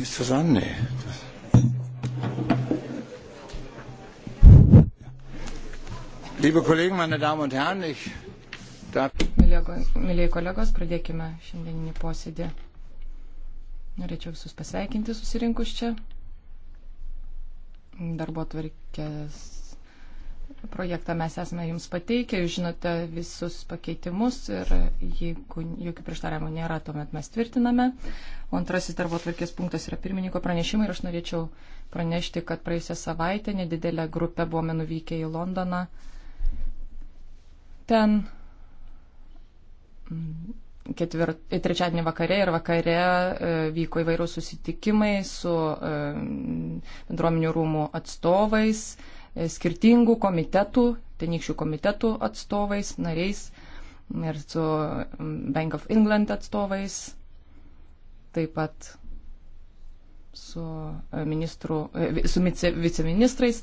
Ist das an? Nee. Liebe Kollegen, meine Damen und Herren, ich darf. Mėlyje kolegos, pradėkime šiandieninį posėdį. Norėčiau visus pasveikinti susirinkus čia. Darbo tvarkės projektą mes esame jums pateikę, jūs žinote visus pakeitimus ir jeigu jokių prieštaravimų nėra, tuomet mes tvirtiname. O antrasis darbo atvarkės punktas yra pirmininko pranešimai ir aš norėčiau pranešti, kad praėjusią savaitę nedidelę grupę buvome nuvykę į Londoną. Ten mm, ketvirt, trečiadienį vakare ir vakare e, vyko įvairūs susitikimai su e, bendruomenių rūmų atstovais skirtingų komitetų, tenykščių komitetų atstovais, nariais ir su mm, Bank of England atstovais, taip pat su, e, ministru, e, su viceministrais,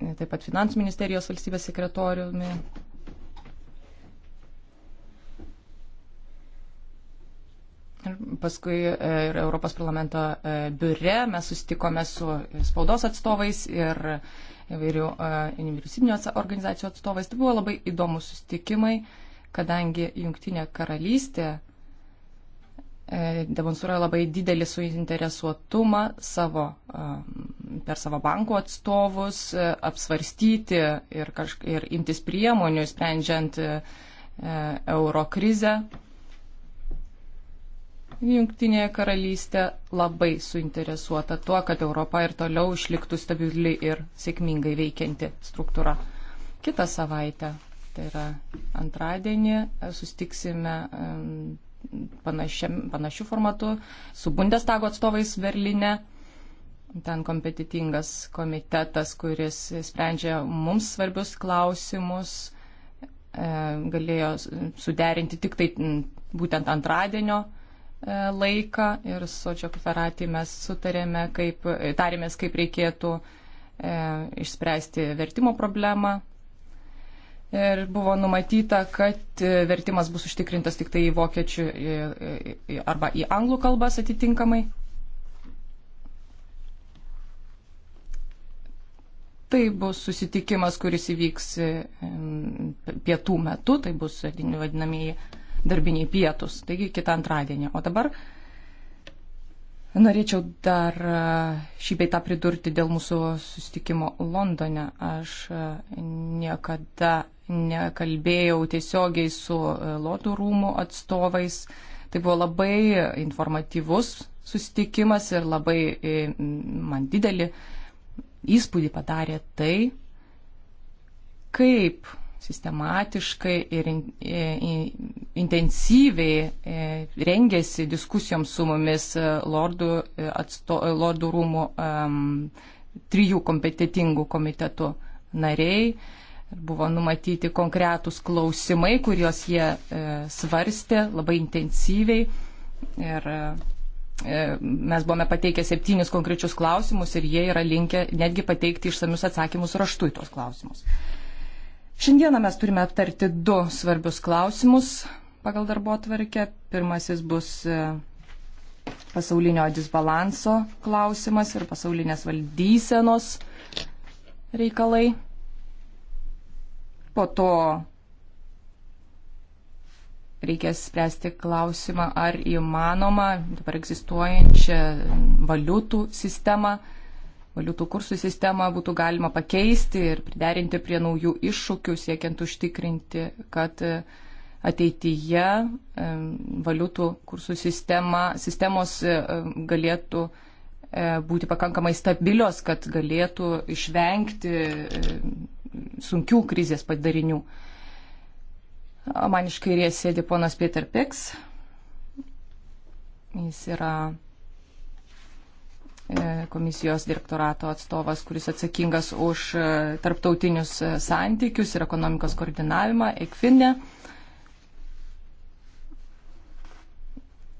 taip pat finansų ministerijos valstybės sekretoriumi Ir paskui e, ir Europos parlamento e, biure mes susitikome su spaudos atstovais ir įvairių e, nevyriausybinio organizacijų atstovais. Tai buvo labai įdomus susitikimai, kadangi Junktinė karalystė demonstruoja labai didelį suinteresuotumą savo, per savo bankų atstovus apsvarstyti ir, kaž, ir imtis priemonių, sprendžiant euro krizę. Junktinė karalystė labai suinteresuota tuo, kad Europa ir toliau išliktų stabili ir sėkmingai veikianti struktūra. Kitą savaitę, tai yra antradienį, sustiksime panašiam, panašiu formatu su Bundestago atstovais Berlyne. Ten kompetitingas komitetas, kuris sprendžia mums svarbius klausimus, galėjo suderinti tik tai būtent antradienio E, laiką ir su Čekoferatį mes sutarėme, kaip, tarėmės, kaip reikėtų e, išspręsti vertimo problemą. Ir buvo numatyta, kad e, vertimas bus užtikrintas tik tai į vokiečių arba į anglų kalbas atitinkamai. Tai bus susitikimas, kuris įvyks e, pietų metu, tai bus vadinamieji darbiniai pietus, taigi kitą antradienį. O dabar norėčiau dar e, šį beitą pridurti dėl mūsų susitikimo Londone. Aš e, niekada nekalbėjau tiesiogiai su e, Lordų rūmų atstovais. Tai buvo labai informatyvus susitikimas ir labai man didelį įspūdį padarė tai, kaip sistematiškai ir in, in, intensyviai e, rengėsi diskusijoms su mumis e, lordų, e, atsto, lordų rūmų um, trijų kompetitingų komitetų nariai. Buvo numatyti konkretūs klausimai, kuriuos jie e, svarstė labai intensyviai. Ir e, mes buvome pateikę septynis konkrečius klausimus ir jie yra linkę netgi pateikti išsamius atsakymus raštu į tuos klausimus. E, Šiandieną mes turime aptarti du svarbius klausimus pagal darbo tvarkę. Pirmasis bus e, pasaulinio disbalanso klausimas ir pasaulinės valdysenos reikalai. Po to reikės spręsti klausimą, ar įmanoma dabar egzistuojančią valiutų sistemą valiutų kursų sistemą būtų galima pakeisti ir priderinti prie naujų iššūkių, siekiant užtikrinti, kad e, ateityje e, valiutų kursų sistema, sistemos e, galėtų būti pakankamai stabilios, kad galėtų išvengti sunkių krizės padarinių. Man iš kairės sėdi ponas Peter Piks. Jis yra E, komisijos direktorato atstovas, kuris atsakingas už e, tarptautinius e, santykius ir ekonomikos koordinavimą, Ekfinė.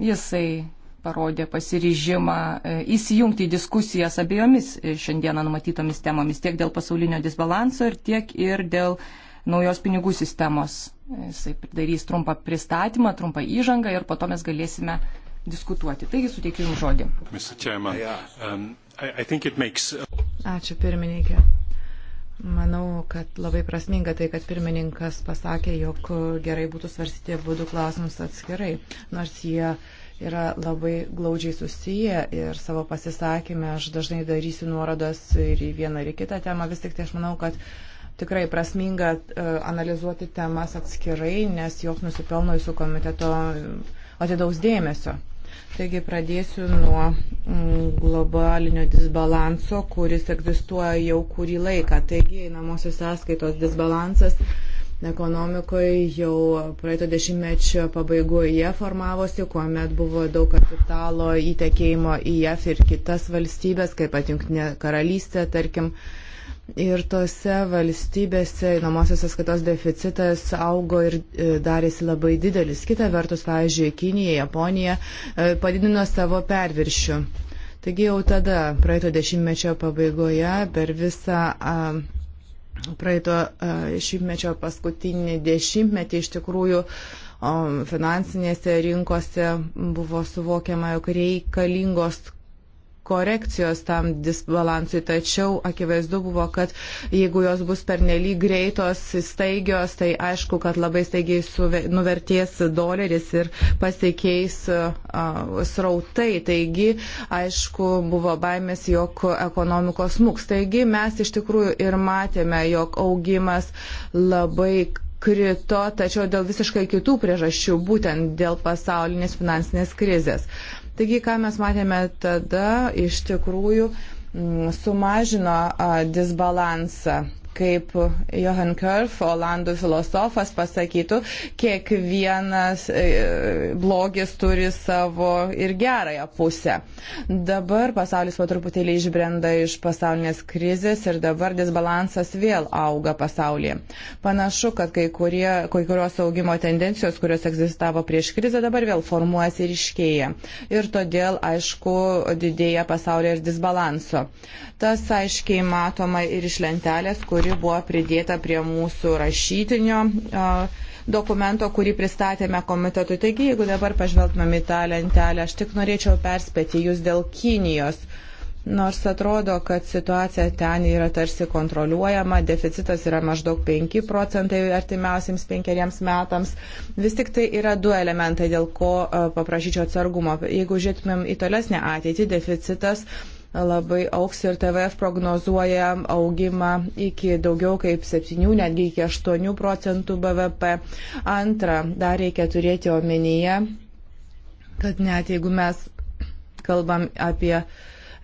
Jisai parodė pasiryžimą įsijungti į diskusijas abiejomis šiandieną numatytomis temomis, tiek dėl pasaulinio disbalanso ir tiek ir dėl naujos pinigų sistemos. Jisai darys trumpą pristatymą, trumpą įžangą ir po to mes galėsime diskutuoti. Taigi suteikiu Jums žodį. Um, uh, Ačiū pirmininkė. Manau, kad labai prasminga tai, kad pirmininkas pasakė, jog gerai būtų svarstyti būdų klausimus atskirai, nors jie yra labai glaudžiai susiję ir savo pasisakymę aš dažnai darysiu nuorodas ir į vieną ir į kitą temą, vis tik tai aš manau, kad tikrai prasminga uh, analizuoti temas atskirai, nes jos nusipelno jūsų komiteto um, atidaus dėmesio. Taigi pradėsiu nuo mm, globalinio disbalanso, kuris egzistuoja jau kurį laiką. Taigi einamosios sąskaitos disbalansas ekonomikoje jau praeito dešimtmečio pabaigoje formavosi, kuomet buvo daug kapitalo įtekėjimo į JAF ir kitas valstybės, kaip pat Junktinė karalystė, tarkim. Uh, Ir tose valstybėse įnomosios sąskaitos deficitas augo ir e, darėsi labai didelis. Kita vertus, pavyzdžiui, Kinija, Japonija e, padidino savo perviršių. Taigi jau tada, praeito dešimtmečio pabaigoje, per visą praeito šimtmečio paskutinį dešimtmetį iš tikrųjų finansinėse rinkose buvo suvokiama, jog reikalingos korekcijos tam disbalansui, tačiau akivaizdu buvo, kad jeigu jos bus pernelyg greitos, staigios, tai aišku, kad labai staigiai suve, nuverties doleris ir pasikeis uh, srautai. Taigi, aišku, buvo baimės, jog ekonomikos smūks. Taigi mes iš tikrųjų ir matėme, jog augimas labai krito, tačiau dėl visiškai kitų priežasčių, būtent dėl pasaulinės finansinės krizės. Uh, Taigi, ką mes matėme tada, iš tikrųjų sumažino disbalansą kaip Johan Kerf, olandų filosofas, pasakytų, kiekvienas e, blogis turi savo ir gerąją pusę. Dabar pasaulis po truputėlį išbrenda iš pasaulinės krizės ir dabar disbalansas vėl auga pasaulyje. Panašu, kad kai, kurie, kai kurios augimo tendencijos, kurios egzistavo prieš krizę, dabar vėl formuojasi ir iškėja. Ir todėl, aišku, didėja pasaulyje ir disbalanso. Tas aiškiai matoma ir iš lentelės, kur kuri buvo pridėta prie mūsų rašytinio dokumento, kurį pristatėme komitetui. Taigi, jeigu dabar pažvelgtumėm į tą lentelę, aš tik norėčiau perspėti jūs dėl Kinijos. Nors atrodo, kad situacija ten yra tarsi kontroliuojama, deficitas yra maždaug 5 procentai artimiausiams penkeriems metams, vis tik tai yra du elementai, dėl ko paprašyčiau atsargumo. Jeigu žiūrėtumėm į tolesnę ateitį, deficitas labai auks ir TVF prognozuoja augimą iki daugiau kaip 7, netgi iki 8 procentų BVP. Antra, dar reikia turėti omenyje, kad net jeigu mes kalbam apie uh,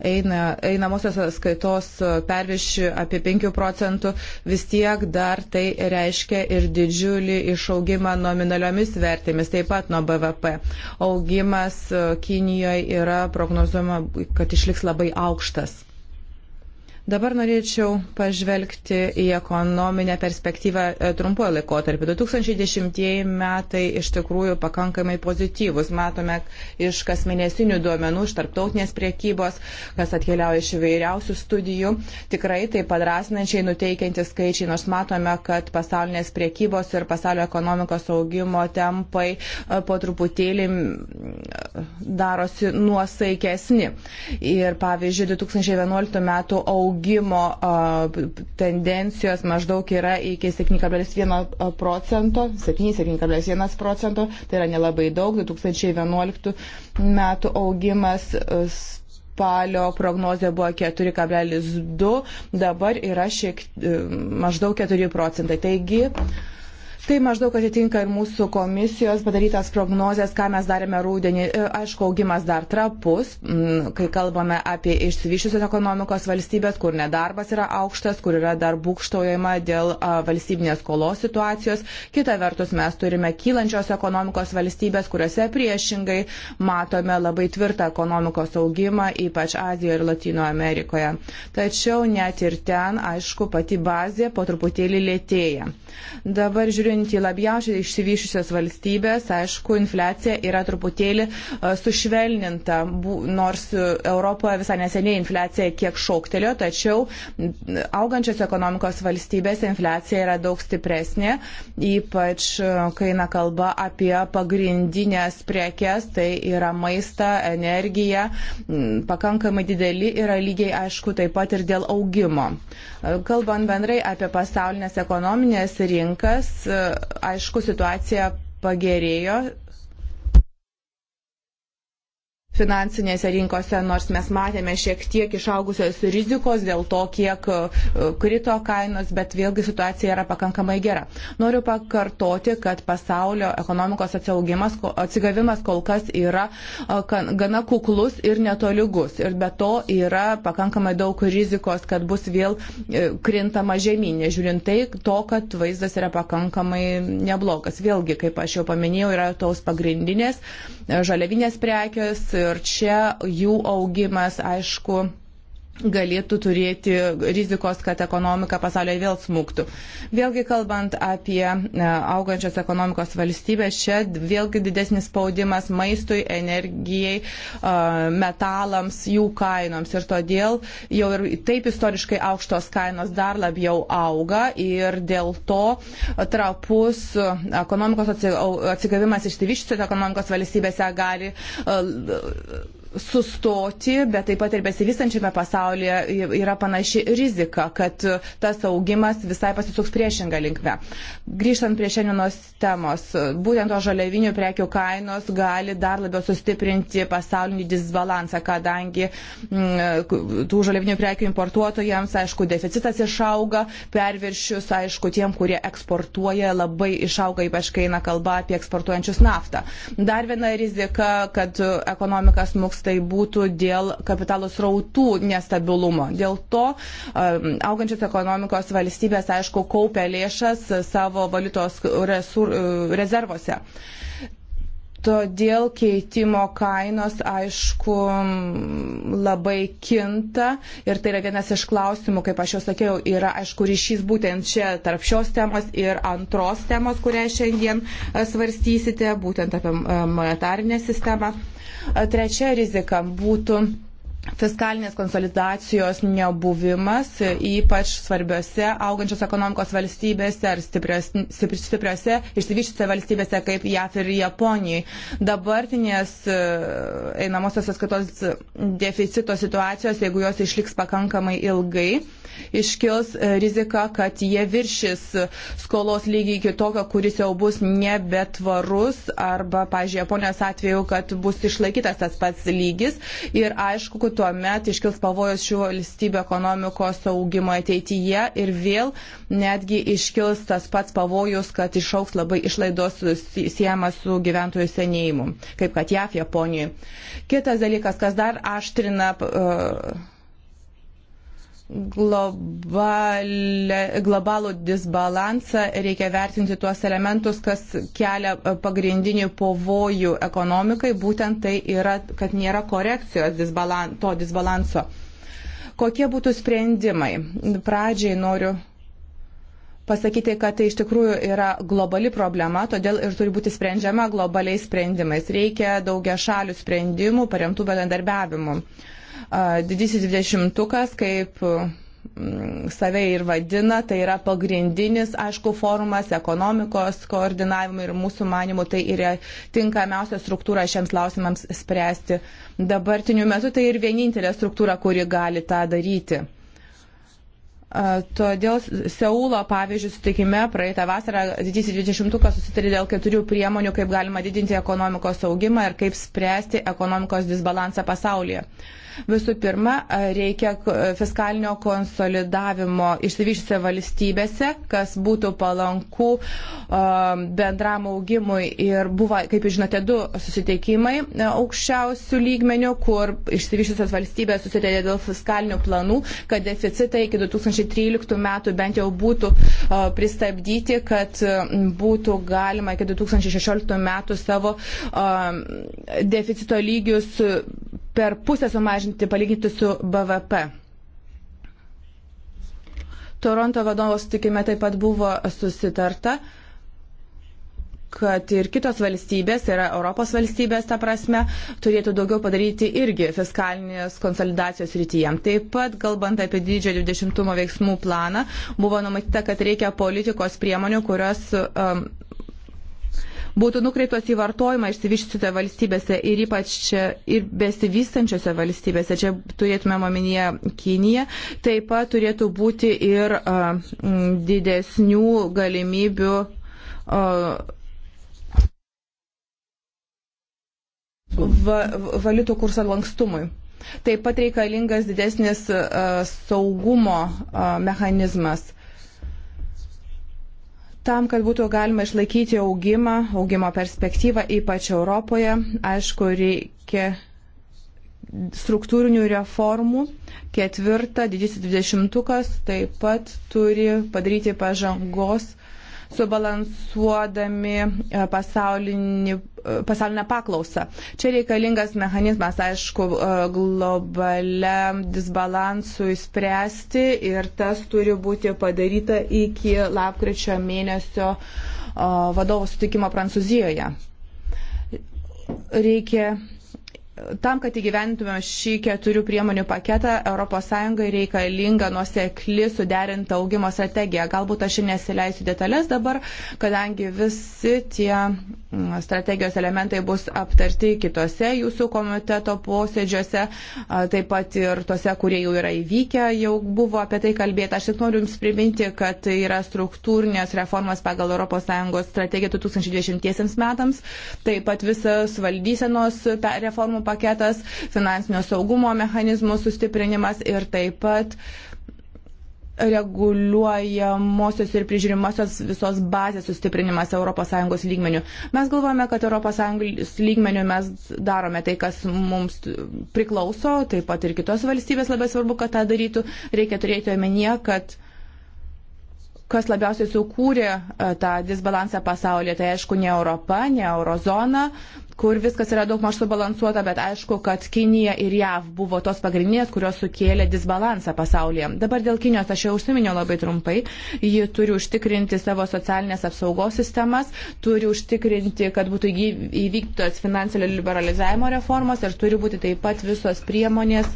eina, einamosios skaitos perviši apie 5 procentų, vis tiek dar tai reiškia ir didžiulį išaugimą nominaliomis vertėmis, taip pat nuo BVP. Augimas e, Kinijoje yra prognozuojama, kad išliks labai aukštas. Dabar norėčiau pažvelgti į ekonominę perspektyvą e, trumpuoju laikotarpiu. 2010 metai iš tikrųjų pakankamai pozityvus. Matome iš kasmėnesinių duomenų, iš tarptautinės priekybos, kas atkeliauja iš įvairiausių studijų. Tikrai tai padrasnančiai nuteikianti skaičiai, nors matome, kad pasaulinės priekybos ir pasaulio ekonomikos augimo tempai e, po truputėlį darosi nuosaikesni. Ir pavyzdžiui, 2011 metų augimas augimo tendencijos maždaug yra iki 7,1 procento, 7,1 procento, tai yra nelabai daug, 2011 metų augimas spalio prognozija buvo 4,2, dabar yra šiek maždaug 4 procentai. Taigi, Tai maždaug atitinka ir mūsų komisijos padarytas prognozijas, ką mes darėme rūdienį. E, aišku, augimas dar trapus, kai kalbame apie išsivyščiusios ekonomikos valstybės, kur nedarbas yra aukštas, kur yra dar būkštojama dėl valstybinės kolos situacijos. Kita vertus, mes turime kylančios ekonomikos valstybės, kuriuose priešingai matome labai tvirtą ekonomikos augimą, ypač Azijoje ir Latino Amerikoje. Tačiau net ir ten, aišku, pati bazė po truputėlį lėtėja. Dabar žiūrėjau žiūrint į labiausiai išsivyšusias valstybės, aišku, infliacija yra truputėlį e, sušvelninta, nors Europoje visai neseniai infliacija kiek šoktelio, tačiau augančios ekonomikos valstybės infliacija yra daug stipresnė, ypač e, kai eina kalba apie pagrindinės priekes, tai yra maistą, energiją, pakankamai dideli yra lygiai, aišku, taip pat ir dėl augimo. E, kalbant bendrai apie pasaulinės ekonominės rinkas, aišku, situacija pagerėjo finansinėse rinkose, nors mes matėme šiek tiek išaugusios rizikos dėl to, kiek e, krito kainos, bet vėlgi situacija yra pakankamai gera. Noriu pakartoti, kad pasaulio ekonomikos atsigavimas kol kas yra e, gana kuklus ir netoligus. Ir be to yra pakankamai daug rizikos, kad bus vėl e, krintama žemynė, žiūrint tai to, kad vaizdas yra pakankamai neblogas. Vėlgi, kaip aš jau paminėjau, yra tos pagrindinės žaliavinės prekės, ir čia jų augimas, aišku, galėtų turėti rizikos, kad ekonomika pasaulyje vėl smūgtų. Vėlgi kalbant apie e, augančios ekonomikos valstybės, čia vėlgi didesnis spaudimas maistui, energijai, e, metalams, jų kainoms. Ir todėl jau ir taip istoriškai aukštos kainos dar labiau auga ir dėl to trapus ekonomikos atsigavimas išsivyščiusios ekonomikos valstybėse gali e, sustoti, bet taip pat ir besivystančiame pasaulyje yra panaši rizika, kad tas augimas visai pasisuks priešingą linkmę. Grįžtant prie šiandienos temos, būtent to žaliavinių prekių kainos gali dar labiau sustiprinti pasaulinį disbalansą, kadangi m, mm, tų žaliavinių prekių importuotojams, aišku, deficitas išauga, perviršius, aišku, tiem, kurie eksportuoja, labai išauga, ypač kai eina kalba apie eksportuojančius naftą. Dar viena rizika, kad ekonomika smūks tai būtų dėl kapitalo srautų nestabilumo. Dėl to um, augančios ekonomikos valstybės, aišku, kaupia lėšas savo valiutos resur, rezervuose. Todėl keitimo kainos, aišku, labai kinta ir tai yra vienas iš klausimų, kaip aš jau sakiau, yra, aišku, ryšys būtent čia tarp šios temos ir antros temos, kurią šiandien e, svarstysite, būtent apie e, monetarinę sistemą. E, trečia rizika būtų fiskalinės konsolidacijos nebuvimas, ypač svarbiose augančios ekonomikos valstybėse ar stipriose, stipriose išsivyščiusiose valstybėse kaip JAF ir Japonijai. Dabartinės e, einamosios sąskaitos deficito situacijos, jeigu jos išliks pakankamai ilgai, iškils e, rizika, kad jie viršis skolos lygį iki tokio, kuris jau bus nebetvarus arba, pažiūrėjau, Japonijos atveju, kad bus išlaikytas tas pats lygis. Ir aišku, tuo met iškils pavojus šių valstybių ekonomikos augimo ateityje ir vėl netgi iškils tas pats pavojus, kad išauks labai išlaidos siejamas su gyventojų senėjimu, kaip kad JAF Japonijoje. Kitas dalykas, kas dar aštrina. Uh, globale, globalų disbalansą reikia vertinti tuos elementus, kas kelia e, pagrindinį pavojų ekonomikai, būtent tai yra, kad nėra korekcijos disbalan, to disbalanso. Kokie būtų sprendimai? Pradžiai noriu pasakyti, kad tai iš tikrųjų yra globali problema, todėl ir turi būti sprendžiama globaliais sprendimais. Reikia daugia šalių sprendimų paremtų bendradarbiavimu. Uh, Didysis dvidešimtukas, kaip mm, save ir vadina, tai yra pagrindinis, aišku, forumas ekonomikos koordinavimui ir mūsų manimų tai yra tinkamiausia struktūra šiems klausimams spręsti. Dabartiniu metu tai ir vienintelė struktūra, kuri gali tą daryti. Todėl Seulo, pavyzdžiui, sutikime praeitą vasarą didysis 20-ukas susitarė dėl keturių priemonių, kaip galima didinti ekonomikos augimą ir kaip spręsti ekonomikos disbalansą pasaulyje. Uh, Visų pirma, reikia fiskalinio konsolidavimo išsivyščiose valstybėse, kas būtų palanku um, bendram augimui. Ir buvo, kaip jūs žinote, du susitikimai e, aukščiausių lygmenių, kur išsivyščiusios valstybės susitarė dėl fiskalinių planų, kad deficitai iki 2013 metų bent jau būtų e, pristabdyti, kad e, būtų galima iki 2016 metų savo deficito lygius per pusę sumažinti palyginti su BVP. Toronto vadovos sutikime taip pat buvo susitarta, kad ir kitos valstybės, tai yra Europos valstybės, ta prasme, turėtų daugiau padaryti irgi fiskalinės konsolidacijos rytyje. Taip pat, kalbant apie didžiojo 20 veiksmų planą, buvo numatyta, kad reikia politikos priemonių, kurios um, būtų nukreiptos į vartojimą išsivyščiusiose valstybėse ir ypač čia ir besivystančiose valstybėse. Čia turėtume omenyje Kiniją. Taip pat turėtų būti ir uh, didesnių galimybių. Uh, va, valiutų kurso lankstumui. Taip pat reikalingas didesnis uh, saugumo uh, mechanizmas. Uh, Tam, kad būtų galima išlaikyti augimą, augimo perspektyvą, ypač Europoje, aišku, reikia struktūrinių reformų. Ketvirta, didysis dvidešimtukas taip pat turi padaryti pažangos subalansuodami e, e, pasaulinę paklausą. Čia reikalingas mechanizmas, aišku, e, globaliam disbalansui spręsti ir tas turi būti padaryta iki lapkričio mėnesio vadovo sutikimo Prancūzijoje. Reikia Tam, kad įgyventume šį keturių priemonių paketą, ES reikalinga nuosekli suderinta augimo strategija. Galbūt aš nesileisiu detalės dabar, kadangi visi tie mm, strategijos elementai bus aptarti kitose jūsų komiteto posėdžiuose, taip pat ir tose, kurie jau yra įvykę, jau buvo apie tai kalbėta. Aš tik noriu Jums priminti, kad tai yra struktūrinės reformas pagal ES strategiją 2020 metams, taip pat visas valdysenos reformų paketas, finansinio saugumo mechanizmų sustiprinimas ir taip pat reguliuojamosios ir prižiūrimosios visos bazės sustiprinimas ES lygmenių. Mes galvojame, kad ES lygmenių mes darome tai, kas mums priklauso, taip pat ir kitos valstybės labai svarbu, kad tą darytų. Reikia turėti omenyje, kad kas labiausiai sukūrė e, tą disbalansą pasaulyje, tai aišku, ne Europa, ne eurozona, kur viskas yra daug maž subalansuota, bet aišku, kad Kinija ir JAV buvo tos pagrindinės, kurios sukėlė disbalansą pasaulyje. Dabar dėl Kinijos aš jau užsiminiau labai trumpai. Ji turi užtikrinti savo socialinės apsaugos sistemas, turi užtikrinti, kad būtų įvyktos finansinio liberalizavimo reformos ir turi būti taip pat visos priemonės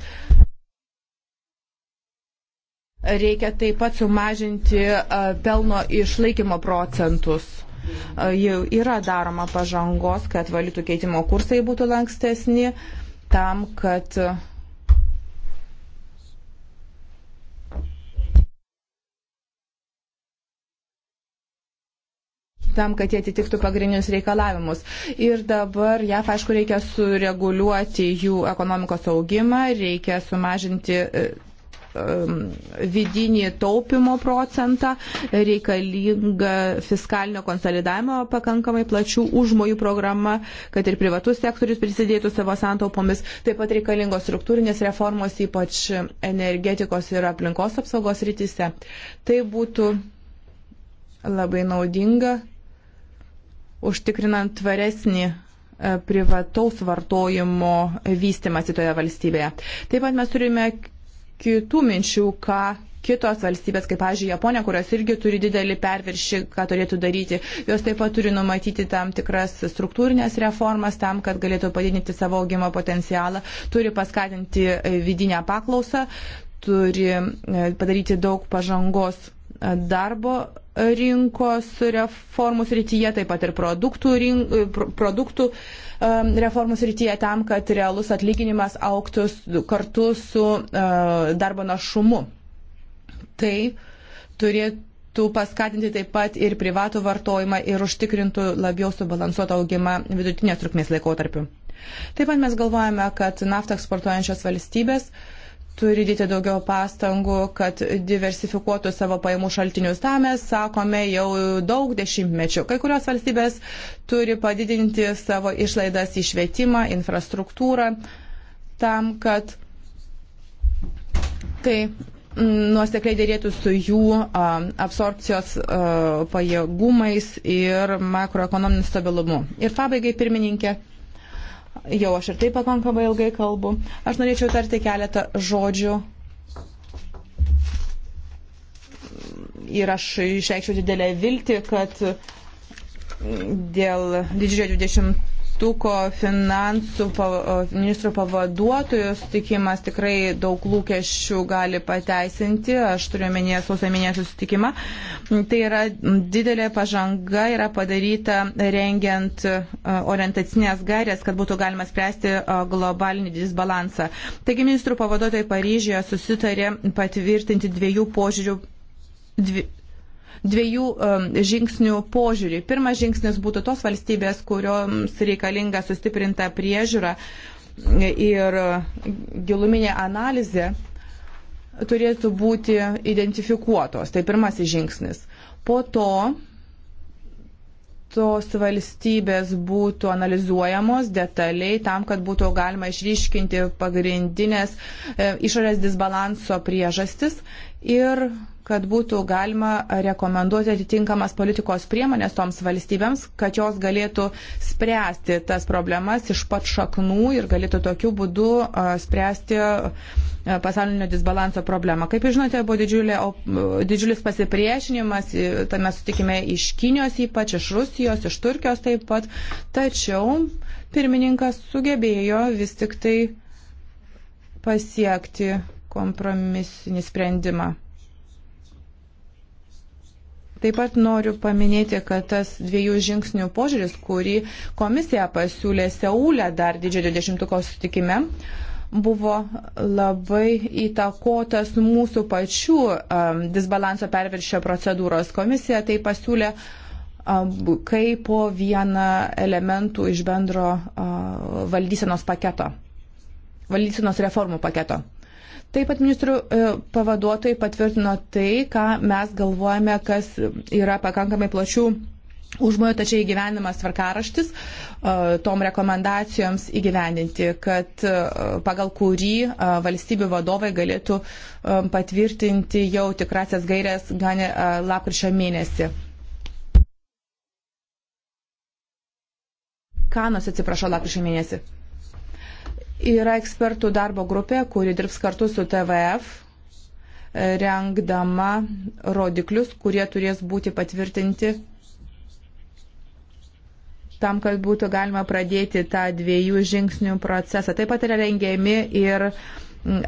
reikia taip pat sumažinti pelno išlaikymo procentus jau yra daroma pažangos, kad valiutų keitimo kursai būtų lankstesni tam, kad tam, kad jie atitiktų pagrindinius reikalavimus. Ir dabar JAF, aišku, reikia sureguliuoti jų ekonomikos augimą, reikia sumažinti e, Um, vidinį taupimo procentą, reikalinga fiskalinio konsolidavimo pakankamai plačių užmojų programa, kad ir privatus sektorius prisidėtų savo santaupomis. Taip pat reikalingos struktūrinės reformos, ypač energetikos ir aplinkos apsaugos rytise. Tai būtų labai naudinga, užtikrinant tvaresnį e, privataus vartojimo vystimasi toje valstybėje. Taip pat mes turime kitų minčių, ką kitos valstybės, kaip, pavyzdžiui, Japonija, kurios irgi turi didelį perviršį, ką turėtų daryti. Jos taip pat turi numatyti tam tikras struktūrinės reformas tam, kad galėtų padidinti savo augimo potencialą, turi paskatinti e, vidinę paklausą, turi e, padaryti daug pažangos e, darbo rinkos reformų srityje, taip pat ir produktų, rink, e, produktų reformų srityje tam, kad realus atlyginimas auktų kartu su e, darbo našumu. Tai turėtų paskatinti taip pat ir privatų vartojimą ir užtikrintų labiau subalansuotą augimą vidutinės trukmės laikotarpiu. Taip pat mes galvojame, kad naftą eksportuojančios valstybės uh, turi dėti daugiau pastangų, kad diversifikuotų savo pajamų šaltinius. Tą mes sakome jau daug dešimtmečių. Kai kurios valstybės turi padidinti savo išlaidas į švietimą, infrastruktūrą, tam, kad tai nuosekliai dėrėtų su jų absorpcijos pajėgumais ir makroekonominiu stabilumu. Ir pabaigai, pirmininkė, Jau aš ir taip pakankamai ilgai kalbu. Aš norėčiau tarti keletą žodžių. Ir aš išreikščiau didelę viltį, kad dėl didžiojo 20 Šeptuko finansų ministro pavaduotojų sutikimas tikrai daug lūkesčių gali pateisinti. Aš turiu minėję sausio mėnesio sutikimą. Tai yra didelė pažanga yra padaryta rengiant orientacinės gairės, kad būtų galima spręsti globalinį disbalansą. Taigi ministrų pavaduotojai Paryžioje susitarė patvirtinti dviejų požiūrių dvi, dviejų um, žingsnių požiūrį. Pirmas žingsnis būtų tos valstybės, kurioms reikalinga sustiprinta priežiūra ir uh, giluminė analizė turėtų būti identifikuotos. Tai pirmasis žingsnis. Po to tos valstybės būtų analizuojamos detaliai tam, kad būtų galima išryškinti pagrindinės e, išorės disbalanso priežastis ir kad būtų galima rekomenduoti atitinkamas politikos priemonės toms valstybėms, kad jos galėtų spręsti tas problemas iš pat šaknų ir galėtų tokiu būdu spręsti pasaulinio disbalanso problemą. Kaip jūs žinote, buvo didžiulė, didžiulis pasipriešinimas, tame sutikime iš Kinijos ypač, iš Rusijos, iš Turkijos taip pat, tačiau pirmininkas sugebėjo vis tik tai pasiekti kompromisinį sprendimą. Taip pat noriu paminėti, kad tas dviejų žingsnių požiūris, kurį komisija pasiūlė Seulė dar didžiojo dešimtuko sutikime, buvo labai įtakotas mūsų pačių um, disbalanso perviršio procedūros. Komisija tai pasiūlė um, kaip po vieną elementų iš bendro uh, valdysenos paketo, valdysenos reformų paketo. Taip pat ministrų e, pavaduotojai patvirtino tai, ką mes galvojame, kas yra pakankamai plačių užmojo, tačiau įgyvenimas tvarkaraštis e, tom rekomendacijoms įgyvendinti, kad e, pagal kurį valstybių vadovai galėtų patvirtinti jau tikrasias gairias ganė lapkričio mėnesį. Kanos atsiprašau lapkričio mėnesį. Yra ekspertų darbo grupė, kuri dirbs kartu su TVF, e, rengdama rodiklius, kurie turės būti patvirtinti tam, kad būtų galima pradėti tą dviejų žingsnių procesą. Taip pat yra rengiami ir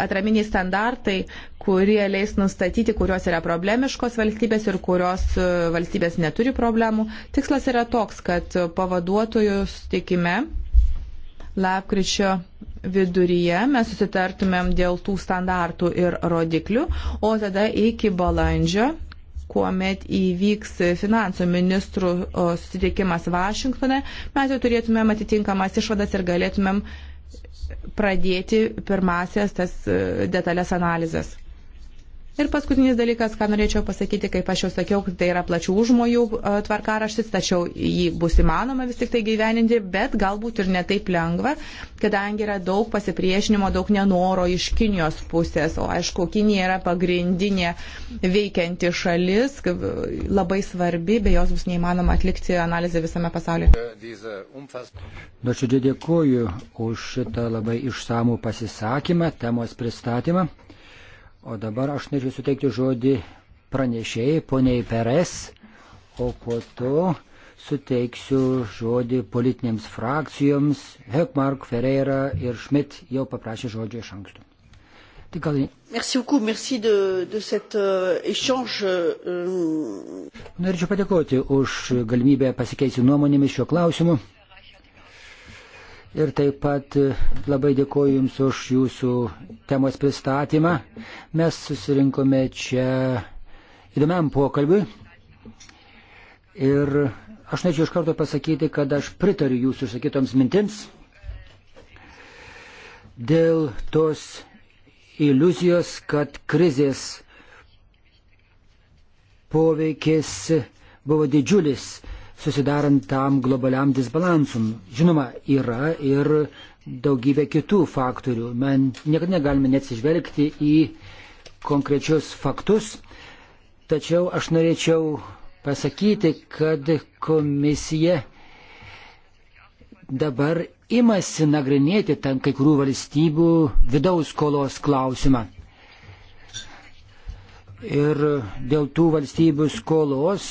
atraminiai standartai, kurie leis nustatyti, kurios yra problemiškos valstybės ir kurios e, valstybės neturi problemų. Tikslas yra toks, kad pavaduotojus tikime lapkričio viduryje mes susitartumėm dėl tų standartų ir rodiklių, o tada iki balandžio kuomet įvyks finansų ministrų susitikimas Vašingtone, mes jau turėtumėm atitinkamas išvadas ir galėtumėm pradėti pirmasias tas e, detalės analizės. Ir paskutinis dalykas, ką norėčiau pasakyti, kaip aš jau sakiau, tai yra plačių užmojų e, tvarkaraštis, tačiau jį bus įmanoma vis tik tai gyveninti, bet galbūt ir netaip lengva, kadangi yra daug pasipriešinimo, daug nenoro iš Kinijos pusės, o aišku, Kinija yra pagrindinė veikianti šalis, labai svarbi, be jos bus neįmanoma atlikti analizę visame pasaulyje. Nuoširdžiai dėkuoju už šitą labai išsamų pasisakymą, temos pristatymą. O dabar aš norėčiau suteikti žodį pranešėjai, poniai Peres, o po to suteiksiu žodį politinėms frakcijoms. Hekmark, Ferreira ir Schmidt jau paprašė žodžio iš anksto. Tai gal... Merci beaucoup, merci de, de cet uh, échange. Uh... Norėčiau padėkoti už galimybę pasikeisti nuomonėmis šiuo klausimu. Ir taip pat e, labai dėkoju Jums už Jūsų temos pristatymą. Mes susirinkome čia įdomiam pokalbiui. Ir aš norėčiau iš karto pasakyti, kad aš pritariu Jūsų išsakytoms mintims dėl tos iliuzijos, kad krizės poveikis buvo didžiulis susidarant tam globaliam disbalansum. Žinoma, yra ir daugybė kitų faktorių. Man niekada negalime neatsižvelgti į konkrečius faktus, tačiau aš norėčiau pasakyti, kad komisija dabar imasi nagrinėti tam kai kurių valstybių vidaus skolos klausimą ir dėl tų valstybių skolos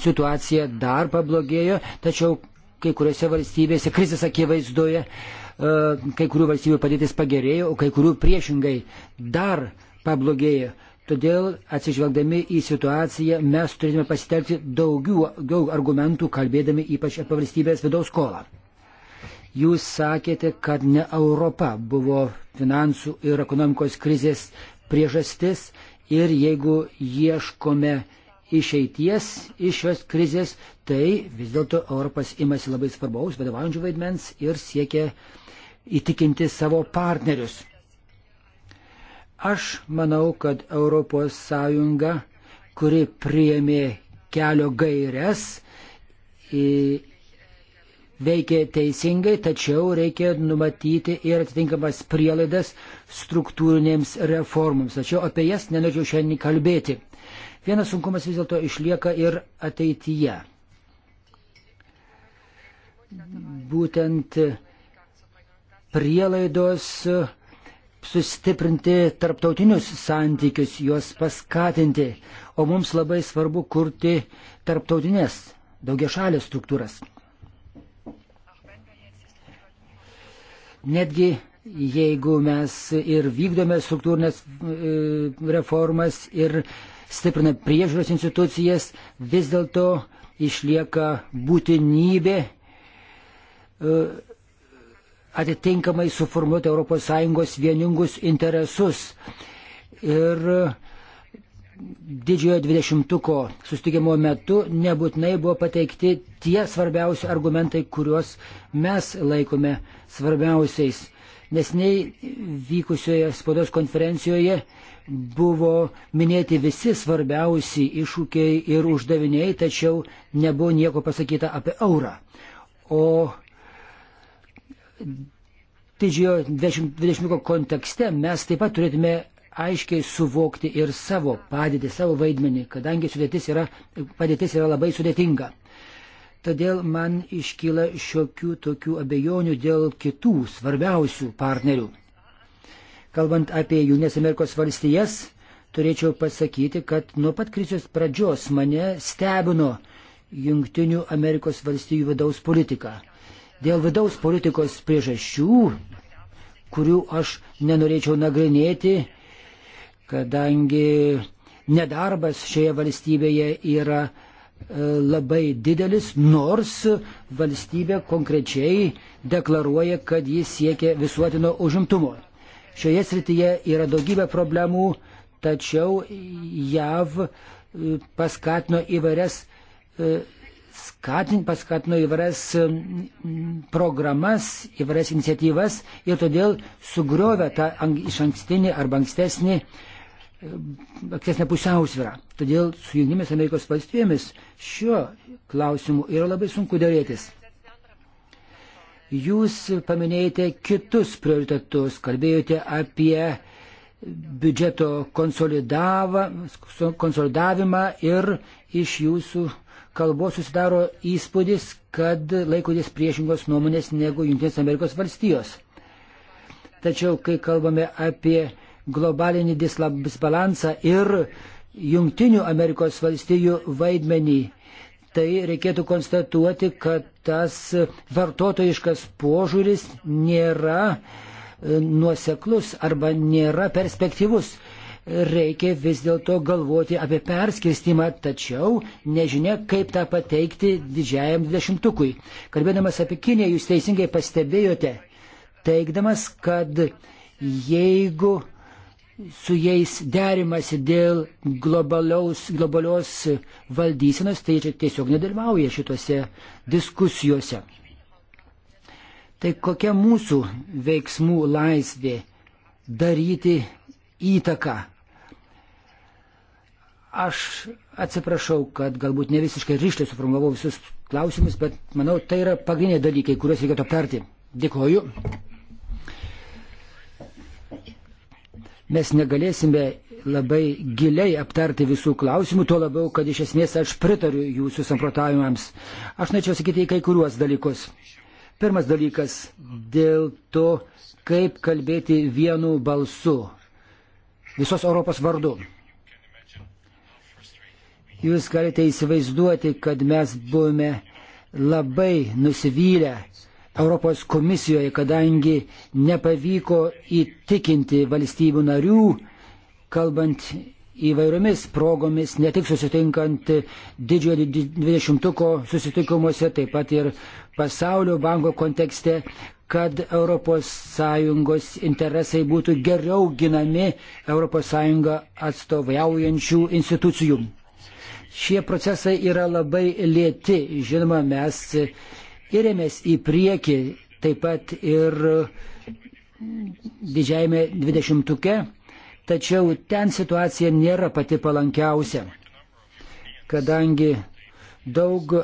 situacija dar pablogėjo, tačiau kai kuriuose valstybėse krizės akivaizdoje, e, kai kurių valstybių padėtis pagerėjo, o kai kurių priešingai dar pablogėjo. Todėl atsižvelgdami į situaciją mes turime pasitelkti daugiau, daugiau argumentų, kalbėdami ypač apie valstybės vidaus skolą. Jūs sakėte, kad ne Europa buvo finansų ir ekonomikos krizės priežastis, ir jeigu ieškome išeities iš šios krizės, tai vis dėlto Europas imasi labai svarbaus vadovaujančių vaidmens ir siekia įtikinti savo partnerius. Aš manau, kad ES, kuri priėmė kelio gairias, veikia teisingai, tačiau reikia numatyti ir atitinkamas prielaidas struktūrinėms reformams. Tačiau apie jas nenorėčiau šiandien kalbėti. Vienas sunkumas vis dėlto išlieka ir ateityje. Būtent prielaidos sustiprinti tarptautinius santykius, juos paskatinti, o mums labai svarbu kurti tarptautinės daugiašalės struktūras. Netgi jeigu mes ir vykdome struktūrinės e, reformas ir stipriname priežiūros institucijas, vis dėlto išlieka būtinybė e, atitinkamai suformuoti ES vieningus interesus. Ir didžiojo dvidešimtuko sustikimo metu nebūtinai buvo pateikti tie svarbiausi argumentai, kuriuos mes laikome svarbiausiais. Nesnei vykusioje spaudos konferencijoje buvo minėti visi svarbiausi iššūkiai ir uždaviniai, tačiau nebuvo nieko pasakyta apie eurą. O didžiojo dvidešimtuko kontekste mes taip pat turėtume aiškiai suvokti ir savo padėtį, savo vaidmenį, kadangi yra, padėtis yra labai sudėtinga. Todėl man iškyla šiokių tokių abejonių dėl kitų svarbiausių partnerių. Kalbant apie Junės Amerikos valstijas, turėčiau pasakyti, kad nuo pat krizės pradžios mane stebino Junktinių Amerikos valstijų vidaus politika. Dėl vidaus politikos priežasčių, kurių aš nenorėčiau nagrinėti, kadangi nedarbas šioje valstybėje yra e, labai didelis, nors valstybė konkrečiai deklaruoja, kad jis siekia visuotino užimtumo. Šioje srityje yra daugybė problemų, tačiau JAV e, paskatino įvairias, e, skatin, paskatino įvairias programas, įvairias iniciatyvas ir todėl sugriovė tą iš ankstinį arba ankstesnį uh, akcesnę pusiausvyrą. Todėl su Jungimis Amerikos valstybėmis šiuo klausimu yra labai sunku dėrėtis. Jūs paminėjote kitus prioritetus, kalbėjote apie biudžeto konsolidavimą ir iš jūsų kalbos susidaro įspūdis, kad laikotės priešingos nuomonės negu Junktinės Amerikos valstijos. Tačiau, kai kalbame apie globalinį disbalansą ir Junktinių Amerikos valstijų vaidmenį. Tai reikėtų konstatuoti, kad tas vartotojiškas požiūris nėra e, nuoseklus arba nėra perspektyvus reikia vis dėlto galvoti apie perskirstimą, tačiau nežinia, kaip tą pateikti didžiajam dvidešimtukui. Kalbėdamas apie Kiniją, jūs teisingai pastebėjote, teikdamas, kad jeigu su jais derimasi dėl globalios valdysenos, tai jie tiesiog nedalyvauja šitose diskusijose. Tai kokia mūsų veiksmų laisvė daryti įtaką? Aš atsiprašau, kad galbūt ne visiškai ryšliai suformulavau visus klausimus, bet manau, tai yra pagrindiniai dalykai, kuriuos reikėtų aptarti. Dėkuoju. mes negalėsime labai giliai aptarti visų klausimų, tuo labiau, kad iš esmės aš pritariu jūsų samprotavimams. Aš norėčiau sakyti į kai kuriuos dalykus. Pirmas dalykas - dėl to, kaip kalbėti vienu balsu visos Europos vardu. Jūs galite įsivaizduoti, kad mes buvome labai nusivylę Europos komisijoje, kadangi nepavyko įtikinti valstybių narių, kalbant įvairiomis progomis, ne tik susitinkant didžiojo dvidešimtuko susitikimuose, taip pat ir pasaulio banko kontekste, kad ES interesai būtų geriau ginami ES atstovaujančių institucijų. Šie procesai yra labai lėti, žinoma, mes Irėmės į priekį taip pat ir didžiajame dvidešimtuke, tačiau ten situacija nėra pati palankiausia, kadangi daug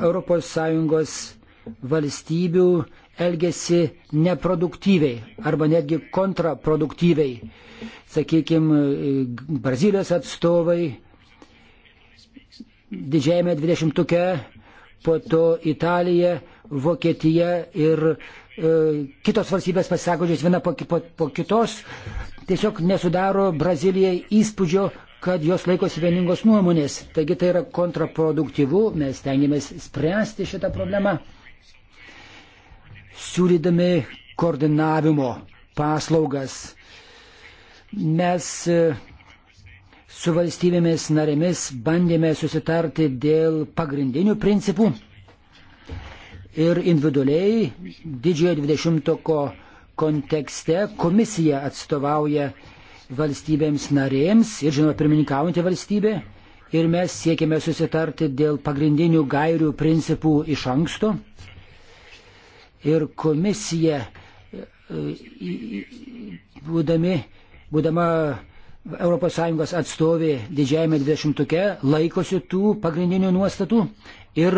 ES valstybių elgesi neproduktyviai arba netgi kontraproduktyviai. Sakykime, Brazilijos atstovai didžiajame dvidešimtuke, po to Italija, Vokietija ir e, kitos valstybės pasisakodžios viena po, po, po kitos, tiesiog nesudaro Brazilijai įspūdžio, kad jos laikosi vieningos nuomonės. Taigi tai yra kontraproduktyvu, mes tengiamės spręsti šitą problemą, siūlydami koordinavimo paslaugas. Mes e, su valstybėmis narėmis bandėme susitarti dėl pagrindinių principų ir individualiai didžiojo dvidešimtoko kontekste komisija atstovauja valstybėms narėms ir, žinoma, pirmininkaujantį valstybę. Ir mes siekime susitarti dėl pagrindinių gairių principų iš anksto. Ir komisija, e, e, būdami, būdama ES atstovė didžiajame dvidešimtuke, laikosi tų pagrindinių nuostatų ir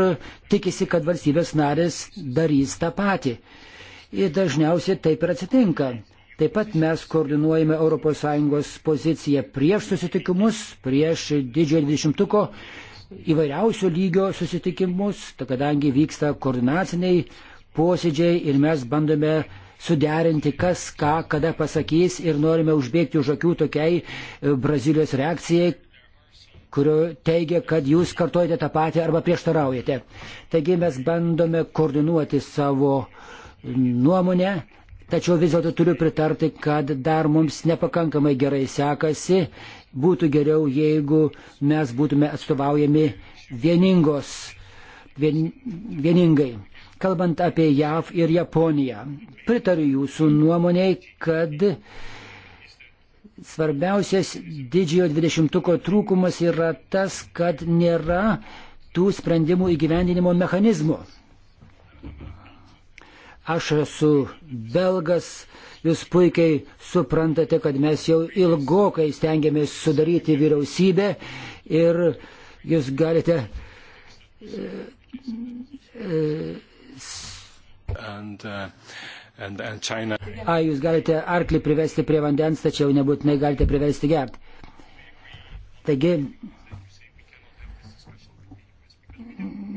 tikisi, kad valstybės narės darys tą patį. Ir dažniausiai taip ir atsitinka. Taip pat mes koordinuojame ES poziciją prieš susitikimus, prieš didžiojo dvidešimtuko įvairiausio lygio susitikimus, tai kadangi vyksta koordinaciniai posėdžiai ir mes bandome suderinti, kas ką, kada pasakys ir norime užbėgti už akių tokiai e, Brazilijos reakcijai, kurio teigia, kad jūs kartuojate tą patį arba prieštaraujate. Taigi mes bandome koordinuoti savo nuomonę, tačiau vis dėlto turiu pritarti, kad dar mums nepakankamai gerai sekasi. Būtų geriau, jeigu mes būtume atstovaujami vieningos, vien, vieningai. Kalbant apie JAV ir Japoniją, pritariu jūsų nuomonėj, kad uh, svarbiausias didžiojo dvidešimtuko trūkumas yra tas, kad nėra tų sprendimų įgyvendinimo mechanizmų. Aš esu belgas, jūs puikiai suprantate, kad mes jau ilgokai stengiamės sudaryti vyriausybę ir jūs galite. E, e, And, uh, and, and China. A, jūs galite arklį privesti prie vandens, tačiau nebūtinai galite privesti gerti. Taigi,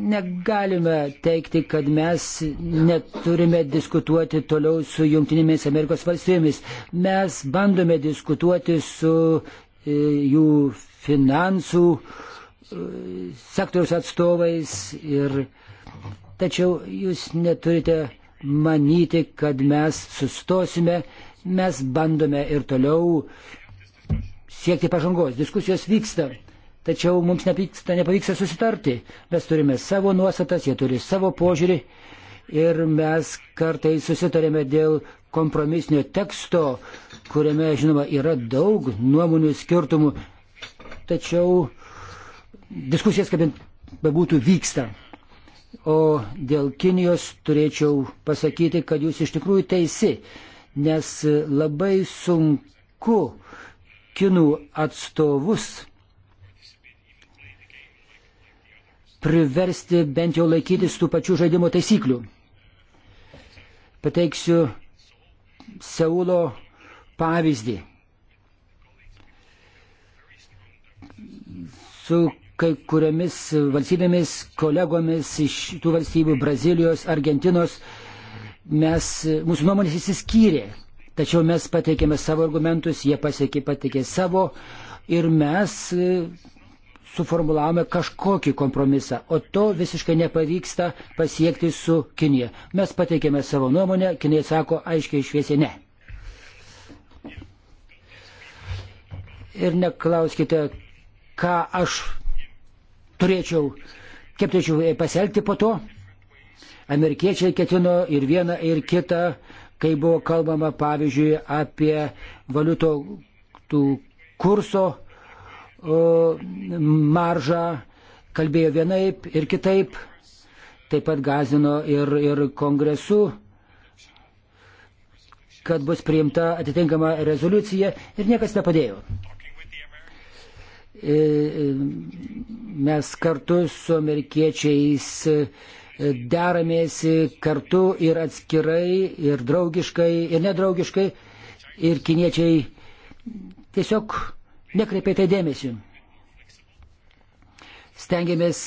negalime teikti, kad mes neturime diskutuoti toliau su Junktinėmis Amerikos valstybėmis. Mes bandome diskutuoti su e, jų finansų e, sektoriaus atstovais ir tačiau jūs neturite manyti, kad mes sustosime, mes bandome ir toliau siekti pažangos. Diskusijos vyksta, tačiau mums nepyksta, nepavyksta susitarti. Mes turime savo nuostatas, jie turi savo požiūrį ir mes kartais susitarėme dėl kompromisinio teksto, kuriame, žinoma, yra daug nuomonių skirtumų, tačiau diskusijas, kaip bebūtų, vyksta. O dėl Kinijos turėčiau pasakyti, kad jūs iš tikrųjų teisi, nes labai sunku kinų atstovus priversti bent jau laikytis tų pačių žaidimo taisyklių. Pateiksiu Seulo pavyzdį. Su kai kuriamis valstybėmis, kolegomis iš tų valstybių, Brazilijos, Argentinos, mes, mūsų nuomonės įsiskyrė. Tačiau mes pateikėme savo argumentus, jie pasiekė, pateikė savo ir mes e, suformulavome kažkokį kompromisą, o to visiškai nepavyksta pasiekti su Kinija. Mes pateikėme savo nuomonę, Kinija sako aiškiai išviesiai ne. Ir neklauskite, ką aš turėčiau, kaip turėčiau e, pasielgti po to. Amerikiečiai ketino ir vieną, ir kitą, kai buvo kalbama, pavyzdžiui, apie valiuto tų kurso o, maržą, kalbėjo vienaip ir kitaip, taip pat gazino ir, ir kongresu kad bus priimta atitinkama rezoliucija ir niekas nepadėjo. E, e, mes kartu su amerikiečiais e, deramėsi kartu ir atskirai, ir draugiškai, ir nedraugiškai, ir kiniečiai tiesiog nekreipia tai dėmesį. Stengiamės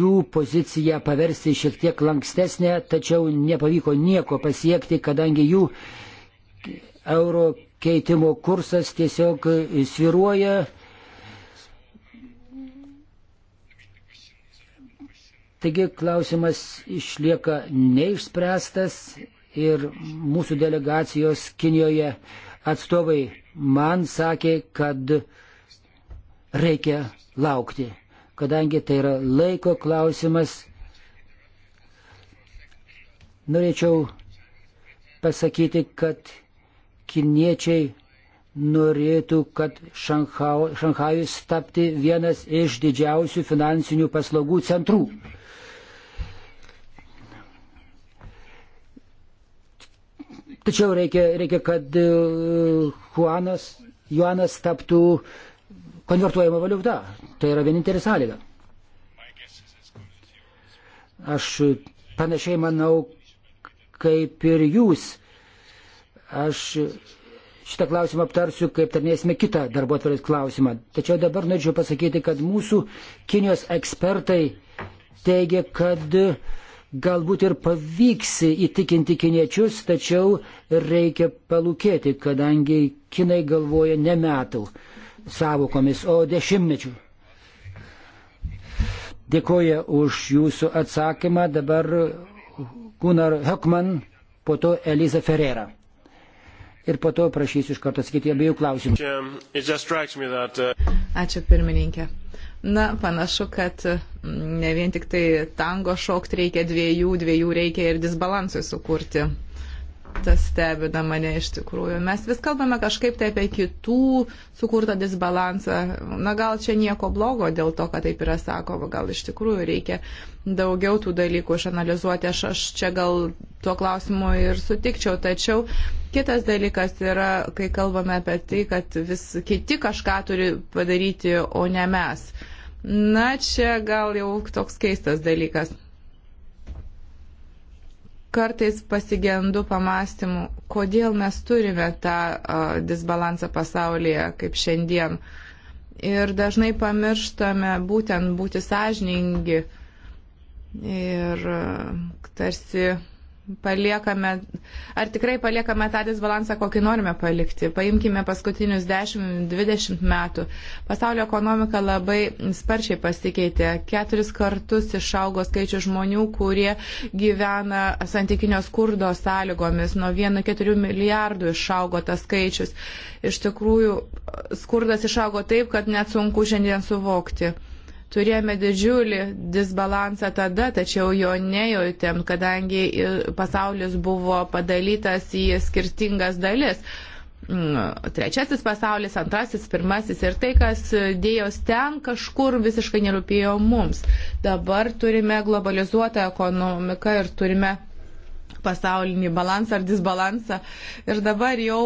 jų poziciją paversti šiek tiek lankstesnę, tačiau nepavyko nieko pasiekti, kadangi jų euro keitimo kursas tiesiog sviruoja Taigi klausimas išlieka neišspręstas ir mūsų delegacijos Kinijoje atstovai man sakė, kad reikia laukti, kadangi tai yra laiko klausimas. Norėčiau pasakyti, kad kiniečiai norėtų, kad Šanhajus tapti vienas iš didžiausių finansinių paslaugų centrų. Tačiau reikia, reikia kad e, Juanas, Juanas taptų konvertuojama valiuta. Tai yra vienintelė sąlyga. Aš panašiai manau, kaip ir jūs. Aš šitą klausimą aptarsiu, kaip tarnėsime kitą darbo atvarės klausimą. Tačiau dabar norėčiau pasakyti, kad mūsų Kinijos ekspertai teigia, kad uh, galbūt ir pavyks įtikinti kiniečius, tačiau reikia palūkėti, kadangi kinai galvoja ne metų savokomis, o dešimtmečių. Dėkoju už jūsų atsakymą. Dabar Gunnar Hökman, po to Eliza Ferreira. Ir po to prašysiu iš karto atsakyti abiejų klausimų. Uh, Ačiū pirmininkė. Na, panašu, kad mm, ne vien tik tai tango šokti reikia dviejų, dviejų reikia ir disbalansui sukurti. Tas stebina mane iš tikrųjų. Mes vis kalbame kažkaip tai apie kitų sukurtą disbalansą. Na, gal čia nieko blogo dėl to, kad taip yra sakoma. Gal iš tikrųjų reikia daugiau tų dalykų išanalizuoti. Aš, aš čia gal tuo klausimu ir sutikčiau. Tačiau kitas dalykas yra, kai kalbame apie tai, kad vis kiti kažką turi padaryti, o ne mes. Na, čia gal jau toks keistas dalykas. Kartais pasigendu pamastymų, kodėl mes turime tą uh, disbalansą pasaulyje kaip šiandien. Ir dažnai pamirštame būtent būti sąžiningi ir uh, tarsi paliekame, ar tikrai paliekame tą disbalansą, kokį norime palikti. Paimkime paskutinius 10-20 metų. Pasaulio ekonomika labai sparčiai pasikeitė. Keturis kartus išaugo skaičius žmonių, kurie gyvena santykinio skurdo sąlygomis. Nuo 1-4 milijardų išaugo tas skaičius. Iš tikrųjų, skurdas išaugo taip, kad net sunku šiandien suvokti turėjome didžiulį disbalansą tada, tačiau jo nejautėm, kadangi pasaulis buvo padalytas į skirtingas dalis. Mm, trečiasis pasaulis, antrasis, pirmasis ir tai, kas dėjos ten kažkur visiškai nerūpėjo mums. Dabar turime globalizuotą ekonomiką ir turime pasaulinį balansą ar disbalansą. Ir dabar jau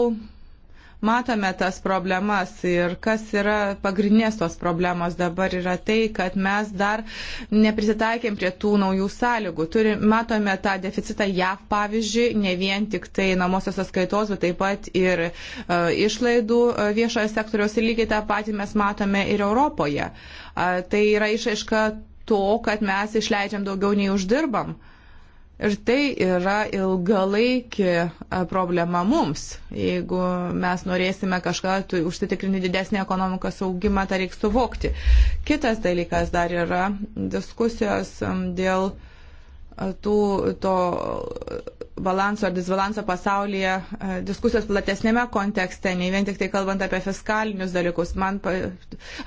matome tas problemas ir kas yra pagrindinės tos problemos dabar yra tai, kad mes dar neprisitaikėm prie tų naujų sąlygų. Turi, matome tą deficitą JAV pavyzdžiui, ne vien tik tai namosios sąskaitos, bet taip pat ir uh, išlaidų uh, viešojo sektoriaus ir lygiai tą patį mes matome ir Europoje. Uh, tai yra išaiška to, kad mes išleidžiam daugiau nei uždirbam. Uh, Ir tai yra ilgalaikė e, problema mums. Jeigu mes norėsime kažką užsitikrinti didesnį ekonomikos augimą, tą reikia suvokti. Kitas dalykas dar yra diskusijos dėl e, tų, to balanso ar disbalanso pasaulyje, e, diskusijos platesnėme kontekste, nei vien tik tai kalbant apie fiskalinius dalykus. Man,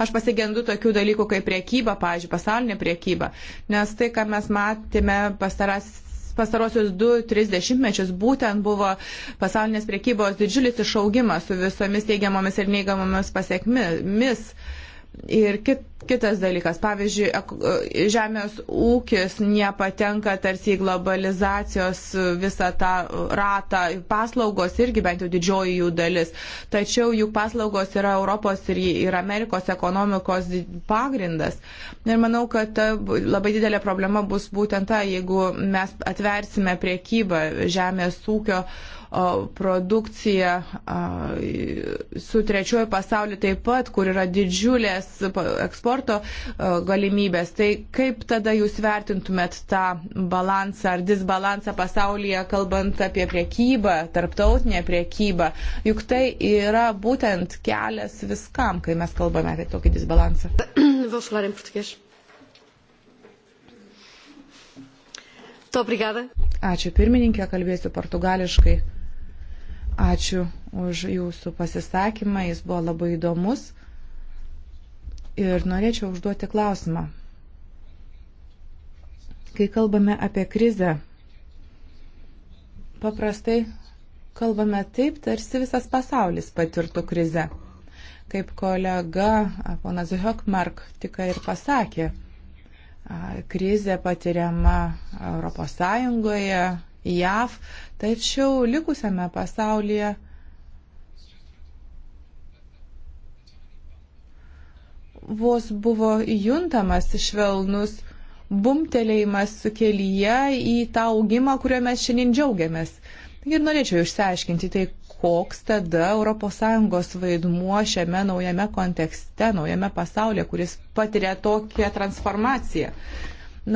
aš pasigendu tokių dalykų kaip priekyba, pavyzdžiui, pasaulinė priekyba, nes tai, ką mes matėme pastaras pastarosius 2-30 mečius būtent buvo pasaulinės priekybos didžiulis išaugimas su visomis teigiamomis ir neigiamomis pasiekmimis. Ir kit, Kitas dalykas, pavyzdžiui, e, žemės ūkis nepatenka tarsi į globalizacijos e, visą tą ratą, paslaugos irgi bent jau didžioji jų dalis. Tačiau juk paslaugos yra Europos ir, ir Amerikos ekonomikos pagrindas. Ir manau, kad ta labai didelė problema bus būtent ta, jeigu mes atversime priekybą žemės ūkio produkcija su trečiojo pasauliu taip pat, kur yra didžiulės eksporto transporto e, galimybės. Tai kaip tada jūs vertintumėt tą balansą ar disbalansą pasaulyje, kalbant apie priekybą, tarptautinę priekybą? Juk tai yra būtent kelias viskam, kai mes kalbame apie tokį disbalansą. Vou falar em português. Ačiū pirmininkė, kalbėsiu portugališkai. Ačiū už jūsų pasisakymą, jis buvo labai įdomus. Ir norėčiau užduoti klausimą. Kai kalbame apie krizę, paprastai kalbame taip, tarsi visas pasaulis patirtų krizę. Kaip kolega ponas Hökmark tik ir pasakė, krizė patiriama ES, JAV, tačiau likusiame pasaulyje vos buvo juntamas švelnus bumtelėjimas kelyje į tą augimą, kuriuo mes šiandien džiaugiamės. Ir norėčiau išsiaiškinti tai, koks tada ES vaidmuo šiame naujame kontekste, naujame pasaulyje, kuris patiria tokią transformaciją.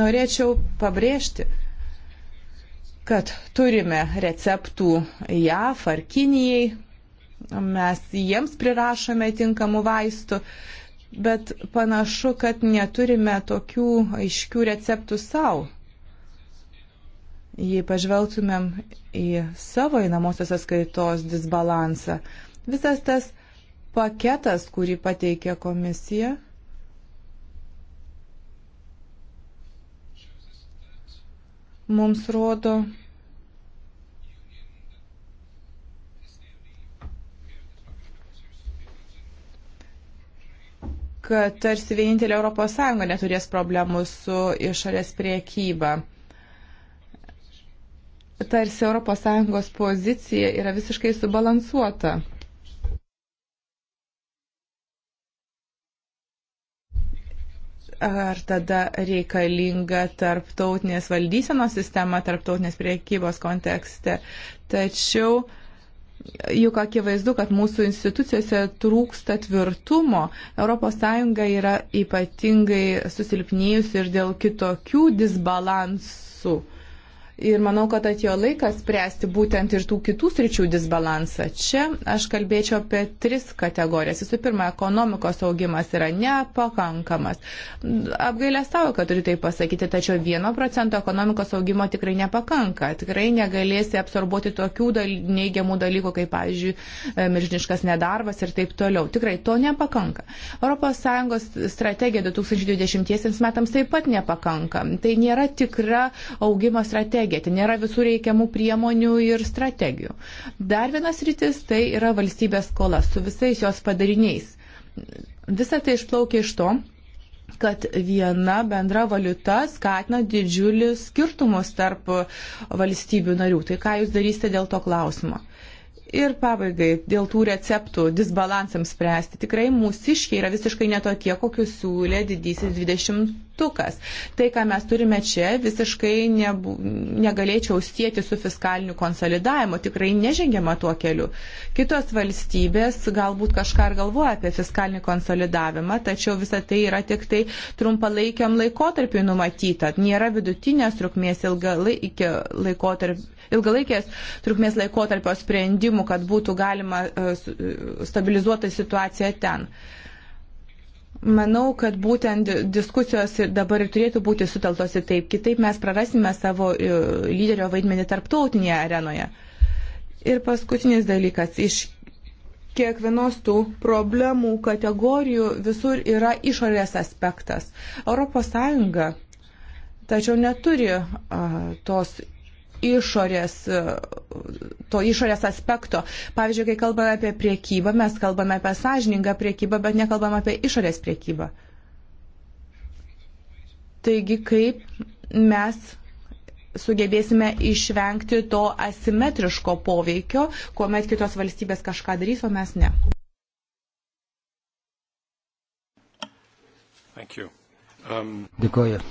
Norėčiau pabrėžti, kad turime receptų JAF ar Kinijai, mes jiems prirašome tinkamų vaistų, bet panašu, kad neturime tokių aiškių receptų savo. Jei pažvelgtumėm į savo įnamosios atskaitos disbalansą, visas tas paketas, kurį pateikė komisija, mums rodo, kad tarsi vienintelė ES neturės problemų su išorės priekyba. Tarsi ES pozicija yra visiškai subalansuota. Ar tada reikalinga tarptautinės valdysenos sistema, tarptautinės priekybos kontekste. Tačiau uh, Juk akivaizdu, kad mūsų institucijose trūksta tvirtumo. ES yra ypatingai susilpnėjusi ir dėl kitokių disbalansų. Ir manau, kad atėjo laikas spręsti būtent ir tų kitų sričių disbalansą. Čia aš kalbėčiau apie tris kategorijas. Visų pirma, ekonomikos augimas yra nepakankamas. Apgailę savo, kad turiu tai pasakyti, tačiau vieno procento ekonomikos augimo tikrai nepakanka. Tikrai negalėsi absorbuoti tokių dal neigiamų dalykų, kaip, pavyzdžiui, e, miržiniškas nedarbas ir taip toliau. Tikrai to nepakanka. ES strategija 2020 metams taip pat nepakanka. Tai nėra tikra augimo strategija strategija, ten nėra visų reikiamų priemonių ir strategijų. Dar vienas rytis tai yra valstybės skola su visais jos padariniais. Visa tai išplaukia iš to, kad viena bendra valiuta skatina didžiulius skirtumus tarp valstybių narių. Tai ką jūs darysite dėl to klausimo? Ir pabaigai, dėl tų receptų disbalansams spręsti, tikrai mūsiškiai yra visiškai netokie, kokius siūlė didysis 20 mygtukas. Tai, ką mes turime čia, visiškai nebu, negalėčiau sieti su fiskaliniu konsolidavimu, tikrai nežengiama tuo keliu. Kitos valstybės galbūt kažką ir galvoja apie fiskalinį konsolidavimą, tačiau visa tai yra tik tai trumpalaikiam laikotarpiu numatyta. Nėra vidutinės trukmės ilgalaikio laikotarpio ilgalaikės trukmės laikotarpio sprendimų, kad būtų galima e, stabilizuoti situaciją ten. Manau, kad būtent diskusijos dabar ir turėtų būti suteltos į taip, kitaip mes prarasime savo e, lyderio vaidmenį tarptautinėje arenoje. Ir paskutinis dalykas, iš kiekvienos tų problemų kategorijų visur yra išorės aspektas. ES tačiau neturi a, tos išorės, to išorės aspekto. Pavyzdžiui, kai kalbame apie priekybą, mes kalbame apie sąžiningą priekybą, bet nekalbame apie išorės priekybą. Taigi, kaip mes sugebėsime išvengti to asimetriško poveikio, kuomet kitos valstybės kažką darys, o mes ne. Um... Dėkuoju.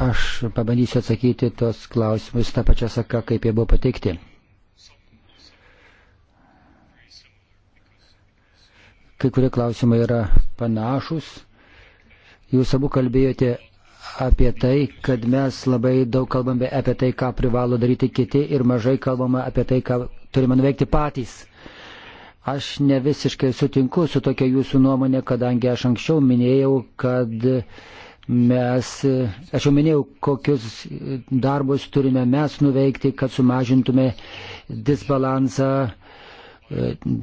Aš pabandysiu atsakyti tos klausimus tą pačią saką, kaip jie buvo pateikti. Kai kurie klausimai yra panašus. Jūs abu kalbėjote apie tai, kad mes labai daug kalbame apie tai, ką privalo daryti kiti ir mažai kalbame apie tai, ką turime nuveikti patys. Aš ne visiškai sutinku su tokia jūsų nuomonė, kadangi aš anksčiau minėjau, kad uh, Mes, aš jau minėjau, kokius darbus turime mes nuveikti, kad sumažintume disbalansą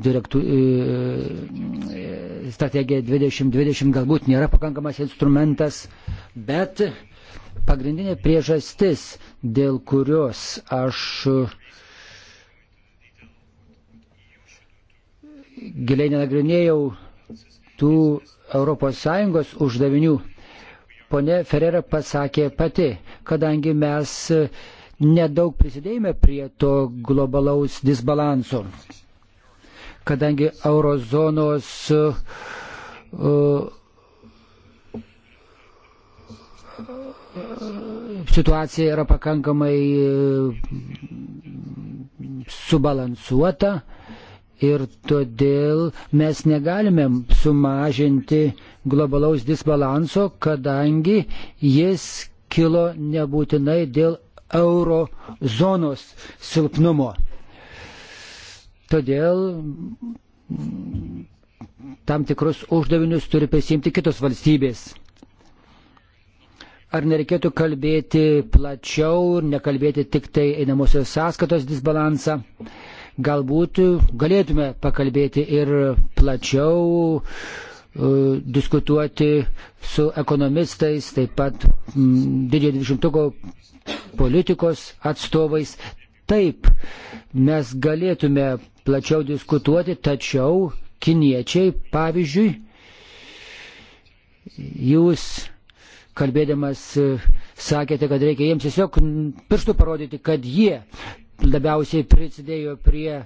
direktų, strategija 2020 galbūt nėra pakankamas instrumentas, bet pagrindinė priežastis, dėl kurios aš giliai nenagrinėjau tų ES uždavinių Pone Ferrera pasakė pati, kadangi mes e, nedaug prisidėjome prie to globalaus disbalanso, kadangi eurozonos uh, situacija yra pakankamai subalansuota, ir todėl mes negalime sumažinti globalaus disbalanso, kadangi jis kilo nebūtinai dėl euro zonos silpnumo. Todėl tam tikrus uždavinius turi prisimti kitos valstybės. Ar nereikėtų kalbėti plačiau, nekalbėti tik tai einamosios sąskaitos disbalansą? Uh, Galbūt e, galėtume pakalbėti ir plačiau, e, diskutuoti su ekonomistais, taip pat didžiojo dvidešimtuko politikos atstovais. Taip, mes galėtume plačiau diskutuoti, tačiau kiniečiai, pavyzdžiui, jūs kalbėdamas e, sakėte, kad reikia jiems tiesiog pirštų parodyti, kad jie labiausiai prisidėjo prie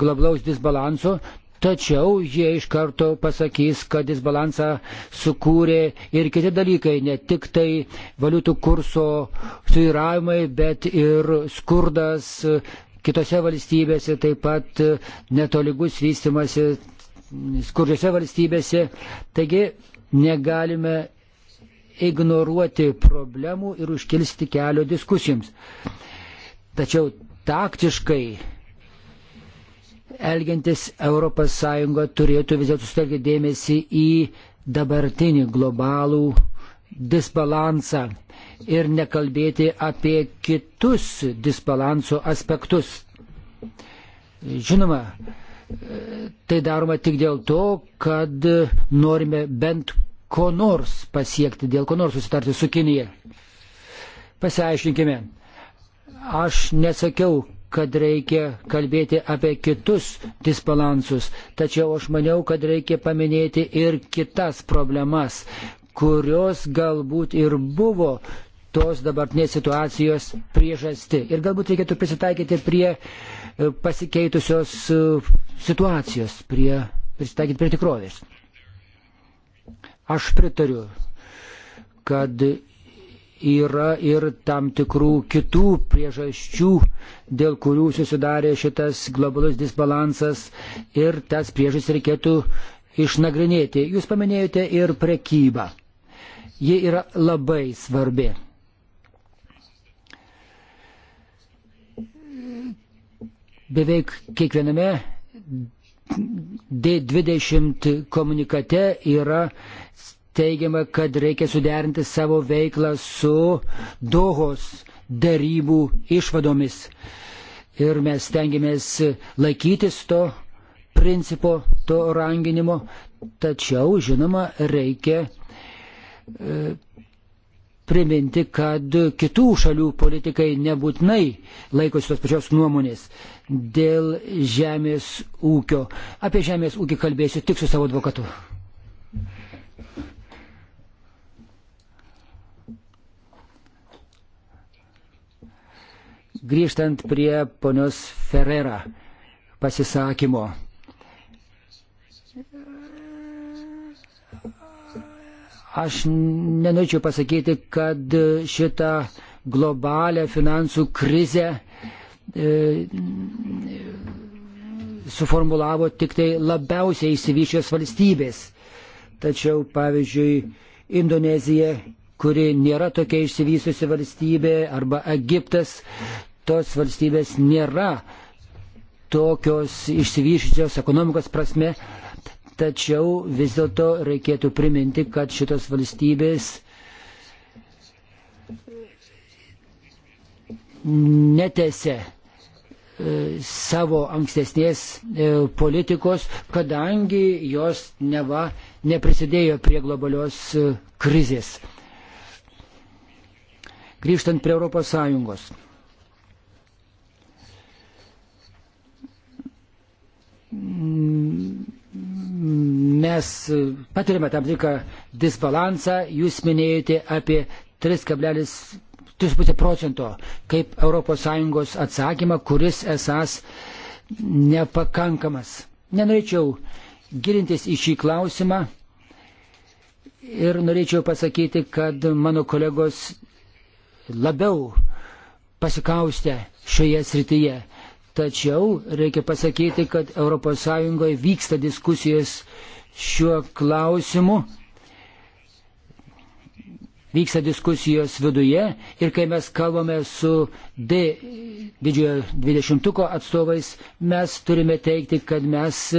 globlaus disbalanso, tačiau jie iš karto pasakys, kad disbalansą sukūrė ir kiti dalykai, ne tik tai valiutų kurso suiravimai, bet ir skurdas kitose valstybėse, taip pat netoligus vystimasi skurdžiose valstybėse. Taigi negalime ignoruoti problemų ir užkilsti kelio diskusijoms. Tačiau taktiškai elgiantis ES turėtų vis dėlto sutelkti dėmesį į dabartinį globalų disbalansą ir nekalbėti apie kitus disbalanso aspektus. Žinoma, tai daroma tik dėl to, kad norime bent ko nors pasiekti, dėl ko nors susitarti su Kinija. Pasiaiškinkime, Aš nesakiau, kad reikia kalbėti apie kitus disbalansus, tačiau aš maniau, kad reikia paminėti ir kitas problemas, kurios galbūt ir buvo tos dabartinės situacijos priežasti. Ir galbūt reikėtų prisitaikyti prie e, pasikeitusios e, situacijos, prie, prisitaikyti prie tikrovės. Aš pritariu, kad yra ir tam tikrų kitų priežasčių, dėl kurių susidarė šitas globalus disbalansas ir tas priežastis reikėtų išnagrinėti. Jūs paminėjote ir prekybą. Ji yra labai svarbi. Beveik kiekviename D20 komunikate yra teigiama, kad reikia suderinti savo veiklą su Dohos darybų išvadomis. Ir mes tengiamės laikytis to principo, to ranginimo, tačiau, žinoma, reikia e, priminti, kad kitų šalių politikai nebūtinai laikosi tos pačios nuomonės dėl žemės ūkio. Apie žemės ūkį kalbėsiu tik su savo advokatu. Grįžtant prie ponios Ferrera pasisakymo. Aš nenorėčiau pasakyti, kad šitą globalią finansų krizę e, suformulavo tik tai labiausiai įsivyšios valstybės. Tačiau, pavyzdžiui, Indonezija kuri nėra tokia išsivysusi valstybė, arba Egiptas, tos valstybės nėra tokios išsivyšusios ekonomikos prasme, tačiau vis dėlto reikėtų priminti, kad šitos valstybės netese savo ankstesnės e, politikos, kadangi jos neva neprisidėjo prie globalios e, krizės. Grįžtant prie ES. Mes patiriame tam tikrą disbalansą, jūs minėjote apie 3,5 procento kaip ES atsakymą, kuris esas nepakankamas. Nenorėčiau gilintis į šį klausimą ir norėčiau pasakyti, kad mano kolegos labiau pasikaustę šioje srityje. Tačiau reikia pasakyti, kad ES vyksta diskusijos šiuo klausimu, vyksta diskusijos viduje ir kai mes kalbame su D didžiojo dvidešimtuko atstovais, mes turime teikti, kad mes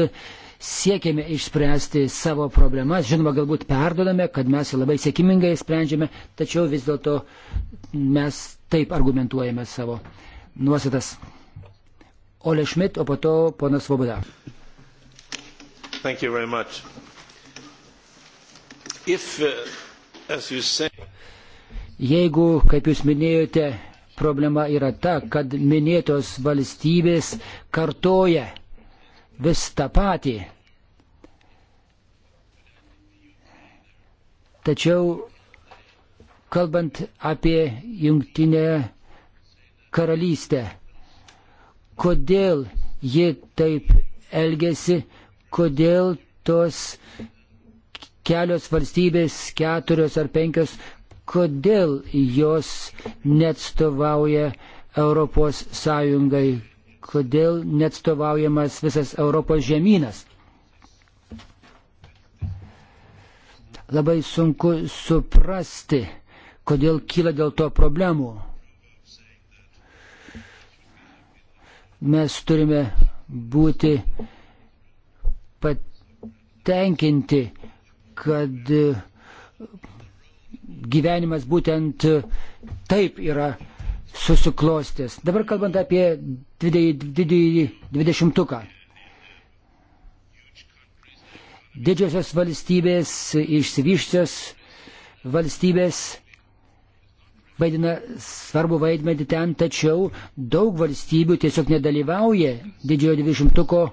siekiame išspręsti savo problemas, žinoma, galbūt perdodame, kad mes labai sėkmingai sprendžiame, tačiau vis dėlto mes taip argumentuojame savo nuostatas. Ole Schmidt, o po to ponas Svoboda. If, uh, say... Jeigu, kaip jūs minėjote, problema yra ta, kad minėtos valstybės kartoja vis tą patį. Tačiau, kalbant apie jungtinę karalystę, kodėl ji taip elgesi, kodėl tos kelios valstybės, keturios ar penkios, kodėl jos neatstovauja Europos Sąjungai, kodėl netstovaujamas visas Europos žemynas. Labai sunku suprasti, kodėl kyla dėl to problemų. Mes turime būti patenkinti, kad gyvenimas būtent taip yra susiklostės. Dabar kalbant apie didįjį dvidešimtuką. Didžiosios valstybės, išsivyščios valstybės vaidina svarbu vaidmenį ten, tačiau daug valstybių tiesiog nedalyvauja didžiojo dvidešimtuko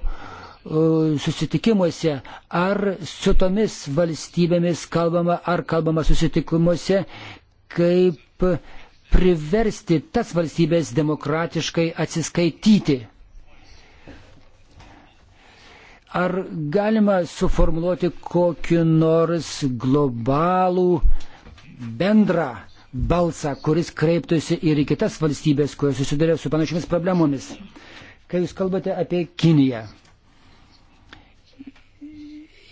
susitikimuose, ar su tomis valstybėmis kalbama, ar kalbama susitikimuose, kaip priversti tas valstybės demokratiškai atsiskaityti. Ar galima suformuoluoti kokį nors globalų bendrą balsą, kuris kreiptųsi ir į kitas valstybės, kurios susiduria su panašiamis problemomis? Kai jūs kalbate apie Kiniją,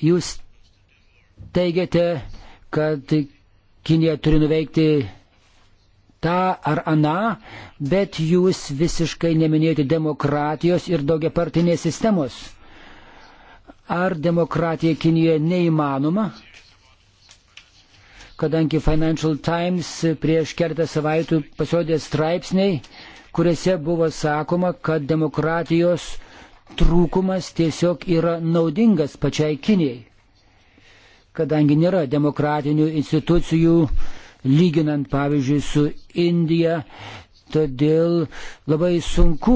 jūs teigiate, kad Kinija turi nuveikti tą ar aną, bet jūs visiškai neminėjote demokratijos ir daugiapartinės sistemos. Ar demokratija Kinijoje neįmanoma? Kadangi Financial Times prieš keletą savaitų pasirodė straipsniai, kuriuose buvo sakoma, kad demokratijos trūkumas tiesiog yra naudingas pačiai Kinijai, kadangi nėra demokratinių institucijų, lyginant pavyzdžiui su Indija, todėl labai sunku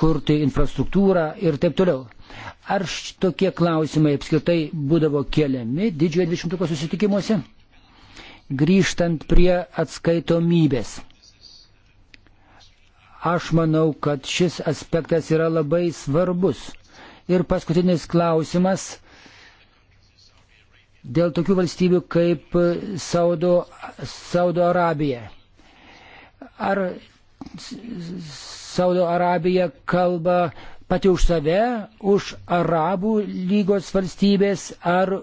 kurti infrastruktūrą ir taip toliau. Ar tokie klausimai apskritai būdavo keliami didžiojo dvidešimtuko susitikimuose? Grįžtant prie atskaitomybės. Aš manau, kad šis aspektas yra labai svarbus. Ir paskutinis klausimas dėl tokių valstybių kaip Saudo, Saudo Arabija. Ar Saudo Arabija kalba pati už save, už Arabų lygos valstybės, ar e,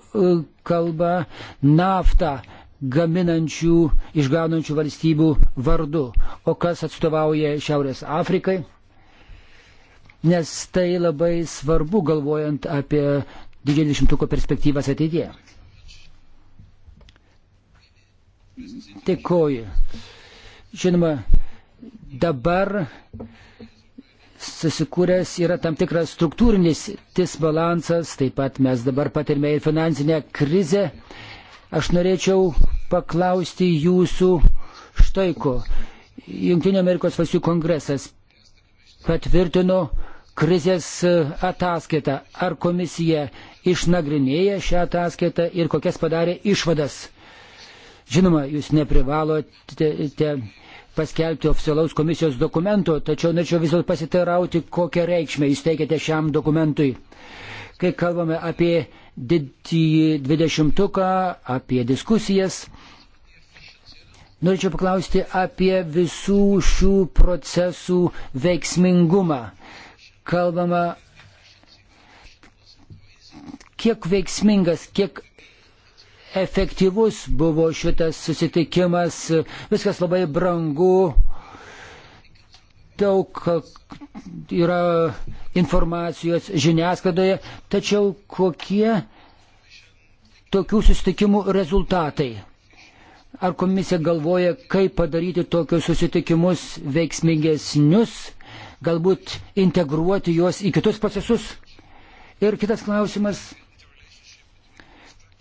kalba naftą gaminančių, išgaunančių valstybių vardu, o kas atstovauja Šiaurės Afrikai, nes tai labai svarbu galvojant apie didžiulį šimtuko perspektyvas ateityje. Dėkoju. Žinoma, dabar susikūręs yra tam tikras struktūrinis disbalansas, taip pat mes dabar patirime ir finansinę krizę. Aš norėčiau paklausti jūsų štai ko. Junktinio Amerikos valstybių kongresas patvirtino krizės ataskaitą. Ar komisija išnagrinėja šią ataskaitą ir kokias padarė išvadas? Žinoma, jūs neprivalote paskelbti oficialaus komisijos dokumento, tačiau norėčiau vis dėlto pasiteirauti, kokią reikšmę jūs teikiate šiam dokumentui. Kai kalbame apie didįjį dvidešimtuką, apie diskusijas, norėčiau paklausti apie visų šių procesų veiksmingumą. Kalbama, kiek veiksmingas, kiek efektyvus buvo šitas susitikimas, viskas labai brangu, daug yra informacijos žiniasklaidoje, tačiau kokie tokių susitikimų rezultatai? Ar komisija galvoja, kaip padaryti tokius susitikimus veiksmingesnius, galbūt integruoti juos į kitus procesus? Ir kitas klausimas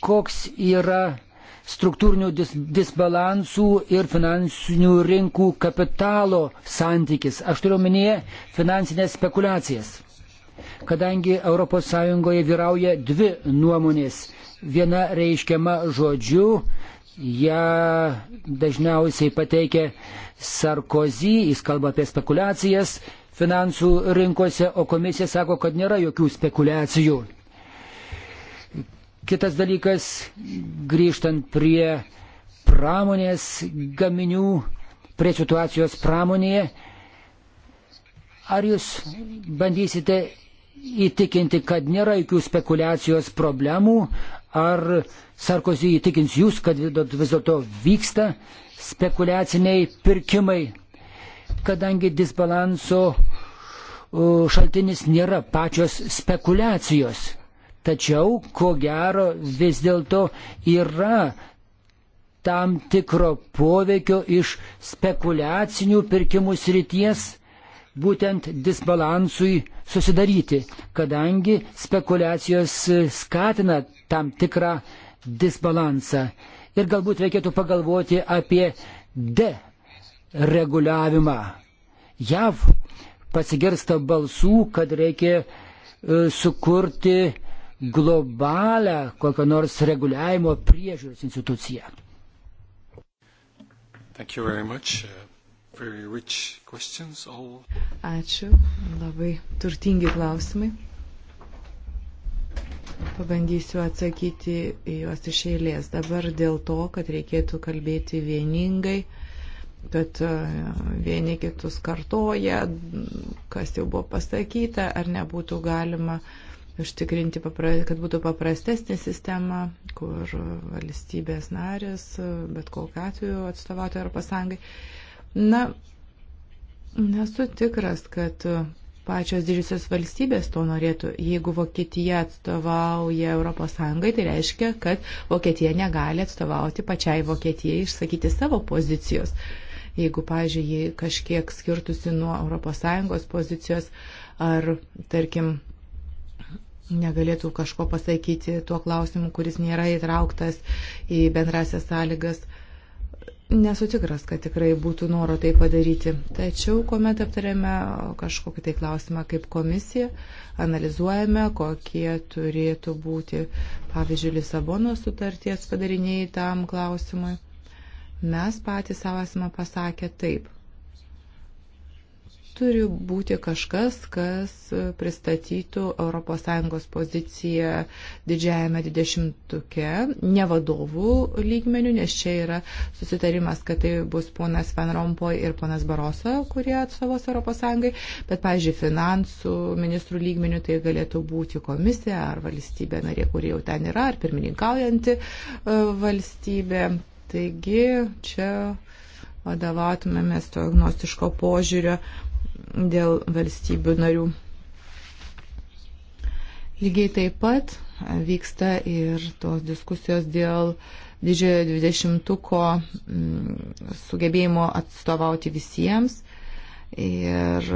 koks yra struktūrinių dis disbalansų ir finansinių rinkų kapitalo santykis. Aš turiu omenyje finansinės spekulacijas. Kadangi ES vyrauja dvi nuomonės. Viena reiškiama žodžiu, ją dažniausiai pateikia Sarkozy, jis kalba apie spekulacijas finansų rinkose, o komisija sako, kad nėra jokių spekulacijų. Kitas dalykas, grįžtant prie pramonės gaminių, prie situacijos pramonėje, ar jūs bandysite įtikinti, kad nėra jokių spekulacijos problemų, ar Sarkozy įtikins jūs, kad vis dėlto vyksta spekuliaciniai pirkimai, kadangi disbalanso uh, šaltinis nėra pačios spekulacijos. Tačiau, ko gero, vis dėlto yra tam tikro poveikio iš spekuliacinių pirkimų srities būtent disbalansui susidaryti, kadangi spekulacijos skatina tam tikrą disbalansą. Ir galbūt reikėtų pagalvoti apie dereguliavimą. JAV pasigirsta balsų, kad reikia e, sukurti globalę kokią nors reguliavimo priežiūros instituciją. Uh, all... Ačiū, labai turtingi klausimai. Pabandysiu atsakyti juos iš eilės. Dabar dėl to, kad reikėtų kalbėti vieningai kad uh, vieni kitus kartoja, kas jau buvo pasakyta, ar nebūtų galima uh, užtikrinti, kad būtų paprastesnė sistema, kur valstybės narės bet kokiu atveju atstovauti Europos Sąjungai. Na, nesu tikras, kad pačios didžiosios valstybės to norėtų. Jeigu Vokietija atstovauja ES, tai reiškia, kad Vokietija negali atstovauti pačiai Vokietijai išsakyti savo pozicijos. Jeigu, pažiūrėjau, jie kažkiek skirtusi nuo ES pozicijos ar, tarkim, negalėtų kažko pasakyti tuo klausimu, kuris nėra įtrauktas į bendrasias sąlygas. Nesu tikras, kad tikrai būtų noro tai padaryti. Tačiau, kuomet aptarėme kažkokį tai klausimą kaip komisija, analizuojame, kokie turėtų būti, pavyzdžiui, Lisabono sutarties padariniai tam klausimui, mes patys savo esame pasakę taip turi būti kažkas, kas pristatytų ES poziciją didžiajame dvidešimtuke, ne vadovų lygmenių, nes čia yra susitarimas, kad tai bus ponas Van Rompuy ir ponas Baroso, kurie atstovos ES, bet, pavyzdžiui, finansų ministrų lygmenių tai galėtų būti komisija ar valstybė narė, kurie jau ten yra, ar pirmininkaujanti e, valstybė. Taigi čia vadovautumėmės to agnostiško požiūrio dėl valstybių narių. Lygiai taip pat vyksta ir tos diskusijos dėl didžiojo dvidešimtuko mm, sugebėjimo atstovauti visiems ir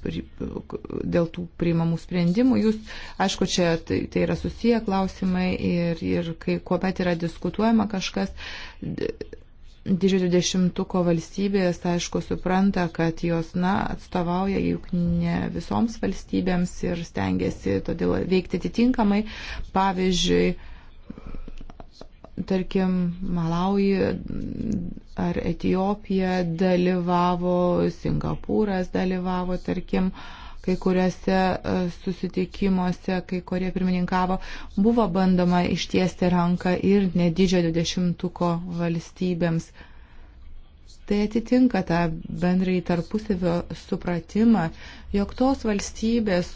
dėl tų priimamų sprendimų. Jūs, aišku, čia tai, tai yra susiję klausimai ir, ir kai kuomet yra diskutuojama kažkas, didžiojo dvidešimtuko valstybės, aišku, supranta, kad jos, na, atstovauja juk ne visoms valstybėms ir stengiasi todėl veikti atitinkamai. Pavyzdžiui, tarkim, Malauji ar Etijopija dalyvavo, Singapūras dalyvavo, tarkim, uh, kai kuriuose e, susitikimuose, kai kurie pirmininkavo, buvo bandoma ištiesti ranką ir nedidžio dvidešimtuko valstybėms. Tai atitinka tą bendrąjį tarpusavio supratimą, jog tos valstybės,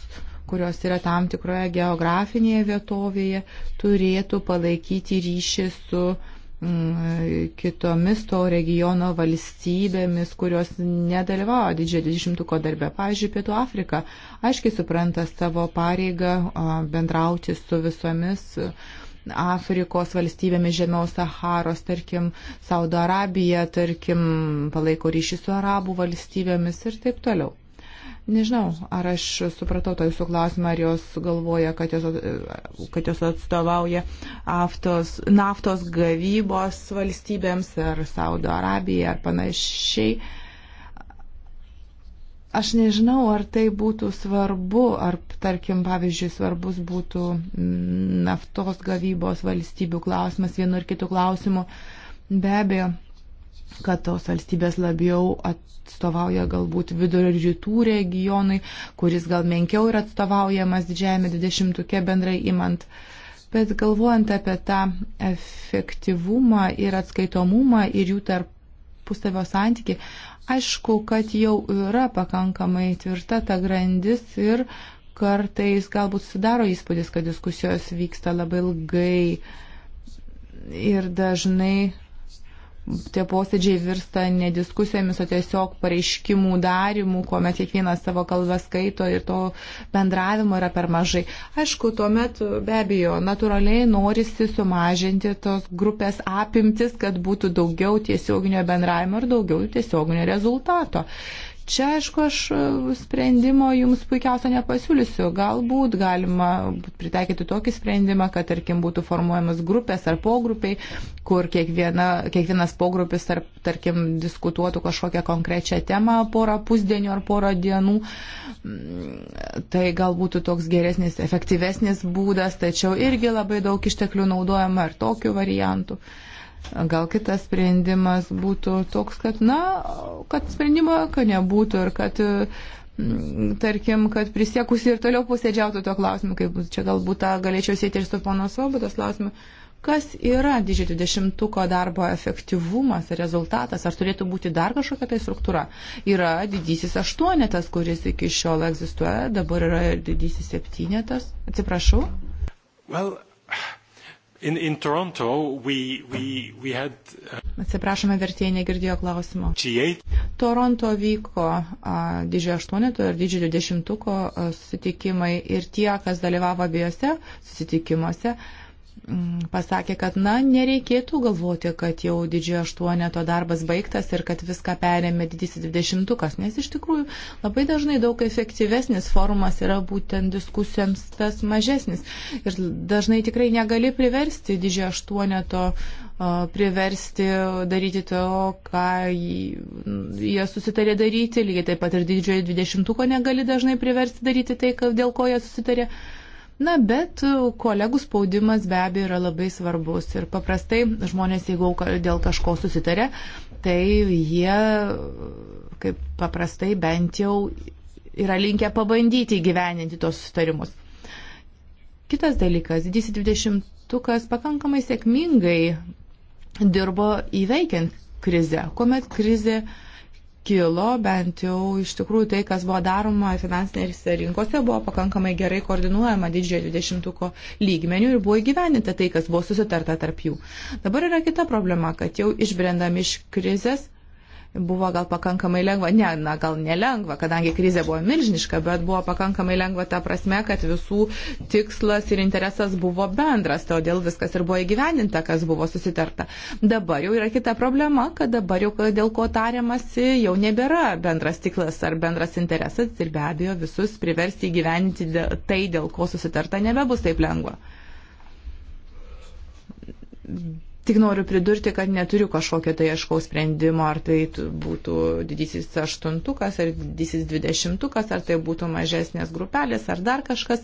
kurios yra tam tikroje geografinėje vietovėje, turėtų palaikyti ryšį su uh, Mm, kitomis to regiono valstybėmis, kurios nedalyvavo didžiojo dvidešimtuko darbe. Pavyzdžiui, Pietų Afrika aiškiai supranta savo pareigą bendrauti su visomis Afrikos valstybėmis žemiau Saharos, tarkim, Saudo Arabija, tarkim, palaiko ryšį su Arabų valstybėmis ir taip toliau. Nežinau, ar aš supratau tą jūsų klausimą, ar jos galvoja, kad jos, kad jos atstovauja aftos, naftos gavybos valstybėms ar Saudo Arabijai ar panašiai. Aš nežinau, ar tai būtų svarbu, ar, tarkim, pavyzdžiui, svarbus būtų naftos gavybos valstybių klausimas vienu ir kitu klausimu. Be abejo, kad tos valstybės labiau atstovauja galbūt vidurio ir rytų regionui, kuris gal menkiau yra atstovaujamas didžiajame dvidešimtuke bendrai imant. Bet galvojant apie tą efektyvumą ir atskaitomumą ir jų tarpusavio santyki, aišku, kad jau yra pakankamai tvirta ta grandis ir kartais galbūt sudaro įspūdis, kad diskusijos vyksta labai ilgai ir dažnai tie posėdžiai virsta ne diskusijomis, o tiesiog pareiškimų darimų, kuomet kiekvienas savo kalbą skaito ir to bendravimo yra per mažai. Aišku, tuomet be abejo, natūraliai norisi sumažinti tos grupės apimtis, kad būtų daugiau tiesioginio bendravimo ir daugiau tiesioginio rezultato. Čia, aišku, aš e, sprendimo jums puikiausio nepasiūlysiu. Galbūt galima pritaikyti tokį sprendimą, kad, tarkim, būtų formuojamas grupės ar pogrupiai, kur kiekviena, kiekvienas pogrupis, tarp, tarkim, diskutuotų kažkokią konkrečią temą porą pusdienio ar porą dienų. Mm, tai galbūt toks geresnis, efektyvesnis būdas, tačiau irgi labai daug išteklių naudojama ir tokiu variantu. Uh, Gal kitas sprendimas būtų toks, kad, na, kad sprendimo jokio nebūtų ir kad, mm, tarkim, kad prisiekusi ir toliau pusėdžiautų to klausimu, kaip čia galbūt tą galėčiau sėti ir su pono Svobodos klausimu. Kas yra didžiojo dešimtuko darbo efektyvumas, rezultatas, ar turėtų būti dar kažkokia tai struktūra? Yra didysis aštuonetas, kuris iki šiol egzistuoja, dabar yra ir didysis septynetas. Atsiprašau. Well, In, in Toronto, we, we, we had, uh, Atsiprašome, vertėjai negirdėjo klausimo. G8. Toronto vyko uh, didžiojo aštuoneto ir didžiojo dešimtuko uh, susitikimai ir tie, kas dalyvavo abiejose susitikimuose, uh, Mm, pasakė, kad, na, nereikėtų galvoti, kad jau didžiojo aštuoneto darbas baigtas ir kad viską perėmė didysis dvidešimtukas, nes iš tikrųjų labai dažnai daug efektyvesnis forumas yra būtent diskusijoms tas mažesnis. Ir dažnai tikrai negali priversti didžiojo aštuoneto priversti daryti to, ką jie susitarė daryti, lygiai taip pat ir didžiojo dvidešimtuko negali dažnai priversti daryti tai, dėl ko jie susitarė. Uh, Na, bet e, kolegų spaudimas be abejo yra labai svarbus ir paprastai žmonės, jeigu dėl kažko susitarė, tai jie, kaip paprastai, bent jau yra linkę pabandyti gyveninti tos sutarimus. Kitas dalykas, didysis dvidešimtukas pakankamai sėkmingai dirbo įveikiant krizę, kuomet krizė uh, kilo, bent jau iš tikrųjų tai, kas buvo daroma finansinėse rinkose, buvo pakankamai gerai koordinuojama didžiojo 20-ko lygmenių ir buvo įgyveninta tai, kas buvo susitarta tarp jų. Dabar yra kita problema, kad jau išbrendam iš krizės buvo gal pakankamai lengva, ne, na, gal nelengva, kadangi krizė buvo milžiniška, bet buvo pakankamai lengva ta prasme, kad visų tikslas ir interesas buvo bendras, todėl viskas ir buvo įgyvendinta, kas buvo susitarta. Dabar jau yra kita problema, kad dabar jau dėl ko tariamasi jau nebėra bendras tikslas ar bendras interesas ir be abejo visus priversti įgyvendinti tai, dėl ko susitarta, nebebus taip lengva Tik noriu pridurti, kad neturiu kažkokio tai aiškaus sprendimo, ar tai būtų didysis aštuntukas, ar didysis dvidešimtukas, ar tai būtų mažesnės grupelės, ar dar kažkas.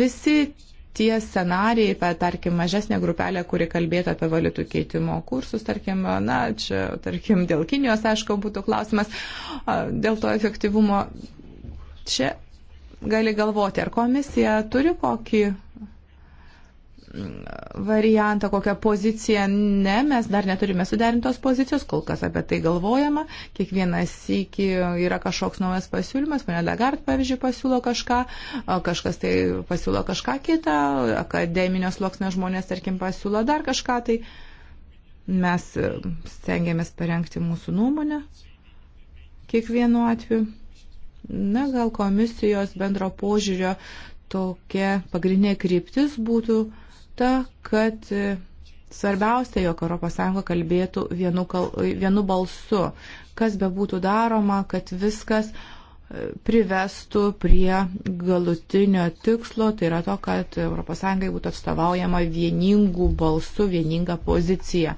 Visi tie scenarijai, bet, tarkim, mažesnė grupelė, kuri kalbėtų apie valiutų keitimo kursus, tarkim, na, čia, tarkim, dėl Kinijos, aišku, būtų klausimas, dėl to efektyvumo. Čia gali galvoti, ar komisija turi kokį variantą, kokią poziciją. Ne, mes dar neturime suderintos pozicijos, kol kas apie tai galvojama. Kiekvienas iki yra kažkoks naujas pasiūlymas. Pane Dagart, pavyzdžiui, pasiūlo kažką, kažkas tai pasiūlo kažką kitą, akademinio sluoksnio žmonės, tarkim, pasiūlo dar kažką. Tai mes e, stengiamės parengti mūsų nuomonę kiekvienu atveju. Na, gal komisijos bendro požiūrio tokia pagrindinė kryptis būtų uh, ta, kad e, svarbiausia, jog ES kalbėtų vienu, kal, vienu balsu, kas be būtų daroma, kad viskas e, privestų prie galutinio tikslo, tai yra to, kad ES būtų atstovaujama vieningų balsų, vieninga pozicija.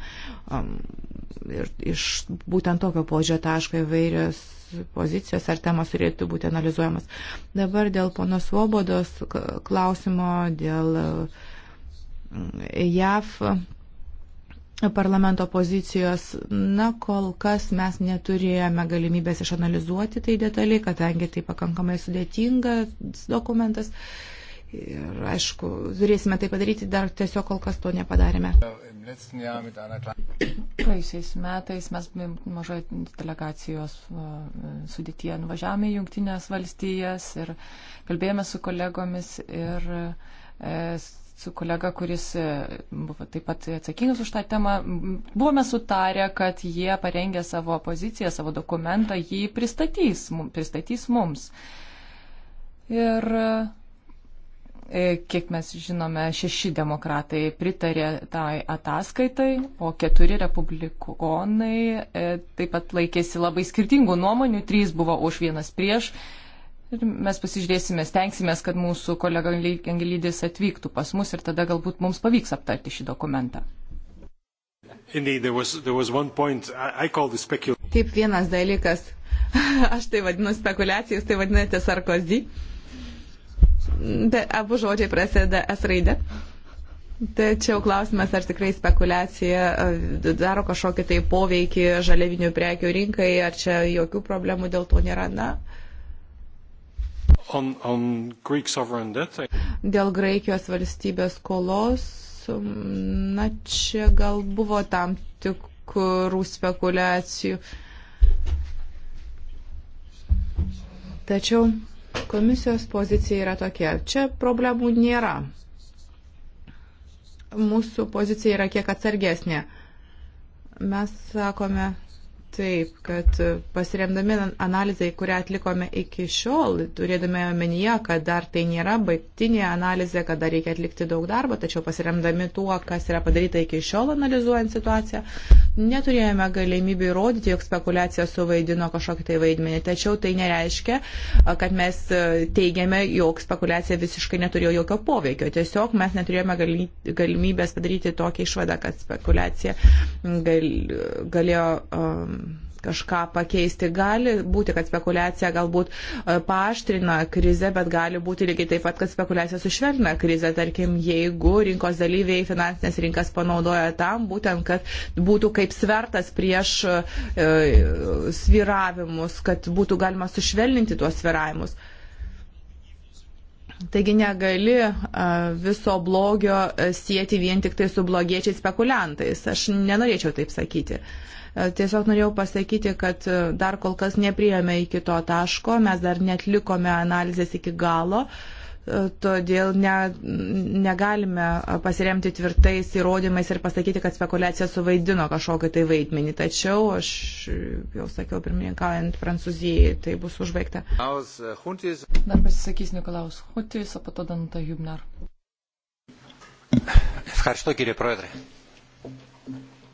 Ir iš būtent tokio požiūrio taško įvairios pozicijos ar temos turėtų būti analizuojamas. Dabar dėl pono Svobodos klausimo, dėl uh, JAV parlamento pozicijos, na, kol kas mes neturėjome galimybės išanalizuoti tai detaliai, kadangi tai pakankamai sudėtingas dokumentas. Ir aišku, turėsime tai padaryti, dar tiesiog kol kas to nepadarėme. Praėjusiais metais mes mažai delegacijos sudėtyje nuvažiavome į Junktinės valstijas ir kalbėjome su kolegomis ir e, su kolega, kuris e, buvo taip pat atsakingas už tą temą, buvome sutarę, kad jie parengė savo poziciją, savo dokumentą, jį pristatys, pristatys mums. Ir e, kiek mes žinome, šeši demokratai pritarė tai ataskaitai, o keturi republikonai e, taip pat laikėsi labai skirtingų nuomonių, trys buvo už vienas prieš. Ir mes pasižiūrėsime, stengsime, kad mūsų kolega Angelydis atvyktų pas mus ir tada galbūt mums pavyks aptarti šį dokumentą. Taip vienas dalykas, aš tai vadinu spekulacijų, jūs tai vadinate sarkozį. Abu žodžiai prasideda S raidė. Tačiau klausimas, ar tikrai spekulacija e, daro kažkokį tai poveikį žaliavinių prekių rinkai, ar čia jokių problemų dėl to nėra. Na, On, on Dėl Graikijos valstybės skolos, mm, na čia gal buvo tam tikrų spekulacijų. Tačiau komisijos pozicija yra tokia. Čia problemų nėra. Mūsų pozicija yra kiek atsargesnė. Mes sakome, taip, kad e, pasiremdami analizai, kurią atlikome iki šiol, turėdami omenyje, kad dar tai nėra baigtinė analizė, kad dar reikia atlikti daug darbo, tačiau pasiremdami tuo, kas yra padaryta iki šiol analizuojant situaciją, neturėjome galimybių įrodyti, jog spekulacija suvaidino kažkokį tai vaidmenį. Tačiau tai nereiškia, e, kad mes e, teigiame, jog spekulacija visiškai neturėjo jokio poveikio. Tiesiog mes neturėjome galimybės padaryti tokią išvadą, kad spekulacija gal, galėjo. Um, kažką pakeisti. Gali būti, kad spekulacija galbūt e, paaštrina krizę, bet gali būti lygiai taip pat, kad spekulacija sušvelna krizę. Tarkim, jeigu rinkos dalyviai finansinės rinkas panaudoja tam, būtent, kad būtų kaip svertas prieš e, sviravimus, kad būtų galima sušvelninti tuos sviravimus. Taigi negali e, viso blogio e, sieti vien tik tai su blogiečiais spekuliantais. Aš nenorėčiau taip sakyti. Uh, E, tiesiog norėjau pasakyti, kad e, dar kol kas neprijome iki to taško, mes dar netlikome analizės iki galo e, todėl ne, negalime pasiremti tvirtais įrodymais ir pasakyti, kad spekulacija suvaidino kažkokį tai vaidmenį. Tačiau aš jau sakiau, pirmininkaujant Prancūzijai, tai bus užbaigta. Dar pasisakys Nikolaus Hutis, o pato Danta Jubner. Ευχαριστώ κύριε Πρόεδρε.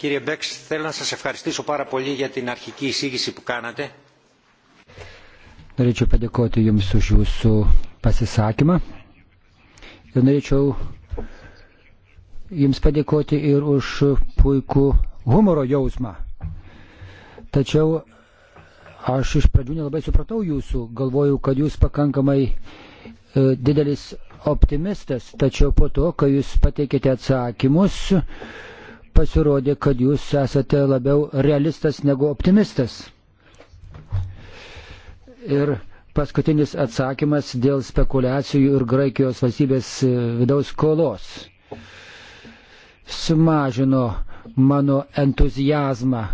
Κύριε Μπέξ, θέλω να σας ευχαριστήσω πάρα πολύ για την αρχική εισήγηση που κάνατε. Norėčiau padėkoti Jums už Jūsų pasisakymą ir norėčiau Jums padėkoti ir už puikų humoro jausmą. Tačiau aš iš pradžių nelabai supratau Jūsų, galvojau, kad Jūs pakankamai e, didelis optimistas, tačiau po to, kai Jūs pateikėte atsakymus, e, pasirodė, kad jūs esate labiau realistas negu optimistas. Ir paskutinis atsakymas dėl spekulacijų ir Graikijos valstybės e, vidaus kolos sumažino mano entuzijazmą.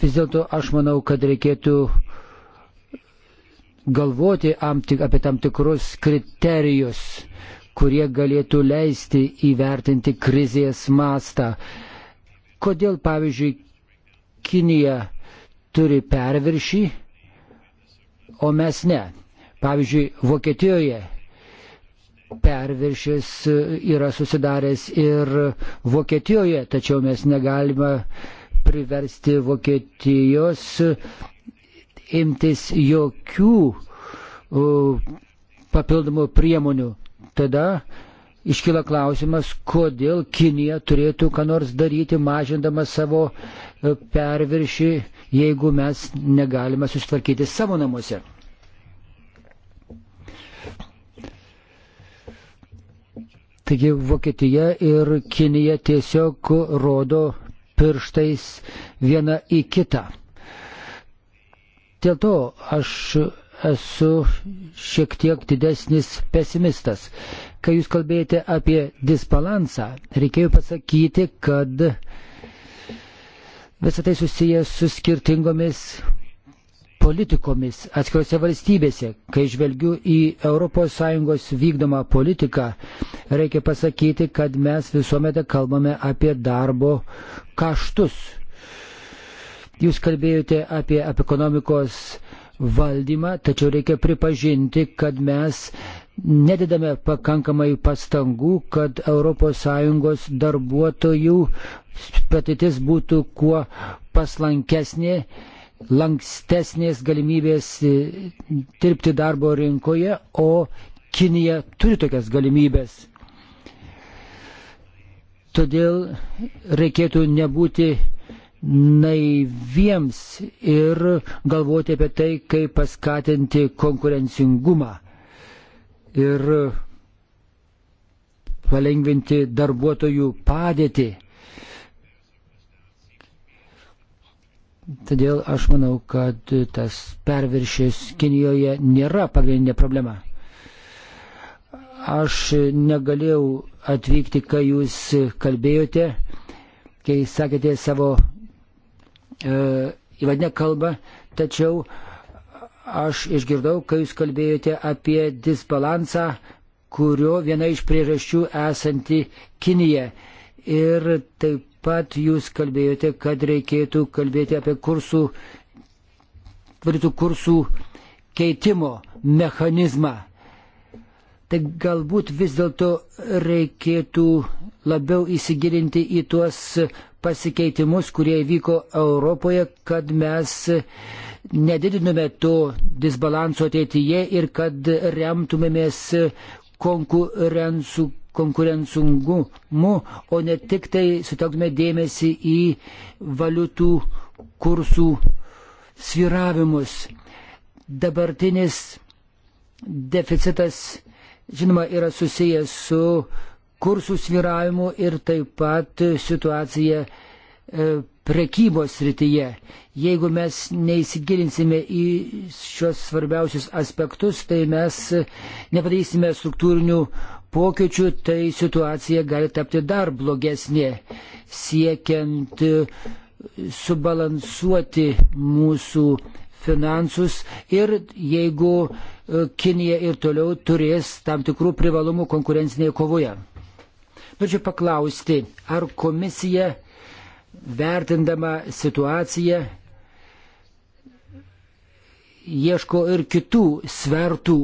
Vis dėlto aš manau, kad reikėtų galvoti apie tam tikrus kriterijus, kurie galėtų leisti įvertinti krizės mastą. Kodėl, pavyzdžiui, Kinija turi perviršį, o mes ne. Pavyzdžiui, Vokietijoje perviršis e, yra susidaręs ir Vokietijoje, tačiau mes negalime priversti Vokietijos imtis jokių papildomų priemonių. Tada iškyla klausimas, kodėl Kinija turėtų ką nors daryti, mažindama savo e, perviršį, jeigu mes negalime susitvarkyti savo namuose. Taigi Vokietija ir Kinija tiesiog rodo pirštais vieną į kitą. Dėl to aš esu šiek tiek didesnis pesimistas. Kai jūs kalbėjote apie disbalansą, reikėjo pasakyti, kad visą tai susijęs su skirtingomis politikomis atskirose valstybėse. Kai žvelgiu į ES vykdomą politiką, reikia pasakyti, kad mes visuomet kalbame apie darbo kaštus Jūs kalbėjote apie, apie ekonomikos valdymą, tačiau reikia pripažinti, kad mes nedidame pakankamai pastangų, kad ES darbuotojų patirtis būtų kuo paslankesnė, lankstesnės galimybės e, dirbti darbo rinkoje, o Kinija turi tokias galimybės. Todėl reikėtų nebūti naiviems ir galvoti apie tai, kaip paskatinti konkurencingumą ir palengvinti darbuotojų padėtį. Todėl aš manau, kad tas perviršis Kinijoje nėra pagrindinė problema. Aš negalėjau atvykti, kai jūs kalbėjote, kai sakėte savo E, įvadinę kalbą, tačiau aš išgirdau, kai jūs kalbėjote apie disbalansą, kurio viena iš priežasčių esanti Kinija. Ir taip pat jūs kalbėjote, kad reikėtų kalbėti apie kursų, varytų kursų keitimo mechanizmą. Tai galbūt vis dėlto reikėtų labiau įsigilinti į tuos pasikeitimus, kurie vyko Europoje, kad mes nedidinume to disbalanso ateityje ir kad remtumėmės konkurencų konkurencingumu, o ne tik tai sutelktume dėmesį į valiutų kursų sviravimus. Dabartinis deficitas, žinoma, yra susijęs su kursų sviravimų ir taip pat situacija e, prekybos srityje. Jeigu mes neįsigilinsime į šios svarbiausius aspektus, tai mes nepadarysime struktūrinių pokyčių, tai situacija gali tapti dar blogesnė, siekiant e, subalansuoti mūsų finansus ir jeigu e, Kinija ir toliau turės tam tikrų privalumų konkurencinėje kovoje. Norėčiau paklausti, ar komisija vertindama situaciją ieško ir kitų svertų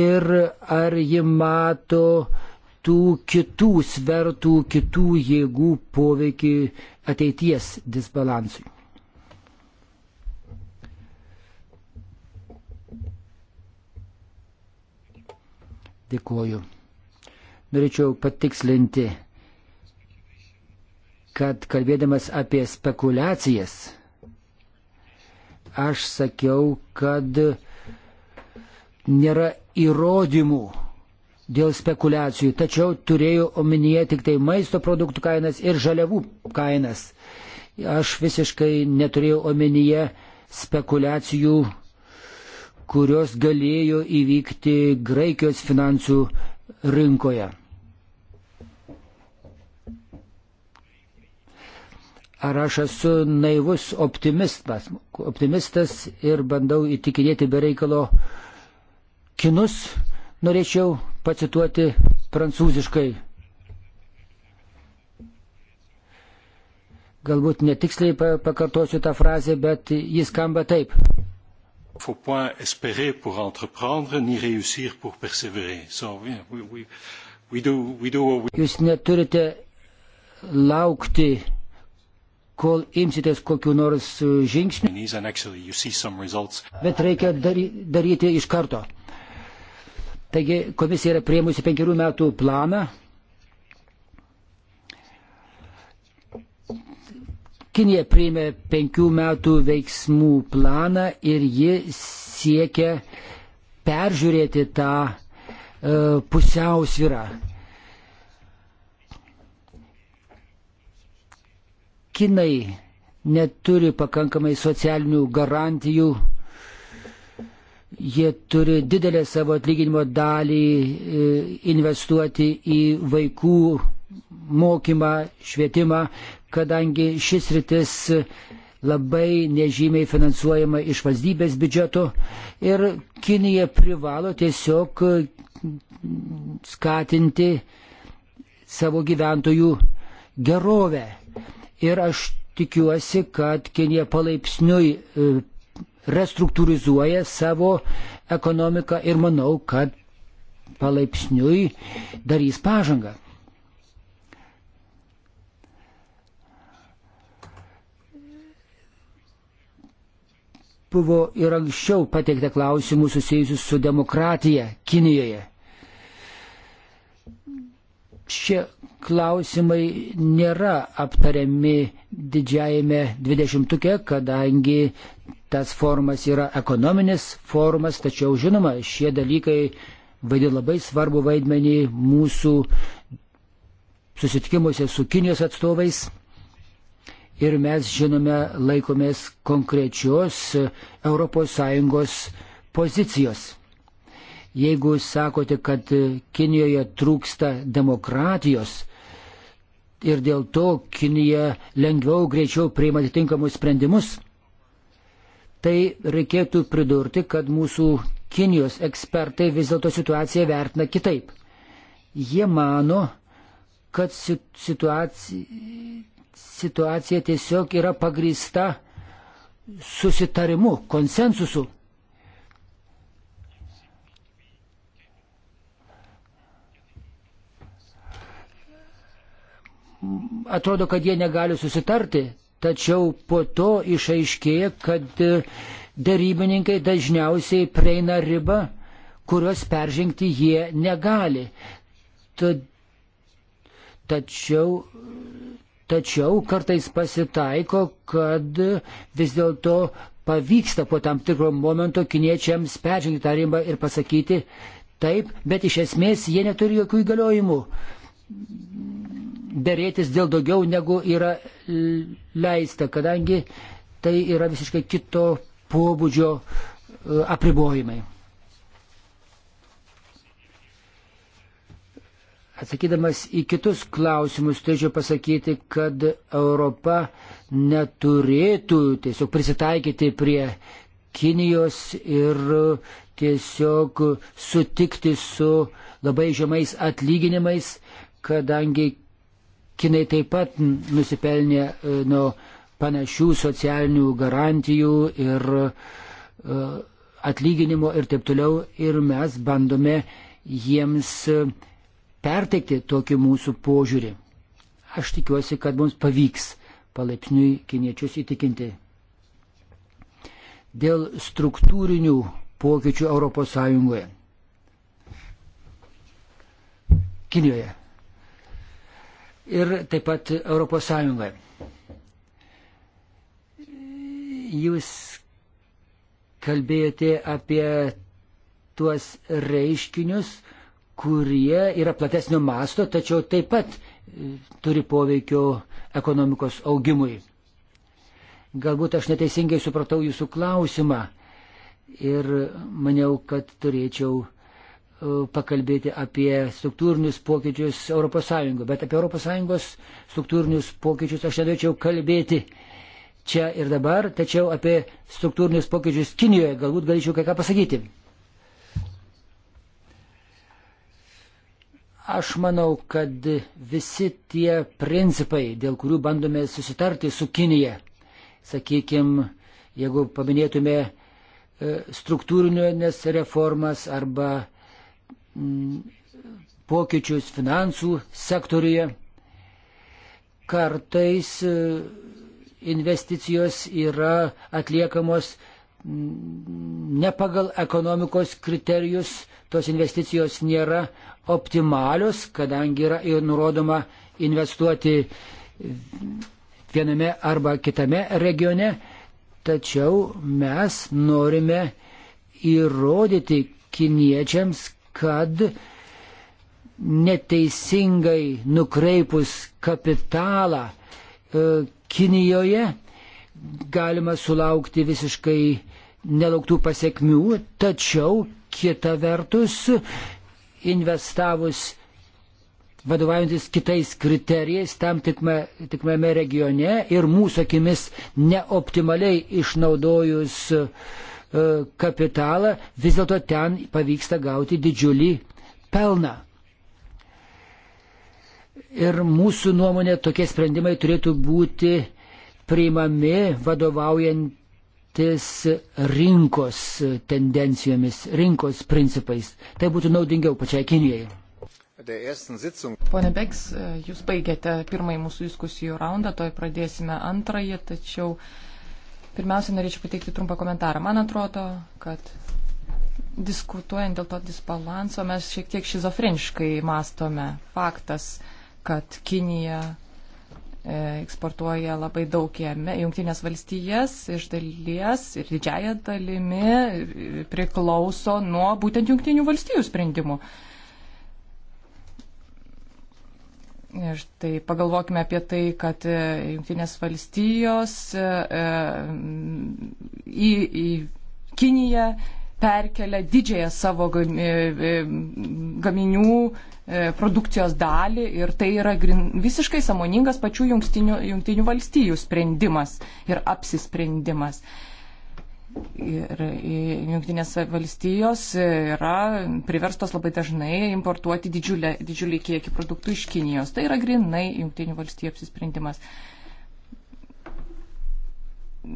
ir ar ji mato tų kitų svertų, kitų jėgų poveikį ateities disbalansui. Dėkuoju norėčiau patikslinti, kad kalbėdamas apie spekulacijas, aš sakiau, kad nėra įrodymų dėl spekulacijų, tačiau turėjau omenyje tik tai maisto produktų kainas ir žaliavų kainas. Aš visiškai neturėjau omenyje spekulacijų, kurios galėjo įvykti Graikijos finansų rinkoje. Ar aš esu naivus optimistas, optimistas ir bandau įtikinėti bereikalo kinus, norėčiau pacituoti prancūziškai. Galbūt netiksliai pakartosiu tą frazę, bet jis skamba taip. Faut point espérer pour entreprendre, ni réussir pour persévérer. So, yeah, we, we, we do, we do what we... Jūs neturite laukti kol imsitės kokiu nors e, žingsniu, bet reikia dary, daryti iš karto. Taigi komisija yra prieimusi penkerių metų planą. Kinija priėmė penkių metų veiksmų planą ir ji siekia peržiūrėti tą e, pusiausvyrą Kinai neturi pakankamai socialinių garantijų, jie turi didelę savo atlyginimo dalį e, investuoti į vaikų mokymą, švietimą, kadangi šis rytis labai nežymiai finansuojama iš valstybės biudžeto ir Kinija privalo tiesiog skatinti savo gyventojų gerovę ir aš tikiuosi, kad Kinija palaipsniui e, restruktūrizuoja savo ekonomiką ir manau, kad palaipsniui darys pažangą. Buvo ir anksčiau pateikta klausimų susijusius su demokratija Kinijoje šie klausimai nėra aptariami didžiajame dvidešimtuke, kadangi tas formas yra ekonominis formas, tačiau žinoma, šie dalykai vaidina labai svarbu vaidmenį mūsų susitikimuose su Kinijos atstovais. Ir mes, žinome, laikomės konkrečios ES pozicijos. Jeigu sakote, kad Kinijoje trūksta demokratijos ir dėl to Kinija lengviau, greičiau priima atitinkamus sprendimus, tai reikėtų pridurti, kad mūsų Kinijos ekspertai vis dėlto situaciją vertina kitaip. Jie mano, kad situacija, situacija tiesiog yra pagrįsta susitarimu, konsensusu atrodo, kad jie negali susitarti, tačiau po to išaiškėja, kad e, darybininkai dažniausiai prieina ribą, kurios peržengti jie negali. Tačiau, tačiau kartais pasitaiko, kad vis dėlto pavyksta po tam tikro momento kiniečiams peržengti tą ribą ir pasakyti taip, bet iš esmės jie neturi jokių įgaliojimų dėrėtis dėl daugiau negu yra leista, kadangi tai yra visiškai kito pobūdžio e, apribojimai. Atsakydamas į kitus klausimus, turėčiau pasakyti, kad Europa neturėtų tiesiog prisitaikyti prie Kinijos ir tiesiog sutikti su labai žemais atlyginimais, kadangi Kinai taip pat nusipelnė e, nuo panašių socialinių garantijų ir e, atlyginimo ir taip toliau. Ir mes bandome jiems e, perteikti tokį mūsų požiūrį. Aš tikiuosi, kad mums pavyks palaipsniui kiniečius įtikinti. Dėl struktūrinių pokyčių ES. Kinijoje ir taip pat Europos Sąjungai. Jūs kalbėjote apie tuos reiškinius, kurie yra platesnio masto, tačiau taip pat e, turi poveikio ekonomikos augimui. Galbūt aš neteisingai supratau jūsų klausimą ir maniau, kad turėčiau E, pakalbėti apie struktūrinius pokyčius ES, bet apie ES struktūrinius pokyčius aš nenorėčiau kalbėti čia ir dabar, tačiau apie struktūrinius pokyčius Kinijoje galbūt galėčiau kai ką pasakyti. Aš manau, kad visi tie principai, dėl kurių bandome susitarti su Kinija, sakykime, jeigu paminėtume e, struktūrinės reformas arba Mm, pokyčius finansų sektoriuje. Kartais e, investicijos yra atliekamos mm, ne pagal ekonomikos kriterijus, tos investicijos nėra optimalios, kadangi yra nurodoma investuoti viename arba kitame regione, tačiau mes norime įrodyti kiniečiams, kad neteisingai nukreipus kapitalą e, Kinijoje galima sulaukti visiškai nelauktų pasiekmių, tačiau kita vertus investavus vadovaujantis kitais kriterijais tam tikme, tikmame regione ir mūsų akimis neoptimaliai išnaudojus uh, E, kapitalą, vis dėlto ten pavyksta gauti didžiulį pelną. Ir mūsų nuomonė tokie sprendimai turėtų būti priimami vadovaujantis rinkos tendencijomis, rinkos principais. Tai būtų naudingiau pačiai Kinijai. Pone Beks, e, jūs baigėte pirmąjį mūsų diskusijų raundą, toj pradėsime antrąjį, tačiau Pirmiausia, norėčiau pateikti trumpą komentarą. Man atrodo, kad diskutuojant dėl to disbalanso mes šiek tiek šizofreniškai mastome. Faktas, kad Kinija e, eksportuoja labai daug į Junktinės valstijas iš dalies ir didžiaja dalimi priklauso nuo būtent Junktinių valstijų sprendimų. Uh, Ir tai pagalvokime apie tai, kad e, Junktinės valstijos e, e, į, į Kiniją perkelia didžiąją savo gaminių produkcijos dalį ir tai yra visiškai samoningas pačių jungtinių, jungtinių valstijų sprendimas ir apsisprendimas. Uh, Ir Junktinės valstijos yra priverstos labai dažnai importuoti didžiulę, didžiulį kiekį produktų iš Kinijos. Tai yra grinai Junktinių valstijų apsisprendimas.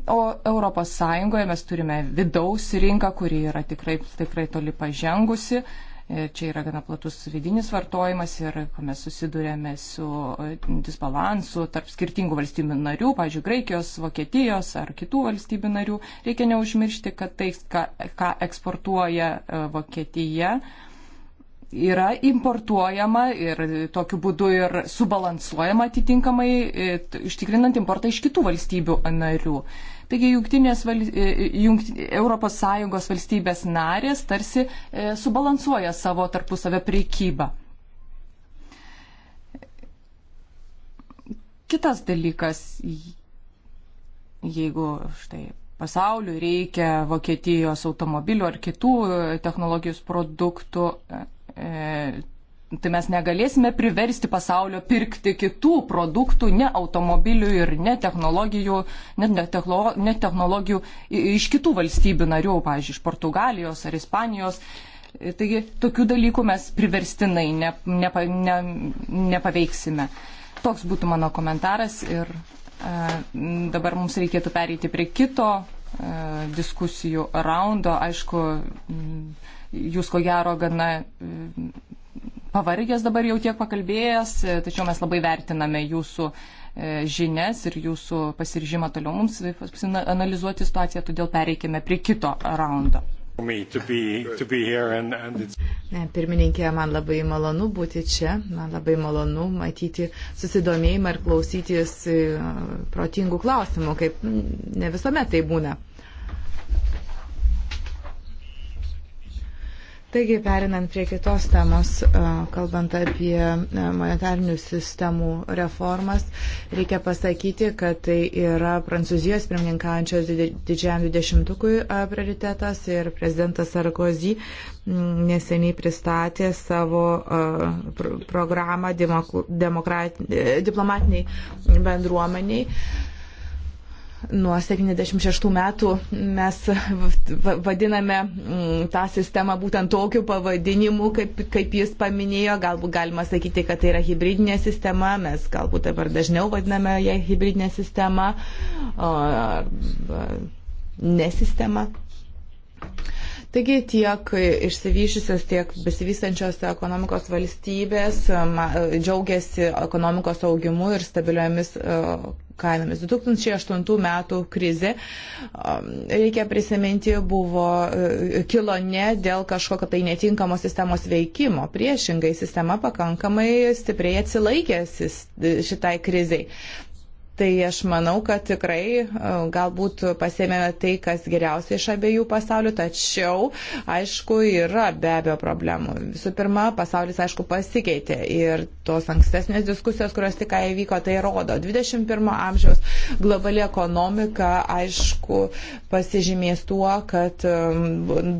O Europos Sąjungoje mes turime vidaus rinką, kuri yra tikrai, tikrai toli pažengusi. Uh, E, čia yra gana platus vidinis vartojimas ir mes susidurėme su e, disbalansu tarp skirtingų valstybių narių, pavyzdžiui, Graikijos, Vokietijos ar kitų valstybių narių. Reikia neužmiršti, kad tai, ką, ką eksportuoja e, Vokietija, yra importuojama ir tokiu būdu ir subalansuojama atitinkamai, ištikrinant importą iš kitų valstybių narių. Taigi jungtinės val... jungt... ES valstybės narės tarsi e, subalansuoja savo tarpusavę priekybą. Kitas dalykas, jeigu štai pasauliu reikia Vokietijos automobilių ar kitų e, technologijos produktų, e, tai mes negalėsime priversti pasaulio pirkti kitų produktų, ne automobilių ir ne technologijų, net ne, techlo, ne technologijų iš kitų valstybių narių, pavyzdžiui, iš Portugalijos ar Ispanijos. Taigi tokių dalykų mes priverstinai ne, ne, ne, nepaveiksime. Toks būtų mano komentaras ir e, dabar mums reikėtų pereiti prie kito e, diskusijų raundo. Aišku, jūs ko gero gana. E, pavargęs dabar jau tiek pakalbėjęs, e, tačiau mes labai vertiname jūsų e, žinias ir jūsų pasiryžimą toliau mums analizuoti situaciją, todėl pereikime prie kito raundo. Ne, pirmininkė, man labai malonu būti čia, man labai malonu matyti susidomėjimą ir klausytis e, protingų klausimų, kaip ne visuomet tai būna. Taigi, perinant prie kitos temos, kalbant apie monetarnių sistemų reformas, reikia pasakyti, kad tai yra Prancūzijos pirmininkaujančios didžiam dvidešimtukui prioritetas ir prezidentas Sarkozy neseniai pristatė savo programą demokrat... diplomatiniai bendruomeniai. Nuo 76 metų mes vadiname mm, tą sistemą būtent tokiu pavadinimu, kaip, kaip jis paminėjo. Galbūt galima sakyti, kad tai yra hybridinė sistema. Mes galbūt dabar dažniau vadiname ją hybridinė sistema ar nesistema. Taigi tiek išsivyšusios, tiek besivystančios ekonomikos valstybės džiaugiasi ekonomikos augimu ir stabiliomis kainomis. 2008 metų krizė, um, reikia prisiminti, buvo e, kilo ne dėl kažkokio tai netinkamo sistemos veikimo. Priešingai, sistema pakankamai stipriai atsilaikė šitai kriziai. Tai aš manau, kad tikrai e, galbūt pasėmėme tai, kas geriausia iš abiejų pasaulių, tačiau, aišku, yra be abejo problemų. Visų pirma, pasaulis, aišku, pasikeitė ir tos ankstesnės diskusijos, kurios tik įvyko, tai rodo. 21 amžiaus globali ekonomika, aišku, pasižymės tuo, kad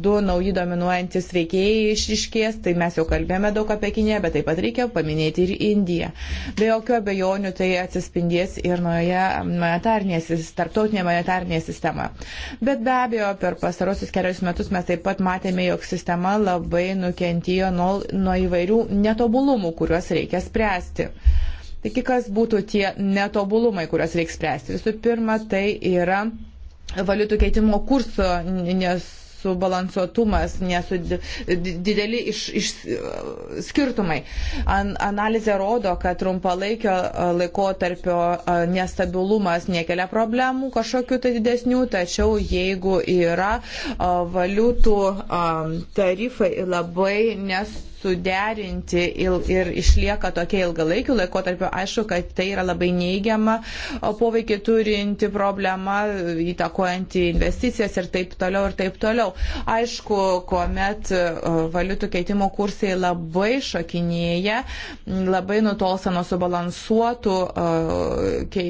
du nauji dominuojantis veikėjai išiškės, tai mes jau kalbėjome daug apie Kiniją, bet taip pat reikia paminėti ir Indiją. Be jokių abejonių tai atsispindės ir vienoje monetarnėje, tarptautinėje monetarnėje sistemoje. Bet be abejo, per pastarosius kelius metus mes taip pat matėme, jog sistema labai nukentėjo nuo, nuo įvairių netobulumų, kuriuos reikia spręsti. Taigi, kas būtų tie netobulumai, kuriuos reiks spręsti? Visų pirma, tai yra valiutų keitimo kurso nes nesubalansuotumas, nesu dideli iš, iš, skirtumai. An, analizė rodo, kad trumpalaikio e, laikotarpio e, nestabilumas nekelia problemų kažkokiu tai didesnių, tačiau jeigu yra e, valiutų tarifai labai nesubalansuotumas, suderinti il, ir išlieka tokia ilgalaikiu laikotarpiu, aišku, kad tai yra labai neigiama poveikį turinti problema, įtakojanti investicijas ir taip toliau ir taip toliau. Aišku, kuomet e, valiutų keitimo kursai labai šokinėja, labai nutolsta nuo subalansuotų e,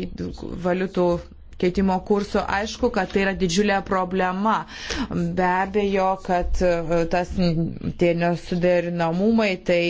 valiutų keitimo kurso, aišku, kad tai yra didžiulė problema. Be abejo, kad e, tas tie nesuderinamumai tai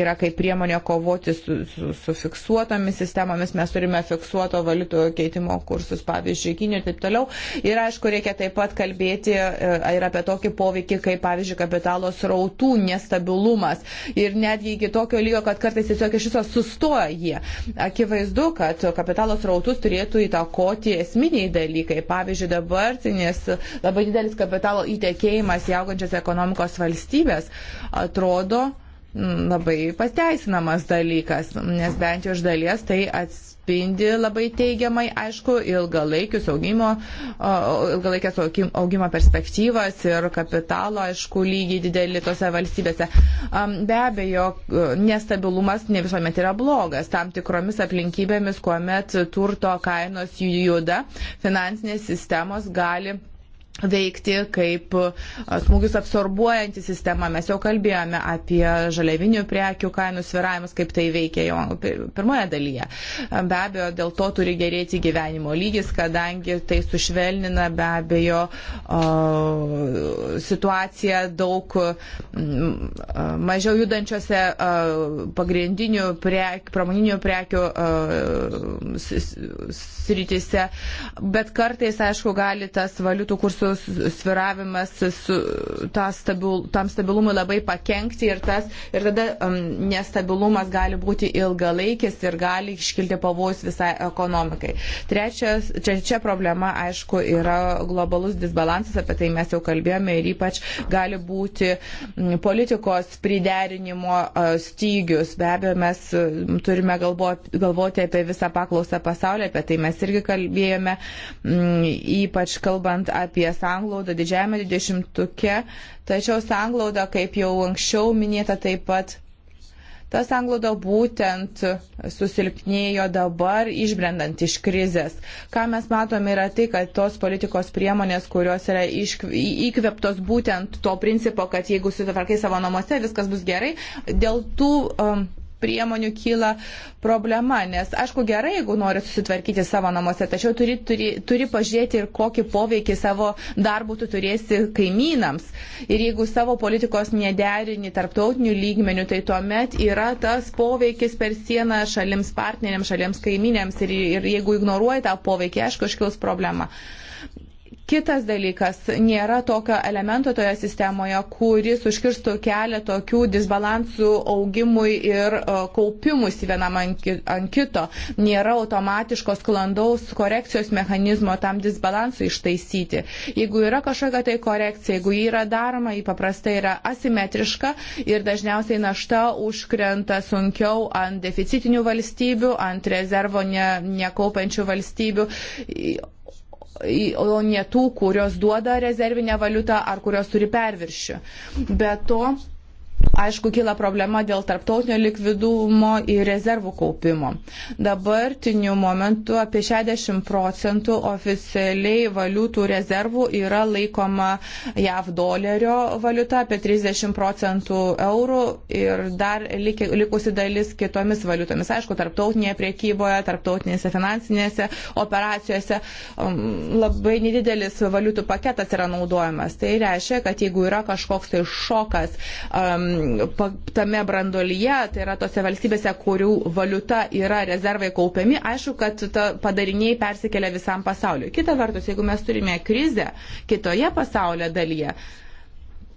yra kaip priemonė kovoti su, su, su fiksuotomis sistemomis. Mes turime fiksuoto valiutų keitimo kursus, pavyzdžiui, Kinijų ir taip toliau. Ir aišku, reikia taip pat kalbėti e, ir apie tokį poveikį, kaip pavyzdžiui, kapitalo srautų nestabilumas. Ir netgi iki tokio lygio, kad kartais tiesiog iš viso sustoja jie. Akivaizdu, kad kapitalo srautus turėtų įtakoti esminiai dalykai. Pavyzdžiui, dabartinis labai didelis kapitalo įtekėjimas į augančias ekonomikos valstybės atrodo mm, labai pateisinamas dalykas, nes bent jau iš dalies tai atsitiktų atsispindi labai teigiamai, aišku, ilgalaikius augimo, ilgalaikės augimo perspektyvas ir kapitalo, aišku, lygiai didelį tose valstybėse. Be abejo, nestabilumas ne visuomet yra blogas. Tam tikromis aplinkybėmis, kuomet turto kainos juda, finansinės sistemos gali veikti kaip e, smūgius absorbuojanti sistema. Mes jau kalbėjome apie žaliavinių prekių kainų sviravimus, kaip tai veikia jau pirmoje dalyje. Be abejo, dėl to turi gerėti gyvenimo lygis, kadangi tai sušvelnina be abejo o, situaciją daug m, mažiau judančiose o, pagrindinių prek, pramoninių prekių o, s, s, sritise. Bet kartais, aišku, gali tas valiutų kursų mūsų sviravimas su, ta stabil, tam stabilumui labai pakenkti ir, tas, ir tada um, nestabilumas gali būti ilgalaikis ir gali iškilti pavojus visai ekonomikai. Trečias, trečia problema, aišku, yra globalus disbalansas, apie tai mes jau kalbėjome ir ypač gali būti politikos priderinimo stygius. Be abejo, mes turime galvoti apie visą paklausą pasaulyje, apie tai mes irgi kalbėjome, ypač kalbant apie apie sanglaudą didžiajame dvidešimtuke, tačiau sanglauda, kaip jau anksčiau minėta, taip pat ta sanglauda būtent susilpnėjo dabar, išbrendant iš krizės. Ką mes matome yra tai, kad tos politikos priemonės, kurios yra įkveptos būtent to principo, kad jeigu sutvarkai savo namuose, viskas bus gerai, dėl tų um, priemonių kyla problema, nes aišku gerai, jeigu nori susitvarkyti savo namuose, tačiau turi, turi, turi pažiūrėti ir kokį poveikį savo darbų tu turėsi kaimynams. Ir jeigu savo politikos nederini tarptautinių lygmenių, tai tuomet yra tas poveikis per sieną šalims partneriams, šalims kaiminėms ir, ir jeigu ignoruoji tą poveikį, aišku, iškils problema. Uh, Kitas dalykas, nėra tokio elemento toje sistemoje, kuris užkirstų kelią tokių disbalansų augimui ir e, kaupimus vienam ant kito. Nėra automatiškos klandaus korekcijos mechanizmo tam disbalansui ištaisyti. Jeigu yra kažkokia tai korekcija, jeigu ji yra daroma, ji paprastai yra asimetriška ir dažniausiai našta užkrenta sunkiau ant deficitinių valstybių, ant rezervo ne, nekaupiančių valstybių o ne tų, kurios duoda rezervinę valiutą ar kurios turi perviršį. Be to, Aišku, kyla problema dėl tarptautinio likvidumo ir rezervų kaupimo. Dabartiniu momentu apie 60 procentų oficialiai valiutų rezervų yra laikoma JAV dolerio valiuta, apie 30 procentų eurų ir dar likusi dalis kitomis valiutomis. Aišku, tarptautinėje priekyboje, tarptautinėse finansinėse operacijose um, labai nedidelis valiutų paketas yra naudojamas. Tai reiškia, kad jeigu yra kažkoks tai šokas, um, tame brandolyje, tai yra tose valstybėse, kurių valiuta yra rezervai kaupiami, aišku, kad padariniai persikelia visam pasauliu. Kita vertus, jeigu mes turime krizę kitoje pasaulio dalyje,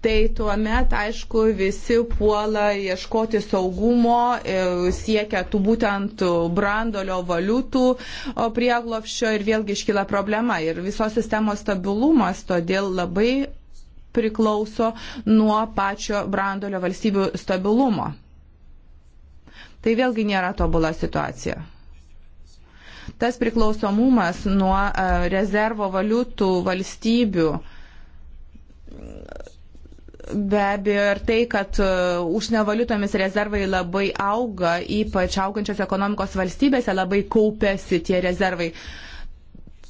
tai tuomet, aišku, visi puola ieškoti saugumo, e, siekia tų būtent brandolio valiutų prieglopščio ir vėlgi iškyla problema ir visos sistemos stabilumas, todėl labai priklauso nuo pačio brandolio valstybių stabilumo. Tai vėlgi nėra tobula situacija tas priklausomumas nuo e, rezervo valiutų valstybių. Be abejo ir tai, kad e, užsienio valiutomis rezervai labai auga, ypač augančios ekonomikos valstybėse labai kaupėsi tie rezervai. Uh,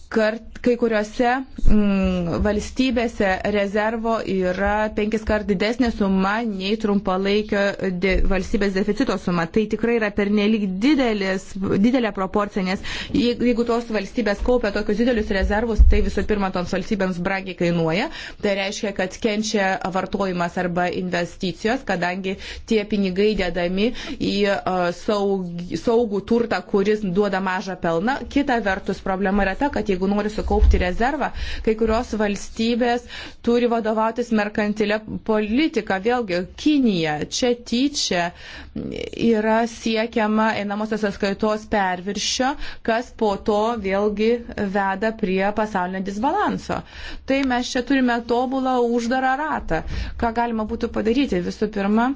kart, kai kuriuose mm, valstybėse rezervo yra penkis kart didesnė suma nei trumpalaikio de, valstybės deficito suma. Tai tikrai yra pernelyg didelis, didelė proporcija, nes jeigu tos valstybės kaupia tokius didelius rezervus, tai visų pirma toms valstybėms brangiai kainuoja. Tai reiškia, kad kenčia vartojimas arba investicijos, kadangi tie pinigai dedami į uh, saug, saugų turtą, kuris duoda mažą pelną. Kita vertus problema yra ta, kad jeigu jeigu nori sukaupti rezervą, kai kurios valstybės turi vadovautis merkantilę politiką. Vėlgi, Kinija čia tyčia yra siekiama einamosios atskaitos perviršio, kas po to vėlgi veda prie pasaulinio disbalanso. Tai mes čia turime tobulą uždarą ratą. Ką galima būtų padaryti? Visų pirma,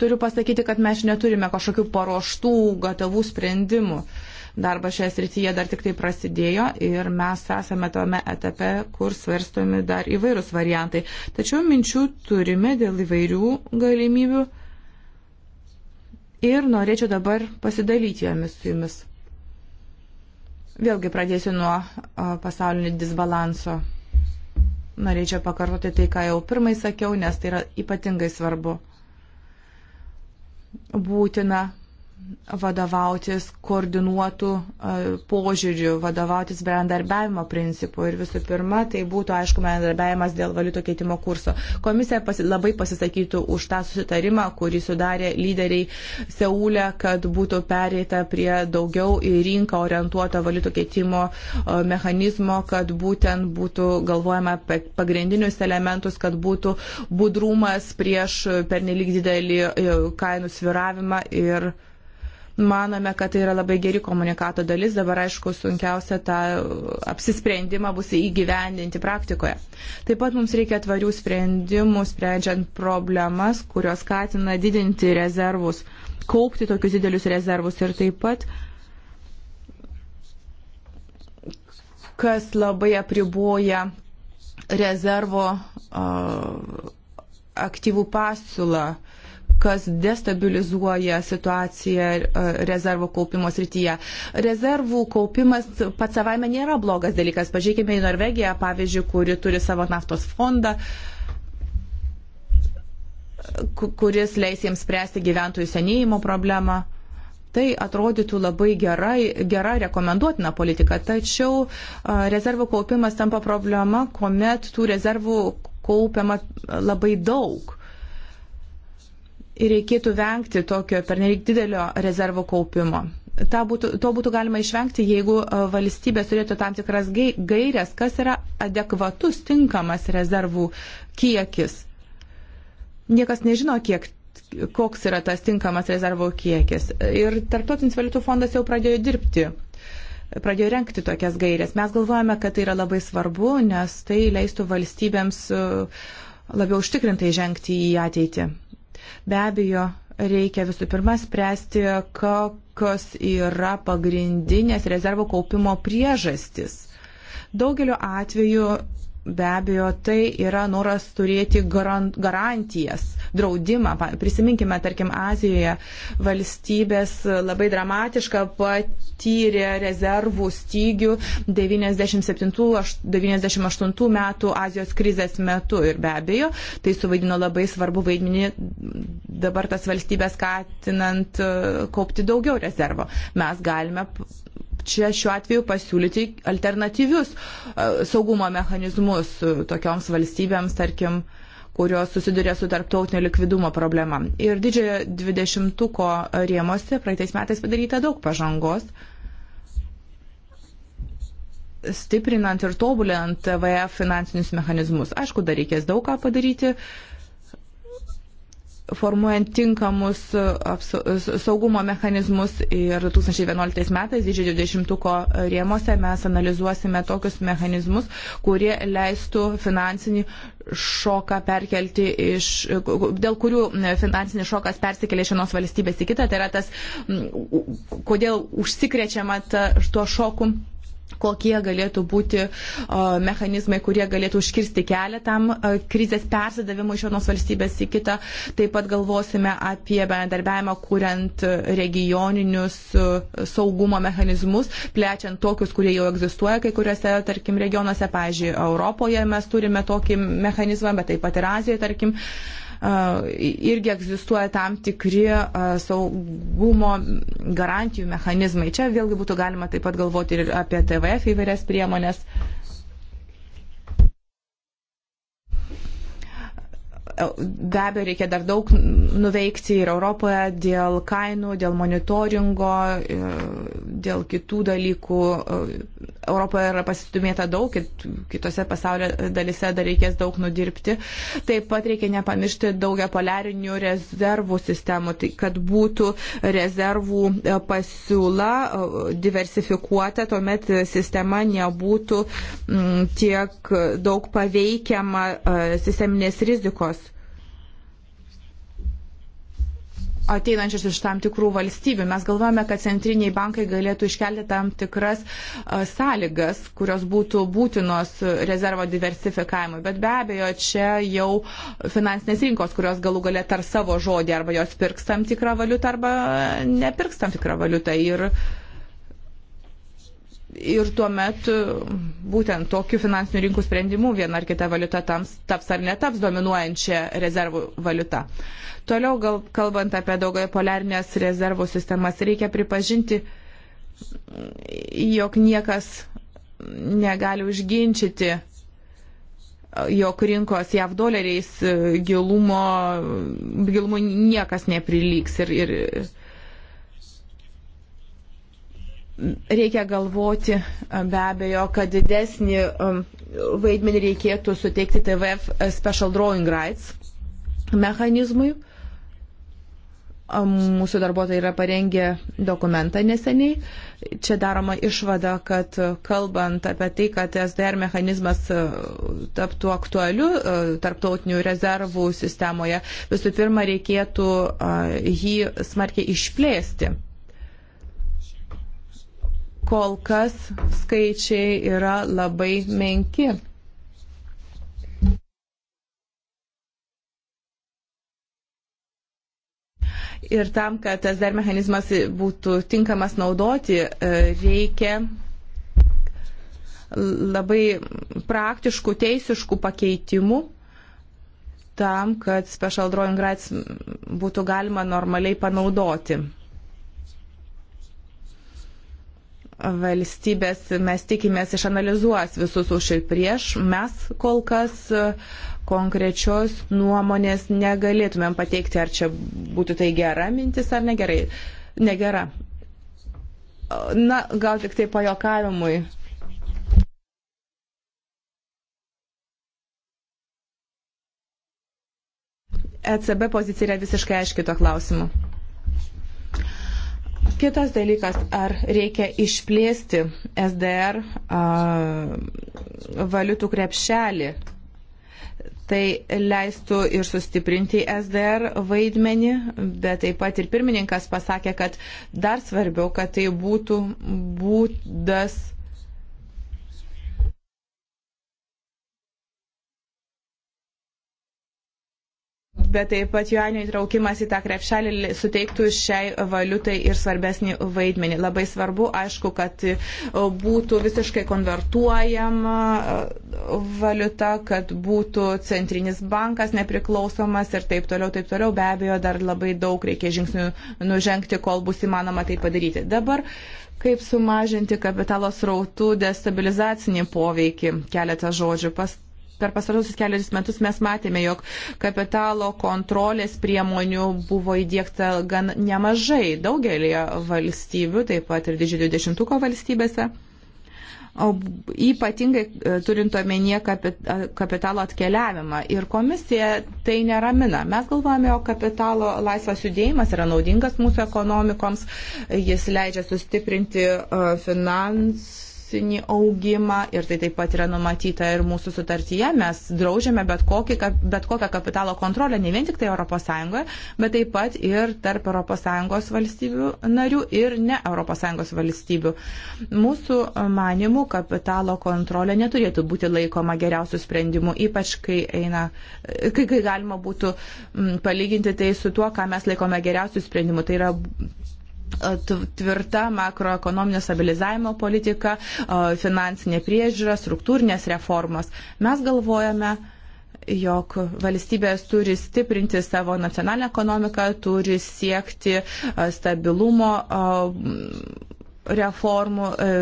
turiu pasakyti, kad mes neturime kažkokių paruoštų, gatavų sprendimų. Uh, Darbas šioje srityje dar tik tai prasidėjo ir mes esame tome etape, kur svarstomi dar įvairūs variantai. Tačiau minčių turime dėl įvairių galimybių ir norėčiau dabar pasidalyti jomis su jumis. Vėlgi pradėsiu nuo pasaulinio disbalanso. Norėčiau pakartoti tai, ką jau pirmai sakiau, nes tai yra ypatingai svarbu. Būtina vadovautis koordinuotų e, požiūrių, vadovautis bendarbiavimo principu. Ir visų pirma, tai būtų, aišku, bendarbiavimas dėl valiutų keitimo kurso. Komisija pasi, labai pasisakytų už tą susitarimą, kurį sudarė lyderiai Seulė, kad būtų pereita prie daugiau į rinką orientuoto valiutų keitimo e, mechanizmo, kad būtent būtų galvojama apie pagrindinius elementus, kad būtų budrumas prieš pernelyg didelį e, kainų sviravimą ir Manome, kad tai yra labai geri komunikato dalis, dabar aišku sunkiausia tą apsisprendimą bus įgyvendinti praktikoje. Taip pat mums reikia tvarių sprendimų, sprendžiant problemas, kurios skatina didinti rezervus, kaupti tokius didelius rezervus ir taip pat kas labai apriboja rezervo uh, aktyvų pasiūlą. Uh, kas destabilizuoja situaciją e, rezervo kaupimo srityje. Rezervų kaupimas pats savaime nėra blogas dalykas. Pažiūrėkime į Norvegiją, pavyzdžiui, kuri turi savo naftos fondą kuris leis jiems spręsti gyventojų senėjimo problemą tai atrodytų labai gerai, gera rekomenduotina politika, tačiau e, rezervų kaupimas tampa problema, kuomet tų rezervų kaupiama labai daug ir reikėtų vengti tokio pernelyg didelio rezervo kaupimo. Ta būtų, to būtų galima išvengti, jeigu e, valstybės turėtų tam tikras gairias, kas yra adekvatus, tinkamas rezervų kiekis. Niekas nežino, kiek koks yra tas tinkamas rezervo kiekis. Ir Tartotinis valiutų fondas jau pradėjo dirbti, pradėjo renkti tokias gairias. Mes galvojame, kad tai yra labai svarbu, nes tai leistų valstybėms e, labiau užtikrintai žengti į ateitį. Be abejo, reikia visų pirma spręsti, kokios yra pagrindinės rezervo kaupimo priežastis. Daugeliu atveju be abejo tai yra noras turėti garantijas draudimą. Prisiminkime, tarkim, Azijoje valstybės labai dramatišką patyrė rezervų stygių 97-98 metų Azijos krizės metu ir be abejo tai suvaidino labai svarbu vaidmenį dabar tas valstybės skatinant e, kaupti daugiau rezervo. Mes galime čia šiuo atveju pasiūlyti alternatyvius e, saugumo mechanizmus tokioms valstybėms, tarkim, uh, kurios susiduria su tarptautinio likvidumo problema. Ir didžiojo dvidešimtuko rėmose praeitais metais padaryta daug pažangos stiprinant ir tobulinant VF finansinius mechanizmus. Aišku, dar reikės daug ką padaryti, uh, formuojant tinkamus e, e, saugumo mechanizmus ir 2011 metais didžiojo dešimtuko rėmose mes analizuosime tokius mechanizmus, kurie leistų finansinį šoką perkelti iš, dėl kurių e, finansinis šokas persikėlė iš vienos valstybės į kitą, tai yra tas, kodėl užsikrečiama ta, tuo šoku kokie galėtų būti mechanizmai, kurie galėtų užkirsti kelią tam krizės persidavimu iš vienos valstybės į kitą. Taip pat galvosime apie bendarbiavimą, kuriant regioninius saugumo mechanizmus, plečiant tokius, kurie jau egzistuoja kai kuriuose, tarkim, regionuose. Pavyzdžiui, Europoje mes turime tokį mechanizmą, bet taip pat ir Azijoje, tarkim. Uh, irgi egzistuoja tam tikri saugumo garantijų mechanizmai. Čia vėlgi būtų galima taip pat galvoti ir apie TVF įvairias priemonės. Be abejo, reikia dar daug nuveikti ir Europoje dėl kainų, dėl monitoringo, e, dėl kitų dalykų e, Europoje yra pasitumėta daug, kitose pasaulio dalise dar reikės daug nudirbti. Taip pat reikia nepamiršti daugia poliarinių rezervų sistemų, tai kad būtų rezervų e, pasiūla e, diversifikuota, tuomet e, sistema nebūtų tiek daug paveikiama sisteminės rizikos. ateinančius iš tam tikrų valstybių. Mes galvojame, kad centriniai bankai galėtų iškelti tam tikras sąlygas, kurios būtų būtinos rezervo diversifikavimui. Bet be abejo, čia jau finansinės rinkos, kurios galų galę tar savo žodį, arba jos pirks tam tikrą valiutą, arba nepirks tam tikrą valiutą. Ir ir tuomet būtent tokiu finansinių rinkų sprendimu viena ar kita valiuta tams, taps ar netaps dominuojančia rezervų valiuta. Toliau, gal, kalbant apie daugiau poliarnės rezervų sistemas, reikia pripažinti, jog niekas negali užginčyti, jog rinkos JAV doleriais gilumo, gilumų niekas neprilygs. Ir, ir, Reikia galvoti e, be abejo, kad didesnį e, vaidmenį reikėtų suteikti TVF e, Special Drawing Rights mechanizmui. Mūsų darbuotojai yra parengę dokumentą neseniai. Čia daroma išvada, kad kalbant apie tai, kad SDR mechanizmas taptų aktualiu tarptautinių rezervų sistemoje, visų pirma reikėtų jį smarkiai išplėsti kol kas skaičiai yra labai menki. Ir tam, kad tas dar mechanizmas būtų tinkamas naudoti, e, reikia labai praktiškų teisiškų pakeitimų tam, kad Special Drawing Rights būtų galima normaliai panaudoti. valstybės, mes tikimės, išanalizuos visus už ir prieš. Mes kol kas e, konkrečios nuomonės negalėtumėm pateikti, ar čia būtų tai gera mintis ar negerai. Negera. Na, gal tik tai pajokavimui. ECB pozicija yra visiškai aiški to klausimu. Kitas dalykas, ar reikia išplėsti SDR a, valiutų krepšelį. Tai leistų ir sustiprinti SDR vaidmenį, bet taip pat ir pirmininkas pasakė, kad dar svarbiau, kad tai būtų būdas bet taip pat juanio įtraukimas į tą krepšelį suteiktų šiai valiutai ir svarbesnį vaidmenį. Labai svarbu, aišku, kad e, būtų visiškai konvertuojama e, valiuta, kad būtų centrinis bankas nepriklausomas ir taip toliau, taip toliau. Be abejo, dar labai daug reikia žingsnių nužengti, kol bus įmanoma tai padaryti. Dabar kaip sumažinti kapitalo srautų destabilizacinį poveikį. Keletą žodžių. Pas, per pasarusius kelius metus mes matėme, jog kapitalo kontrolės priemonių buvo įdėkta gan nemažai daugelį valstybių, taip pat ir didžiojo dešimtuko valstybėse. O ypatingai e, turint omenyje kapitalo atkeliavimą. Ir komisija tai neramina. Mes galvojame, o kapitalo laisvas judėjimas yra naudingas mūsų ekonomikoms, jis leidžia sustiprinti e, finansų teisinį augimą ir tai taip pat yra numatyta ir mūsų sutartyje. Mes draužiame bet, kokį, bet kokią kapitalo kontrolę, ne vien tik tai ES, bet taip pat ir tarp ES valstybių narių ir ne ES valstybių. Mūsų e, manimų kapitalo kontrolė neturėtų būti laikoma geriausių sprendimų, ypač kai, eina, e, kai, kai galima būtų palyginti tai su tuo, ką mes laikome geriausių sprendimų. Tai yra tvirta makroekonominio stabilizavimo politika, finansinė priežiūra, struktūrinės reformos. Mes galvojame, jog valstybės turi stiprinti savo nacionalinę ekonomiką, turi siekti stabilumo reformų, e,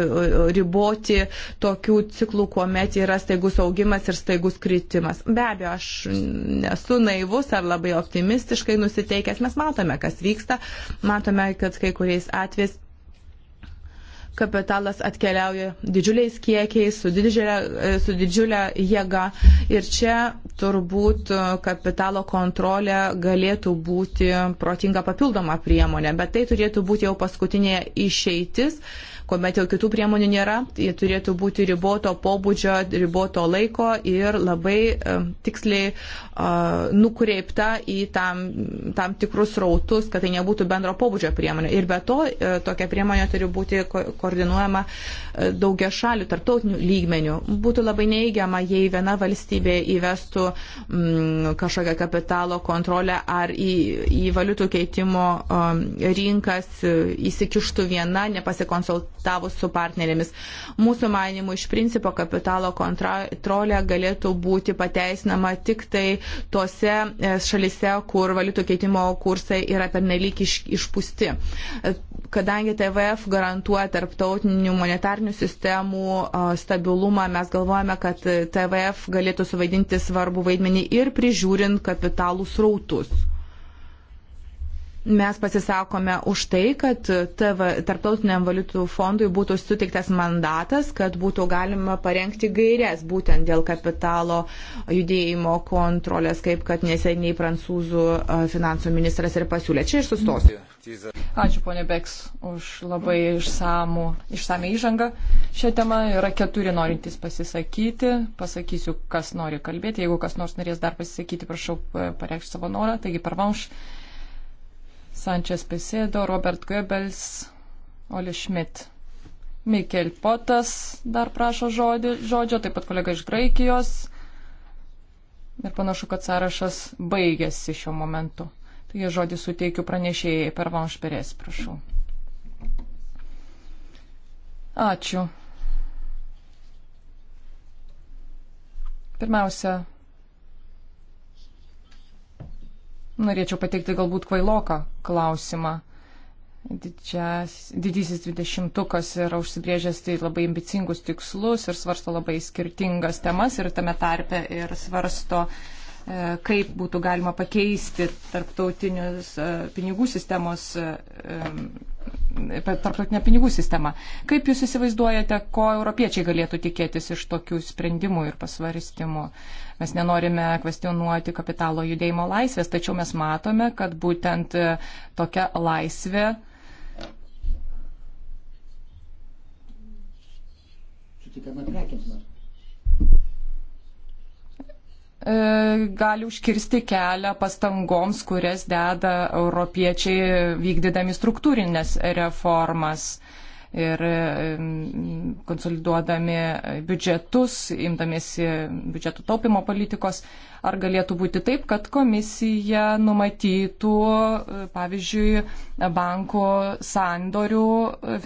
riboti tokių ciklų, kuomet yra staigus augimas ir staigus kritimas. Be abejo, aš nesu naivus ar labai optimistiškai nusiteikęs, mes matome, kas vyksta, matome, kad kai kuriais atvejais kapitalas atkeliauja didžiuliais kiekiais, su didžiulė, e, su didžiulė jėga. Ir čia turbūt kapitalo kontrolė galėtų būti protinga papildoma priemonė, bet tai turėtų būti jau paskutinė išeitis kuomet jau kitų priemonių nėra, jie tai turėtų būti riboto pobūdžio, riboto laiko ir labai tiksliai nukreipta į tam, tam tikrus rautus, kad tai nebūtų bendro pobūdžio priemonė. Ir be to, e, tokia priemonė turi būti koordinuojama e, daugia šalių, tarptautinių lygmenių. Būtų labai neįgiama, jei viena valstybė įvestų mm, kažkokią kapitalo kontrolę ar į, į valiutų keitimo um, rinkas e, įsikištų viena, nepasikonsultuotų konsultavus su partnerėmis. Mūsų manimų iš principo kapitalo kontrolė galėtų būti pateisinama tik tai tose e, šalise, kur valiutų keitimo kursai yra pernelyg iš, išpūsti. Kadangi TVF garantuoja tarptautinių monetarnių sistemų e, stabilumą, mes galvojame, kad TVF galėtų suvaidinti svarbu vaidmenį ir prižiūrint kapitalų srautus. Mes pasisakome už tai, kad TV, Tarptautiniam valiutų fondui būtų suteiktas mandatas, kad būtų galima parengti gairias būtent dėl kapitalo judėjimo kontrolės, kaip kad neseniai prancūzų finansų ministras ir pasiūlė. Čia ir sustosiu. Ačiū ponė Beks už labai išsamų, išsamę įžangą. Šią temą yra keturi norintys pasisakyti. Pasakysiu, kas nori kalbėti. Jeigu kas nors norės dar pasisakyti, prašau pareikšti savo norą. Taigi, parvanš. Sančias Pesėdo, Robert Goebbels, Oli Schmidt. Mikel Potas dar prašo žodį, žodžio, taip pat kolega iš Graikijos. Ir panašu, kad sąrašas baigėsi šiuo momentu. Taigi žodį suteikiu pranešėjai per Vanšperės, prašau. Ačiū. Pirmiausia, Norėčiau pateikti galbūt kvailoką klausimą. Didžias, didysis dvidešimtukas yra užsibrėžęs tai labai ambicingus tikslus ir svarsto labai skirtingas temas ir tame tarpe ir svarsto, e, kaip būtų galima pakeisti tarptautinius e, pinigų sistemos e, tarptautinę pinigų sistemą. Kaip Jūs įsivaizduojate, ko europiečiai galėtų tikėtis iš tokių sprendimų ir pasvaristimų? Mes nenorime kvestionuoti kapitalo judėjimo laisvės, tačiau mes matome, kad būtent e, tokia laisvė suteikiama prekiams. E, gali užkirsti kelią pastangoms, kurias deda europiečiai vykdydami struktūrinės reformas ir e, konsoliduodami biudžetus, imdamiesi biudžetų taupimo politikos. Ar galėtų būti taip, kad komisija numatytų, e, pavyzdžiui, bankų sandorių,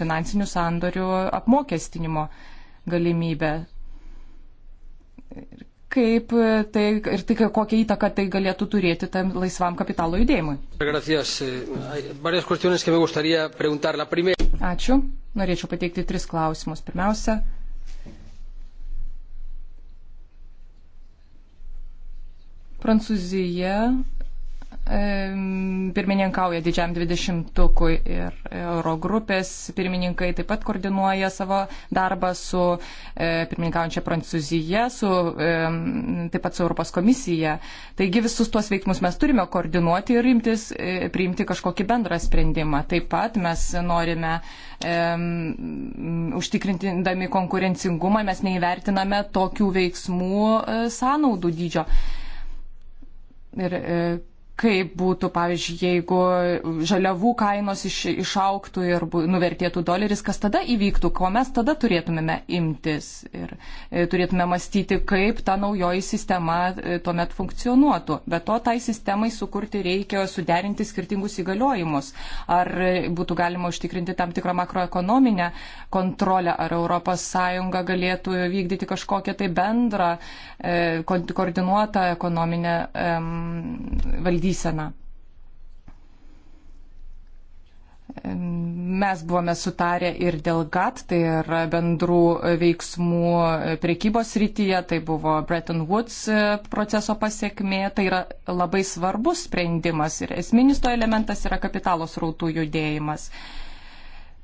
finansinių sandorių apmokestinimo galimybę? kaip e, tai ir tai, kokią įtaką tai galėtų turėti tam laisvam kapitalo judėjimui. Eh, Ačiū. Norėčiau pateikti tris klausimus. Pirmiausia. Prancūzija pirmininkauja didžiam dvidešimtukui ir Eurogrupės pirmininkai taip pat koordinuoja savo darbą su e, pirmininkaujančia Prancūzija, su, taip pat su Europos komisija. Taigi visus tuos veiksmus mes turime koordinuoti ir imtis, e, priimti kažkokį bendrą sprendimą. Taip pat mes norime um, užtikrintindami konkurencingumą, mes neįvertiname tokių veiksmų e, sąnaudų dydžio. Ir kaip būtų, pavyzdžiui, jeigu žaliavų kainos iš, išauktų ir nuvertėtų doleris, kas tada įvyktų, ko mes tada turėtumėme imtis ir e, turėtume mąstyti, kaip ta naujoji sistema e, tuomet funkcionuotų. Be to, tai sistemai sukurti reikia suderinti skirtingus įgaliojimus. Ar e, būtų galima užtikrinti tam tikrą makroekonominę kontrolę, ar ES galėtų vykdyti kažkokią tai bendrą, koordinuotą ekonominę valdybą valdyseną. Mes buvome sutarę ir dėl GATT, tai yra bendrų veiksmų priekybos rytyje, tai buvo Bretton Woods proceso pasiekmė, tai yra labai svarbus sprendimas ir esminis to elementas yra kapitalos rautų judėjimas.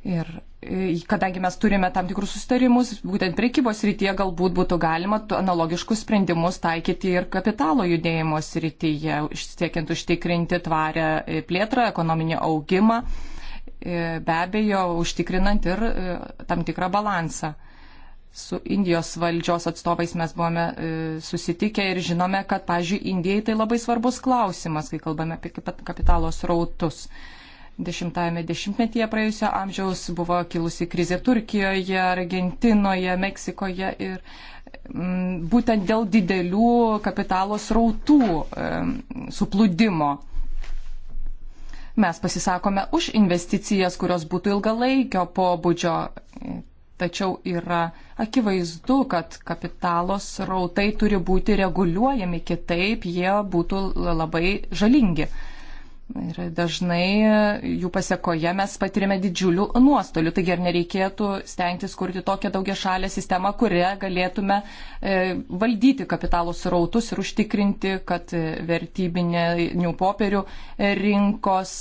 Ir kadangi mes turime tam tikrus sustarimus, būtent prekybos rytyje galbūt būtų galima analogiškus sprendimus taikyti ir kapitalo judėjimo srityje, siekiant užtikrinti tvarę e, plėtrą, ekonominį augimą, e, be abejo, užtikrinant ir e, tam tikrą balansą. Su Indijos valdžios atstovais mes buvome susitikę ir žinome, kad, pažiūrėjau, Indijai tai labai svarbus klausimas, kai kalbame apie kapitalo srautus. Dešimtajame dešimtmetyje praėjusio amžiaus buvo kilusi krizė Turkijoje, Argentinoje, Meksikoje ir m, mm, būtent dėl didelių kapitalo srautų m, suplūdimo. Mes pasisakome už investicijas, kurios būtų ilgalaikio pobūdžio, tačiau yra akivaizdu, kad kapitalos rautai turi būti reguliuojami, kitaip jie būtų labai žalingi. Ir dažnai e, jų pasiekoje mes patirime didžiulių nuostolių. Taigi ar nereikėtų stengtis kurti tokią daugia šalę sistemą, kurią galėtume e, valdyti kapitalų srautus ir užtikrinti, kad e, vertybinių popierių rinkos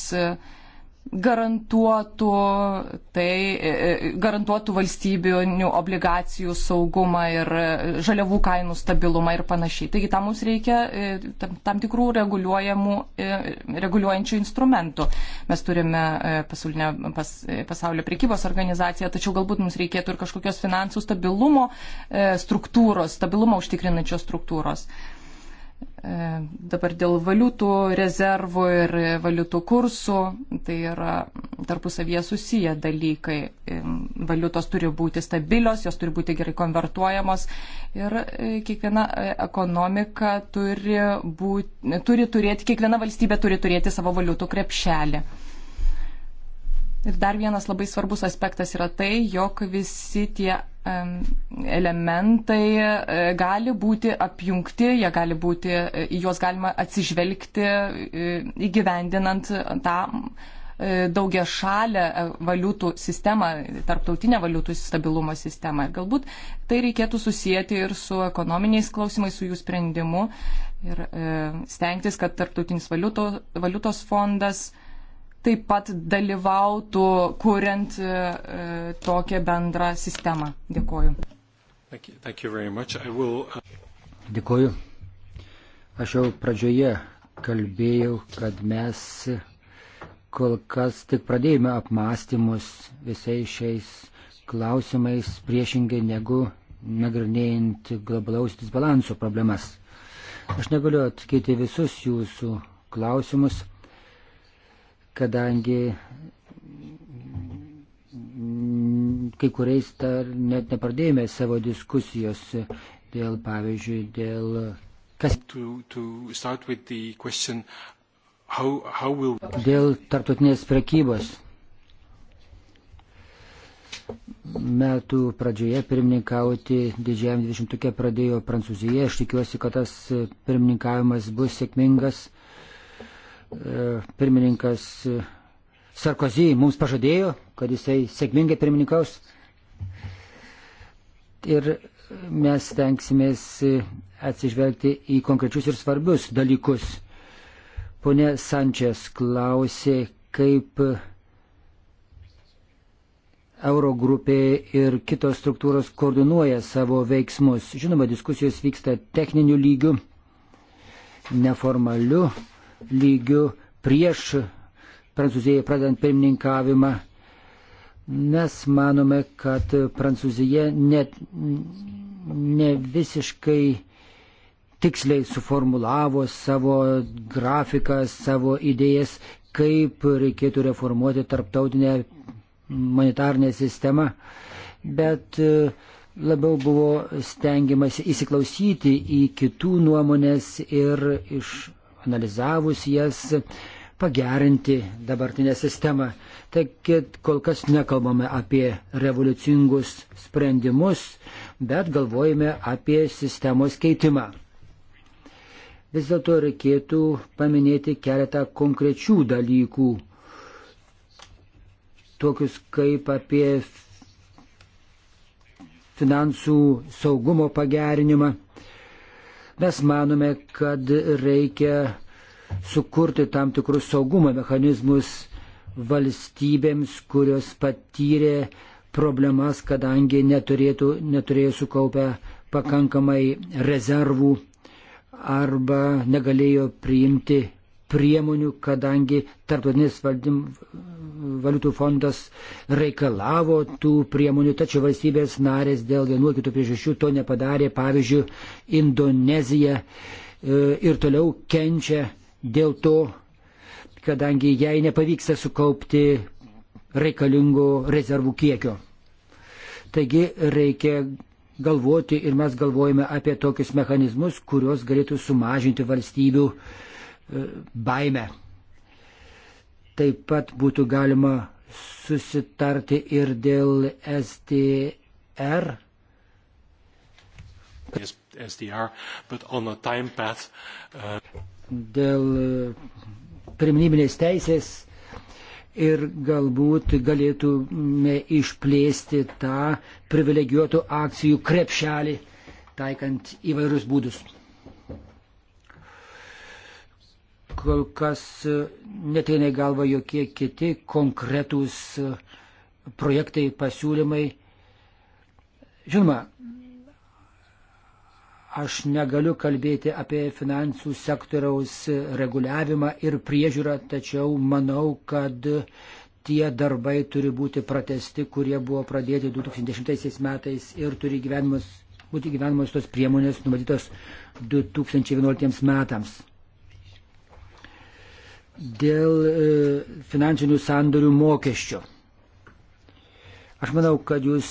garantuotų, tai, e, e, garantuotų valstybinių obligacijų saugumą ir e, žaliavų kainų stabilumą ir panašiai. Taigi tam mums reikia tam, tam tikrų reguliuojamų, reguliuojančių instrumentų. Mes turime pasaulinę pas, pasaulio prekybos organizaciją, tačiau galbūt mums reikėtų ir kažkokios finansų stabilumo struktūros, stabilumą užtikrinančios struktūros. Uh, E, dabar dėl valiutų rezervų ir valiutų kursų, tai yra tarpusavyje susiję dalykai. E, valiutos turi būti stabilios, jos turi būti gerai konvertuojamos ir e, kiekviena ekonomika turi, būti, turi turėti, kiekviena valstybė turi turėti savo valiutų krepšelį. Ir dar vienas labai svarbus aspektas yra tai, jog visi tie elementai e, gali būti apjungti, jie gali būti, e, į juos galima atsižvelgti e, įgyvendinant tą daugia šalę valiutų sistemą, tarptautinę valiutų stabilumo sistemą. Galbūt tai reikėtų susijęti ir su ekonominiais klausimais, su jų sprendimu ir stengtis, kad tarptautinis valiuto, valiutos fondas taip pat dalyvautų kuriant e, e, tokią bendrą sistemą. Dėkuoju. Thank you, thank you will... Uh, Dėkuoju. Aš jau pradžioje kalbėjau, kad mes kol kas tik pradėjome apmąstymus visais šiais klausimais priešingai negu nagrinėjant globalaus disbalanso problemas. Aš negaliu atsakyti visus jūsų klausimus, kadangi kai kuriais dar net nepradėjome savo diskusijos dėl, pavyzdžiui, dėl kas. To, to question, how, how will... Dėl tartutinės prekybos. Metų pradžioje pirmininkauti didžiajam 20-ukė pradėjo Prancūzija. Aš tikiuosi, kad tas pirmininkavimas bus sėkmingas. E, pirmininkas Sarkozy mums pažadėjo, kad jisai sėkmingai pirmininkaus. Ir mes tenksimės atsižvelgti į konkrečius ir svarbius dalykus. Pone Sančias klausė, kaip Eurogrupė ir kitos struktūros koordinuoja savo veiksmus. Žinoma, diskusijos vyksta techniniu lygiu, neformaliu lygių prieš Prancūzijai pradant pirmininkavimą. Mes manome, kad Prancūzija net ne visiškai tiksliai suformulavo savo grafiką, savo idėjas, kaip reikėtų reformuoti tarptautinę humanitarnę sistemą, bet e, labiau buvo stengiamasi įsiklausyti į kitų nuomonės ir iš analizavus jas, pagerinti dabartinę sistemą. Taigi kol kas nekalbame apie revoliucingus sprendimus, bet galvojame apie sistemos keitimą. Vis dėlto reikėtų paminėti keletą konkrečių dalykų, tokius kaip apie finansų saugumo pagerinimą. Mes manome, kad reikia sukurti tam tikrus saugumo mechanizmus valstybėms, kurios patyrė problemas, kadangi neturėtų, neturėjo sukaupę pakankamai rezervų arba negalėjo priimti priemonių, kadangi Tartutinis valiutų fondas reikalavo tų priemonių, tačiau valstybės narės dėl vienų ar kitų priežasčių to nepadarė. Pavyzdžiui, Indonezija e, ir toliau kenčia dėl to, kadangi jai nepavyksta sukaupti reikalingų rezervų kiekio. Taigi reikia galvoti ir mes galvojame apie tokius mechanizmus, kurios galėtų sumažinti valstybių uh, E, baimę. Taip pat būtų galima susitarti ir dėl SDR. SDR, but on a time path. Uh... Dėl e, pirminybinės teisės ir galbūt galėtume išplėsti tą privilegijuotų akcijų krepšelį, taikant įvairius būdus. kol kas e, neteina į galvą jokie kiti konkretūs e, projektai, pasiūlymai. Žinoma, aš negaliu kalbėti apie finansų sektoriaus reguliavimą ir priežiūrą, tačiau manau, kad tie darbai turi būti pratesti, kurie buvo pradėti 2010 metais ir turi gyvenimas, būti gyvenimas tos priemonės numatytos 2011 metams dėl e, finansinių sandorių mokesčio. Aš manau, kad jūs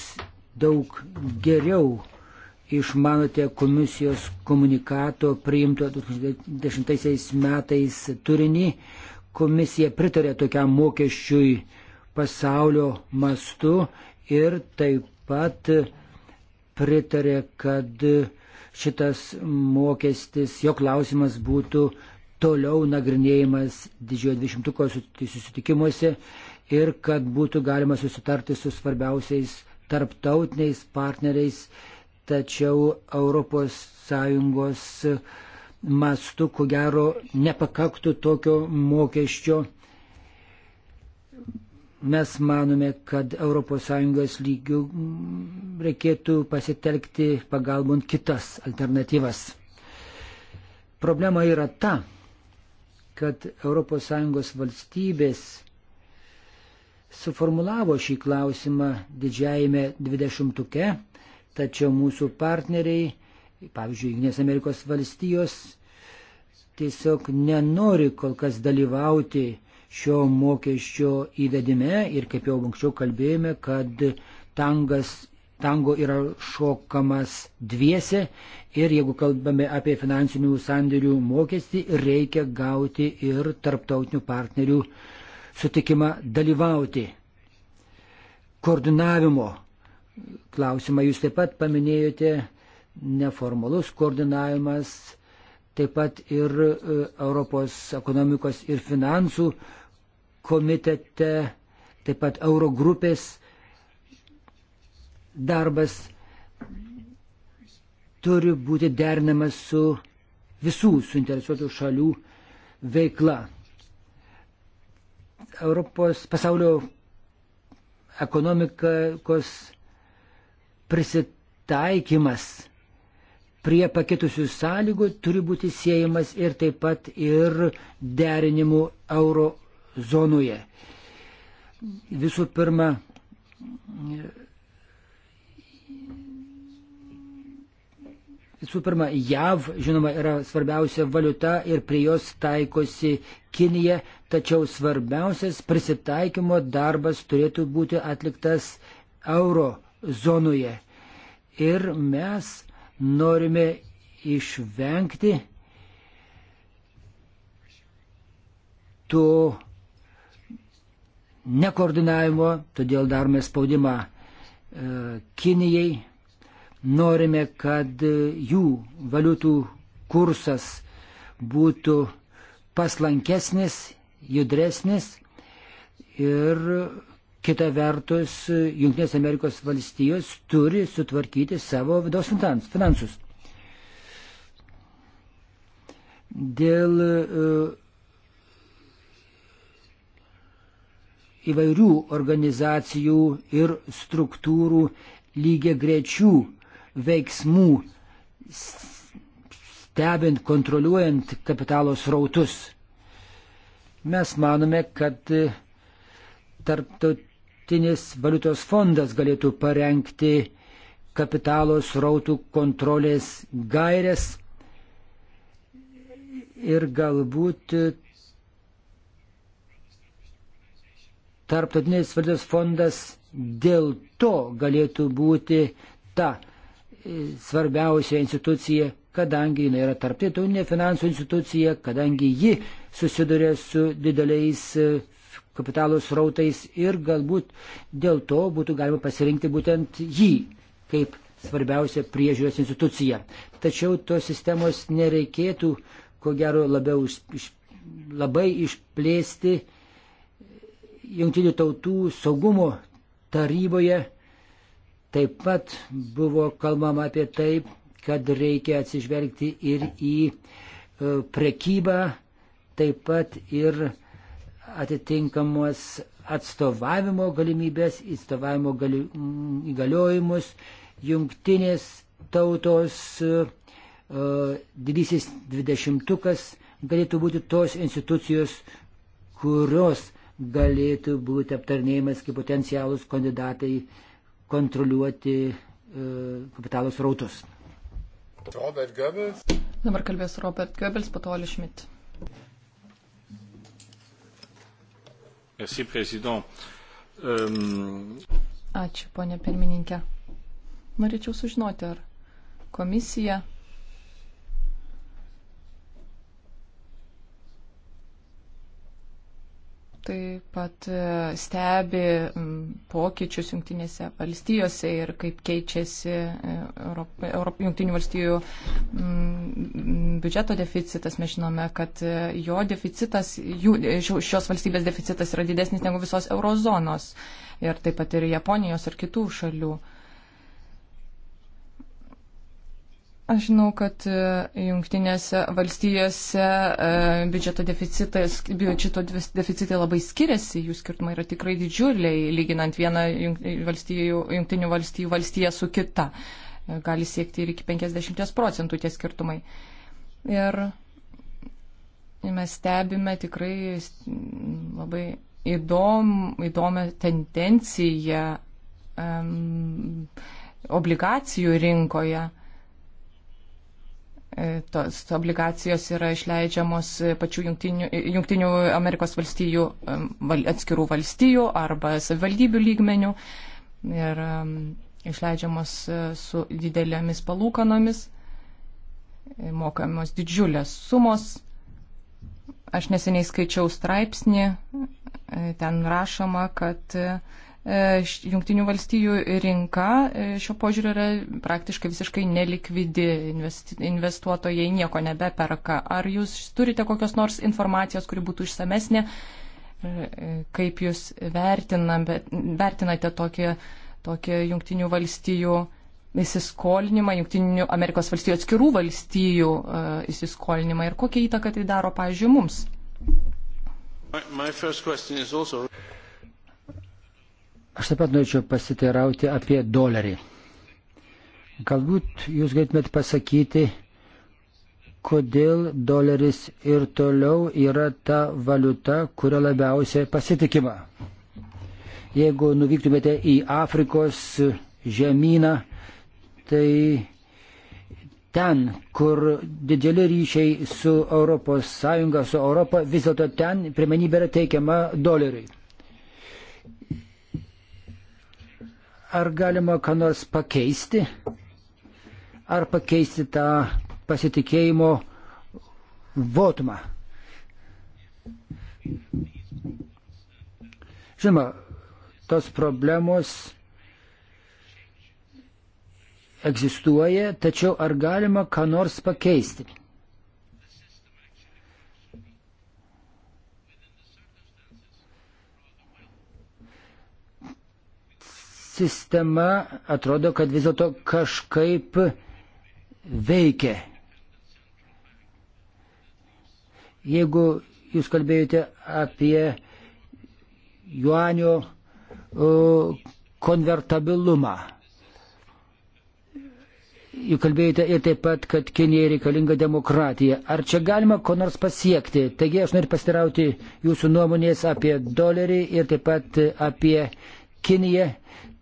daug geriau išmanote komisijos komunikato priimto 2010 metais turinį. Komisija pritarė tokiam mokesčiui pasaulio mastu ir taip pat pritarė, kad šitas mokestis, jo klausimas būtų toliau nagrinėjimas didžiojo dvidešimtuko susitikimuose ir kad būtų galima susitarti su svarbiausiais tarptautiniais partneriais, tačiau ES mastu, ko gero, nepakaktų tokio mokesčio. Mes manome, kad ES lygių reikėtų pasitelkti pagalbant kitas alternatyvas. Problema yra ta, kad ES valstybės suformulavo šį klausimą didžiajame dvidešimtuke, tačiau mūsų partneriai, pavyzdžiui, Junktinės Amerikos valstijos, tiesiog nenori kol kas dalyvauti šio mokesčio įvedime ir kaip jau anksčiau kalbėjome, kad tangas tango yra šokamas dviese ir jeigu kalbame apie finansinių sandėlių mokestį, reikia gauti ir tarptautinių partnerių sutikimą dalyvauti. Koordinavimo klausimą jūs taip pat paminėjote, neformalus koordinavimas, taip pat ir e, Europos ekonomikos ir finansų komitete, taip pat Eurogrupės darbas turi būti derinamas su visų suinteresuotų šalių veikla. Europos pasaulio ekonomikos prisitaikymas prie pakitusių sąlygų turi būti siejamas ir taip pat ir derinimu euro zonoje. Visų pirma, Visų pirma, JAV, žinoma, yra svarbiausia valiuta ir prie jos taikosi Kinija, tačiau svarbiausias prisitaikymo darbas turėtų būti atliktas euro zonoje. Ir mes norime išvengti to nekoordinavimo, todėl darome spaudimą e, Kinijai Norime, kad jų valiutų kursas būtų paslankesnis, judresnis ir kita vertus Junktinės Amerikos valstijos turi sutvarkyti savo vidaus finansus. Dėl e, įvairių organizacijų ir struktūrų lygiai grečių veiksmų stebint, kontroliuojant kapitalo srautus. Mes manome, kad e, tarptautinis valiutos fondas galėtų parengti kapitalo srautų kontrolės gairės ir galbūt e, tarptautinis valiutos fondas dėl to galėtų būti ta svarbiausia institucija, kadangi jinai yra tarptautinė finansų institucija, kadangi ji susiduria su dideliais e, kapitalo srautais ir galbūt dėl to būtų galima pasirinkti būtent jį kaip svarbiausia priežiūros institucija. Tačiau tos sistemos nereikėtų, ko gero, labiau iš, labai išplėsti jungtinių tautų saugumo taryboje Taip pat buvo kalbama apie tai, kad reikia atsižvelgti ir į e, prekybą, taip pat ir atitinkamos atstovavimo galimybės, atstovavimo gali, įgaliojimus, jungtinės tautos e, e, didysis dvidešimtukas galėtų būti tos institucijos, kurios galėtų būti aptarnėjimas kaip potencialus kandidatai uh, kontroliuoti e, kapitalos rautus. Robert Goebbels. Dabar kalbės Robert Goebbels, po to Oli Schmidt. Merci, président. Um... Ačiū, ponė pirmininkė. Norėčiau sužinoti, ar komisija taip pat e, stebi pokyčius jungtinėse valstijose ir kaip keičiasi Europ, Europ, jungtinių valstijų biudžeto deficitas. Mes žinome, kad e, jo deficitas, jų, e, šios valstybės deficitas yra didesnis negu visos eurozonos ir taip pat ir Japonijos ir kitų šalių. Aš žinau, kad e, jungtinėse valstijose e, biudžeto deficitas, biudžeto deficitai labai skiriasi, jų skirtumai yra tikrai didžiuliai, lyginant vieną valstijų, jungtinių valstijų valstiją su kita. E, gali siekti ir iki 50 procentų tie skirtumai. Ir mes stebime tikrai labai įdom, įdomią tendenciją um, obligacijų rinkoje E, tos obligacijos yra išleidžiamos pačių jungtinių, jungtinių Amerikos valstijų, e, atskirų valstijų arba savivaldybių lygmenių ir išleidžiamos e, su didelėmis palūkanomis, mokamos didžiulės sumos. Aš neseniai skaičiau straipsnį, ten rašoma, kad E, Junktinių valstijų rinka e, šio požiūriu yra praktiškai visiškai nelikvidi, investuotojai nieko nebeperka. Ar jūs turite kokios nors informacijos, kuri būtų išsamesnė, e, kaip jūs vertina, vertinate tokią, tokią Junktinių valstijų įsiskolinimą, Junktinių Amerikos valstijų atskirų valstijų įsiskolinimą ir kokią įtaką tai daro, pavyzdžiui, mums? My, my Aš taip pat norėčiau pasiteirauti apie dolerį. Galbūt jūs galėtumėte pasakyti, kodėl doleris ir toliau yra ta valiuta, kuria labiausiai pasitikima. Jeigu nuvyktumėte į Afrikos žemyną, tai ten, kur dideli ryšiai su ES, su Europa, vis dėlto ten pirmenybė yra teikiama doleriui. Ar galima ką nors pakeisti? Ar pakeisti tą pasitikėjimo votumą? Žinoma, tos problemos egzistuoja, tačiau ar galima ką nors pakeisti? sistema atrodo, kad vis dėlto kažkaip veikia. Jeigu jūs kalbėjote apie juanio konvertabilumą, jūs kalbėjote ir taip pat, kad Kinija reikalinga demokratija. Ar čia galima ko nors pasiekti? Taigi aš noriu pastirauti jūsų nuomonės apie dolerį ir taip pat apie Kiniją.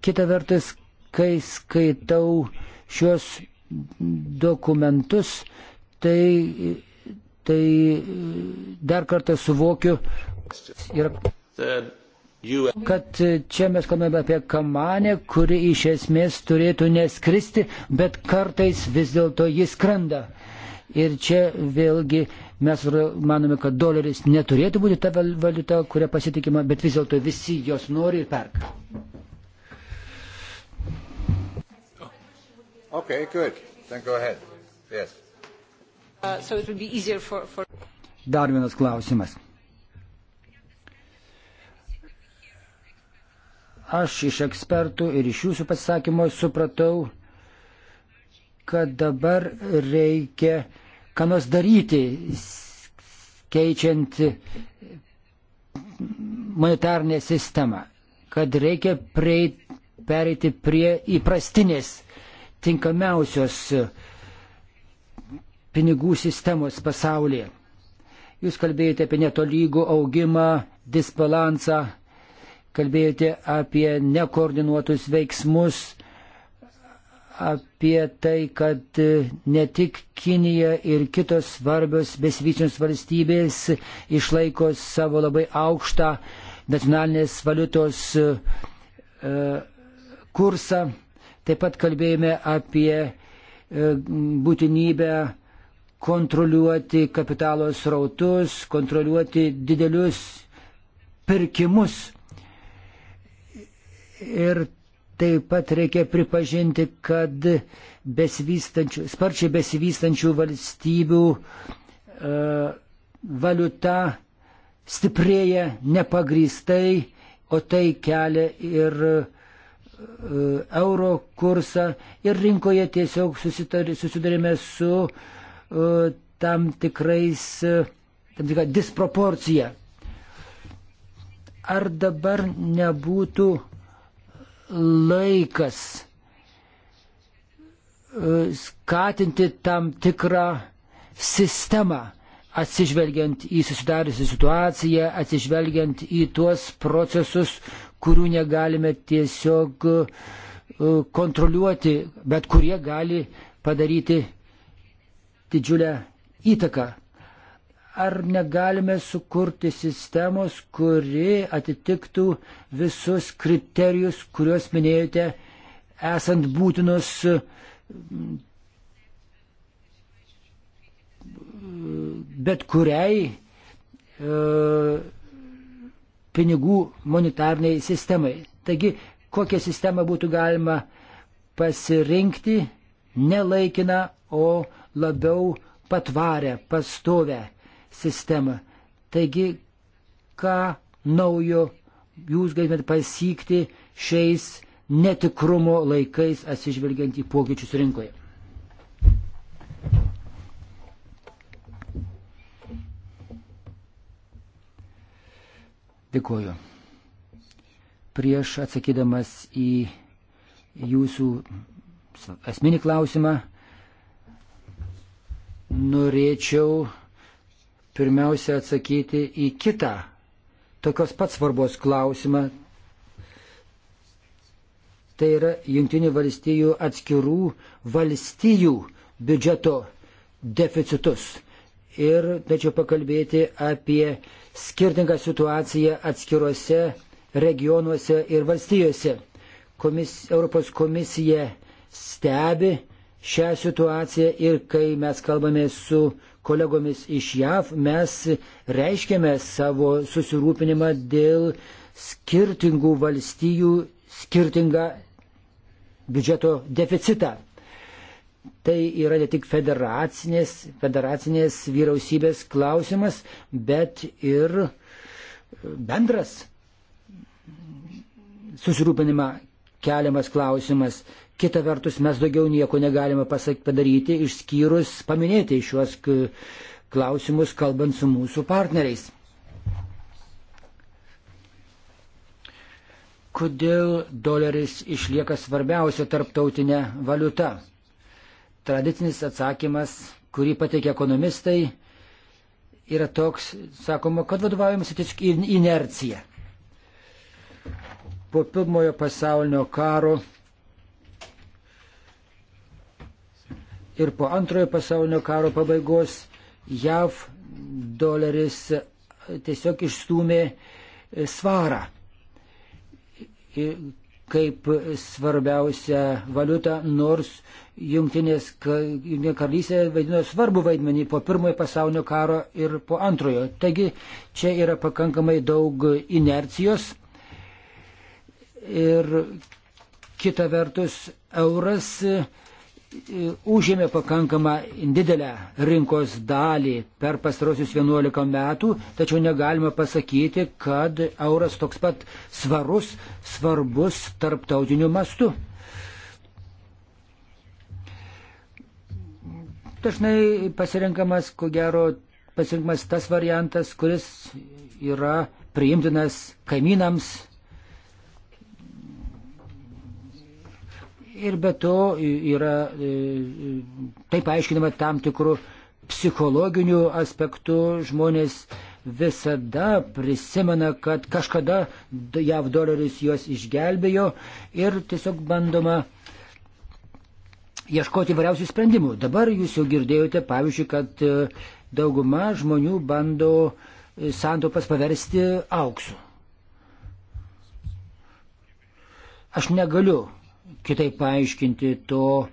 Kita vertus, kai skaitau šios dokumentus, tai, tai dar kartą suvokiu, ir, kad čia mes kalbame apie kamanę, kuri iš esmės turėtų neskristi, bet kartais vis dėlto jis skrenda. Ir čia vėlgi mes manome, kad doleris neturėtų būti ta valiuta, kuria pasitikima, bet vis dėlto visi jos nori ir perka. Okay, good. Then go ahead. Yes. Uh, so it will be easier for, for... Dar vienas klausimas. Aš iš ekspertų ir iš jūsų pasisakymo supratau, kad dabar reikia ką nors daryti, keičiant monetarnę sistemą, kad reikia prieiti, pereiti prie įprastinės tinkamiausios pinigų sistemos pasaulyje. Jūs kalbėjote apie netolygų augimą, disbalansą, kalbėjote apie nekoordinuotus veiksmus, apie tai, kad ne tik Kinija ir kitos svarbios besivyčios valstybės išlaiko savo labai aukštą nacionalinės valiutos e, kursą. Taip pat kalbėjome apie e, būtinybę kontroliuoti kapitalo srautus, kontroliuoti didelius pirkimus. Ir taip pat reikia pripažinti, kad besivystančių, sparčiai besivystančių valstybių e, valiuta stiprėja nepagrįstai, o tai kelia ir e, E, euro kursą ir rinkoje tiesiog susidarėme su e, tam tikrais, e, tam tikra disproporcija. Ar dabar nebūtų laikas skatinti tam tikrą sistemą, atsižvelgiant į susidariusią situaciją, atsižvelgiant į tuos procesus, kurių negalime tiesiog e, kontroliuoti, bet kurie gali padaryti didžiulę įtaką. Ar negalime sukurti sistemos, kuri atitiktų visus kriterijus, kuriuos minėjote, esant būtinus e, bet kuriai e, pinigų monetarniai sistemai. Taigi, kokią sistemą būtų galima pasirinkti, nelaikiną, o labiau patvarę, pastovę sistemą. Taigi, ką naujo jūs galite pasiekti šiais netikrumo laikais atsižvelgiant į pokyčius rinkoje? Dėkuoju. Prieš atsakydamas į jūsų esminį klausimą, norėčiau pirmiausia atsakyti į kitą tokios pats svarbos klausimą. Tai yra Junktinių valstijų atskirų valstijų biudžeto deficitus ir tačiau pakalbėti apie skirtingą situaciją atskiruose regionuose ir valstijose. Komis, Europos komisija stebi šią situaciją ir kai mes kalbame su kolegomis iš JAV, mes reiškiame savo susirūpinimą dėl skirtingų valstijų skirtingą biudžeto deficitą. Tai yra ne tik federacinės, federacinės vyriausybės klausimas, bet ir bendras susirūpinimą keliamas klausimas. Kita vertus, mes daugiau nieko negalime pasak, padaryti, išskyrus paminėti šiuos klausimus, kalbant su mūsų partneriais. Kodėl doleris išlieka svarbiausia tarptautinė valiuta? tradicinis atsakymas, kurį pateikia ekonomistai, yra toks, sakoma, kad vadovaujamasi tiesiog inercija. Po pirmojo pasaulinio karo ir po antrojo pasaulinio karo pabaigos JAV doleris tiesiog išstūmė e, svarą kaip svarbiausią valiutą, nors Junktinės Junktinė karalystė vaidino svarbu vaidmenį po pirmojo pasaulio karo ir po antrojo. Taigi čia yra pakankamai daug inercijos. Ir kita vertus, euras E, užėmė pakankamą didelę rinkos dalį per pastarosius 11 metų, tačiau negalima pasakyti, kad euras toks pat svarus, svarbus tarptautiniu mastu. Dažnai pasirinkamas, ko gero, pasirinkamas tas variantas, kuris yra priimtinas kaimynams Ir be to yra taip aiškinama tam tikrų psichologinių aspektų žmonės visada prisimena, kad kažkada jav doleris juos išgelbėjo ir tiesiog bandoma ieškoti variausių sprendimų. Dabar jūs jau girdėjote, pavyzdžiui, kad e, dauguma žmonių bando e, santopas paversti auksu. Aš negaliu kitaip paaiškinti to,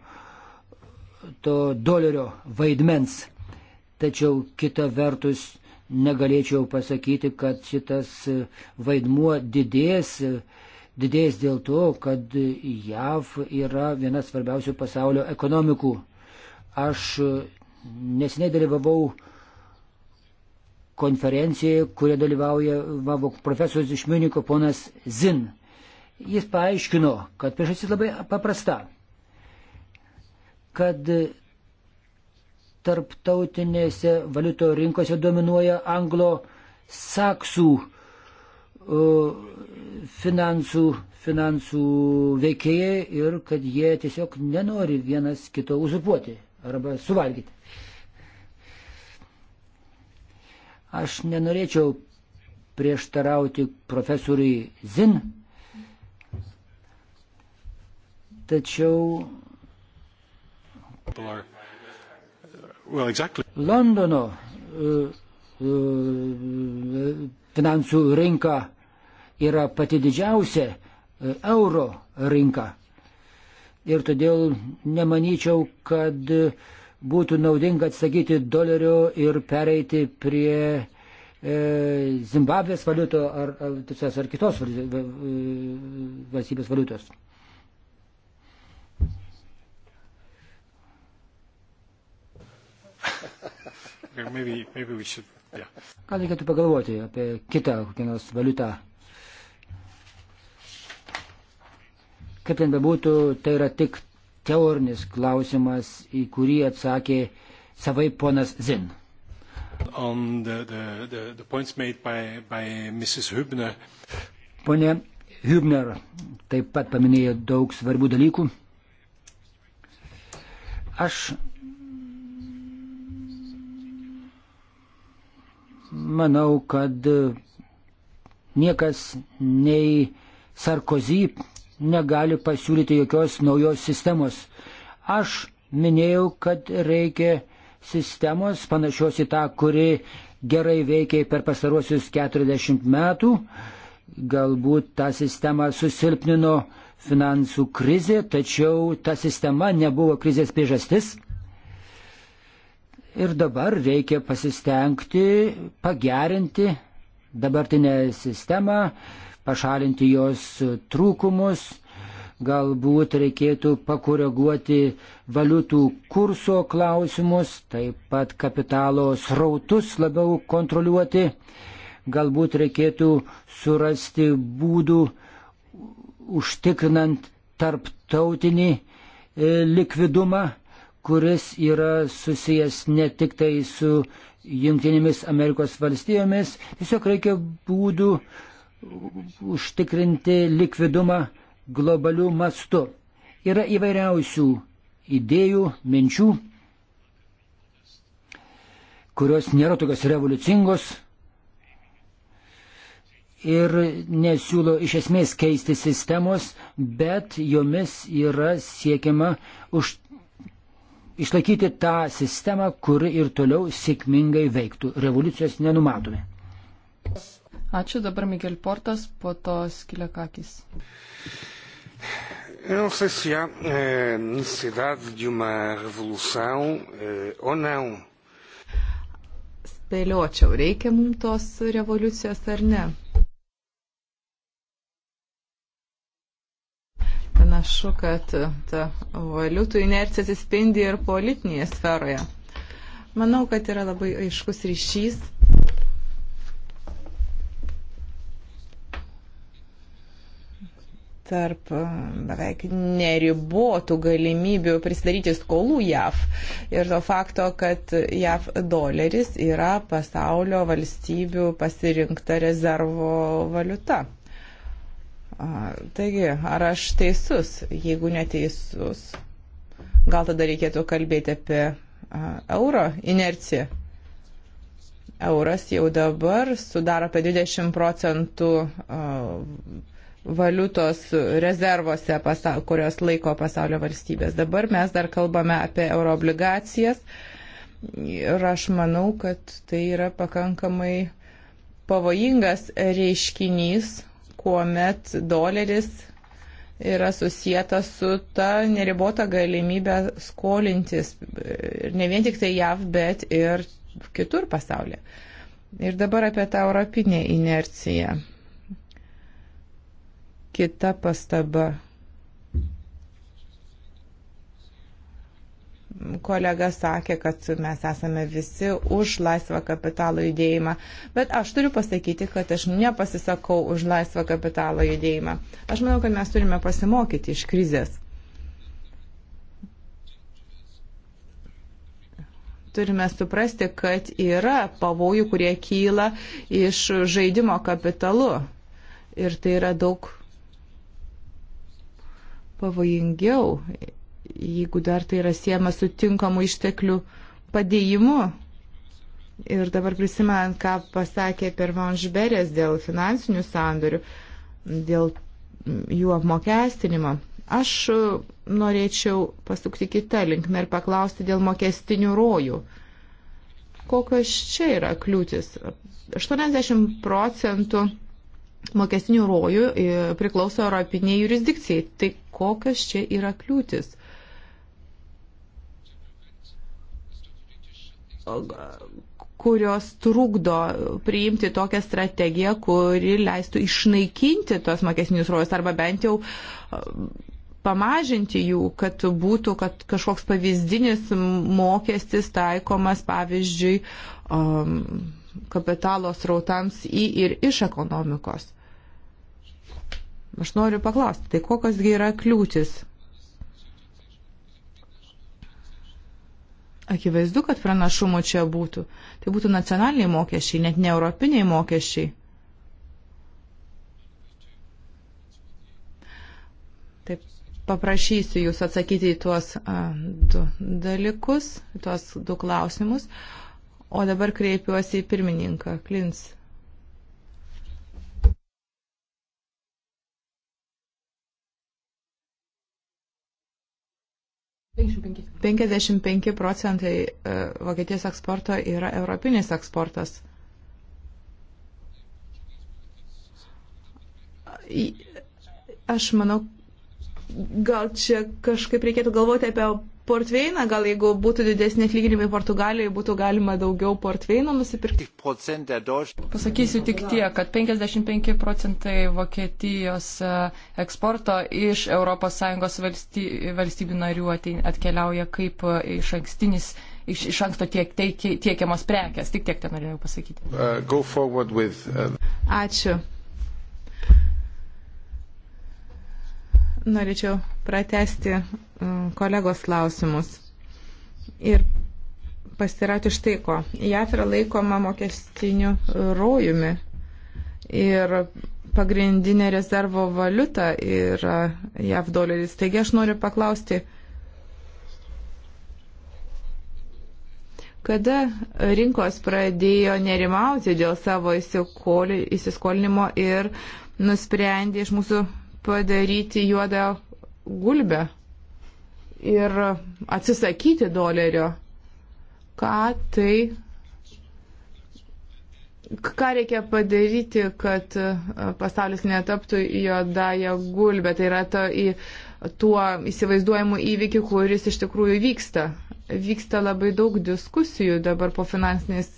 to dolerio vaidmens. Tačiau kita vertus negalėčiau pasakyti, kad šitas vaidmuo didės, didės dėl to, kad JAV yra viena svarbiausių pasaulio ekonomikų. Aš nesiniai dalyvavau konferencijoje, kurioje dalyvauja profesorius iš Miuniko ponas Zin. Jis paaiškino, kad priežastis labai paprasta, kad tarptautinėse valiuto rinkose dominuoja anglo saksų finansų, finansų veikėjai ir kad jie tiesiog nenori vienas kito uzupuoti arba suvalgyti. Aš nenorėčiau prieštarauti profesoriui Zin, Tačiau uh, Londono uh, uh, finansų rinka yra pati didžiausia euro rinka. Ir todėl nemanyčiau, kad būtų naudinga atsakyti dolerio ir pereiti prie e, Zimbabvės valiuto ar, ar, ar kitos valstybės e, valiutos. Maybe, maybe should, yeah. Gal reikėtų pagalvoti apie kitą kokią nors valiutą. Kaip ten bebūtų, tai yra tik teorinis klausimas, į kurį atsakė savai ponas Zin. On the, the, the, the points made by, by Mrs. Hübner. Pone Hübner taip pat paminėjo daug svarbių dalykų. Aš Manau, kad niekas nei Sarkozy negali pasiūlyti jokios naujos sistemos. Aš minėjau, kad reikia sistemos panašios į tą, kuri gerai veikia per pastaruosius 40 metų. Galbūt tą sistemą susilpnino finansų krizė, tačiau ta sistema nebuvo krizės priežastis. Ir dabar reikia pasistengti pagerinti dabartinę sistemą, pašalinti jos trūkumus, galbūt reikėtų pakoreguoti valiutų kurso klausimus, taip pat kapitalo srautus labiau kontroliuoti, galbūt reikėtų surasti būdų užtikrinant tarptautinį e, likvidumą kuris yra susijęs ne tik tai su Junktinėmis Amerikos valstijomis, tiesiog reikia būdų užtikrinti likvidumą globalių mastų. Yra įvairiausių idėjų, minčių, kurios nėra tokios revoliucingos ir nesiūlo iš esmės keisti sistemos, bet jomis yra siekiama už, išlaikyti tą sistemą, kuri ir toliau sėkmingai veiktų. Revoliucijos nenumatome. Ačiū dabar Miguel Portas, po to Skilekakis. Eu não sei se há eh, necessidade de uma revolução eh, ou não. Spėliočiau, reikia mums tos revoliucijos ar ne. Mm. Panašu, kad ta valiutų inercija atsispindi ir politinėje sferoje. Manau, kad yra labai aiškus ryšys tarp e, beveik neribotų galimybių prisidaryti skolų JAV ir to fakto, kad JAV doleris yra pasaulio valstybių pasirinkta rezervo valiuta. Taigi, ar aš teisus? Jeigu neteisus, gal tada reikėtų kalbėti apie euro inerciją. Euras jau dabar sudaro apie 20 procentų valiutos rezervose, kurios laiko pasaulio valstybės. Dabar mes dar kalbame apie euroobligacijas ir aš manau, kad tai yra pakankamai pavojingas reiškinys kuomet doleris yra susijęta su ta neribota galimybė skolintis ir ne vien tik tai JAV, bet ir kitur pasaulyje. Ir dabar apie tą europinę inerciją. Kita pastaba kolega sakė, kad mes esame visi už laisvą kapitalo judėjimą, bet aš turiu pasakyti, kad aš nepasisakau už laisvą kapitalo judėjimą. Aš manau, kad mes turime pasimokyti iš krizės. turime suprasti, kad yra pavojų, kurie kyla iš žaidimo kapitalu. Ir tai yra daug pavojingiau jeigu dar tai yra siema su tinkamu išteklių padėjimu. Ir dabar prisimant, ką pasakė Pervanžberės dėl finansinių sandorių, dėl jų apmokestinimo. Aš norėčiau pasukti kitą linkmę ir paklausti dėl mokestinių rojų. Kokios čia yra kliūtis? 80 procentų mokestinių rojų e, priklauso Europiniai jurisdikcijai. Tai kokios čia yra kliūtis? kurios trukdo priimti tokią strategiją, kuri leistų išnaikinti tos mokesnius rojus arba bent jau e, pamažinti jų, kad būtų kad kažkoks pavyzdinis mokestis taikomas, pavyzdžiui, um, kapitalo srautams į ir iš ekonomikos. Aš noriu paklausti, tai kokiosgi yra kliūtis Akivaizdu, kad pranašumų čia būtų. Tai būtų nacionaliniai mokesčiai, net ne europiniai mokesčiai. Taip, paprašysiu Jūs atsakyti į tuos a, du dalykus, tuos du klausimus. O dabar kreipiuosi į pirmininką Klins. 55 procentai e, Vokietijos eksporto yra europinis eksportas. Aš manau, gal čia kažkaip reikėtų galvoti apie portveiną, gal jeigu būtų didesni atlyginimai Portugalijoje, būtų galima daugiau portveino nusipirkti. Pasakysiu tik tiek, kad 55 procentai Vokietijos e, eksporto iš ES valsty, valstybių narių atkeliauja kaip e, iš ankstinis. Iš, iš anksto tiek, tiek, tiekiamos prekes, tik tiek ten norėjau pasakyti. Uh, with, uh... Ačiū. Norėčiau pratesti e, kolegos klausimus ir pasirauti štai ko. JAF yra laikoma mokestiniu rojumi ir pagrindinė rezervo valiuta yra JAF doleris. Taigi aš noriu paklausti, kada rinkos pradėjo nerimauti dėl savo įsiskolinimo ir nusprendė iš mūsų padaryti juodą gulbę ir atsisakyti dolerio. Ką tai, ką reikia padaryti, kad pasaulis netaptų juodąją gulbę, tai yra to, į, tuo įsivaizduojamu įvykiu, kuris iš tikrųjų vyksta. Vyksta labai daug diskusijų dabar po finansinės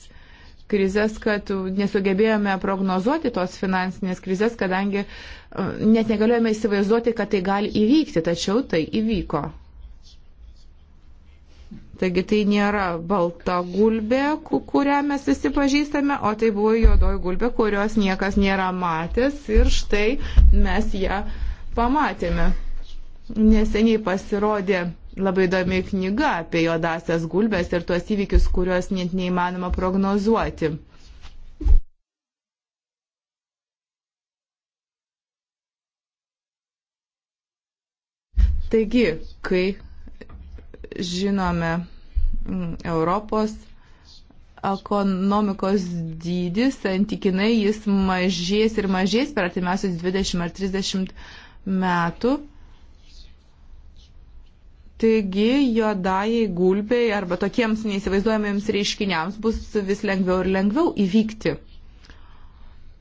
krizės, kad nesugebėjome prognozuoti tos finansinės krizės, kadangi uh, net negalėjome įsivaizduoti, kad tai gali įvykti, tačiau tai įvyko. Taigi tai nėra balta gulbė, kurią mes visi pažįstame, o tai buvo juodoji gulbė, kurios niekas nėra matęs ir štai mes ją pamatėme. Neseniai pasirodė labai įdomi knyga apie juodasias gulbės ir tuos įvykius, kuriuos net neįmanoma prognozuoti. Taigi, kai žinome mm, Europos ekonomikos dydis, santykinai jis mažės ir mažės per artimiausius 20 ar 30 metų. Taigi juodajai gulbiai arba tokiems neįsivaizduojamiems reiškiniams bus vis lengviau ir lengviau įvykti.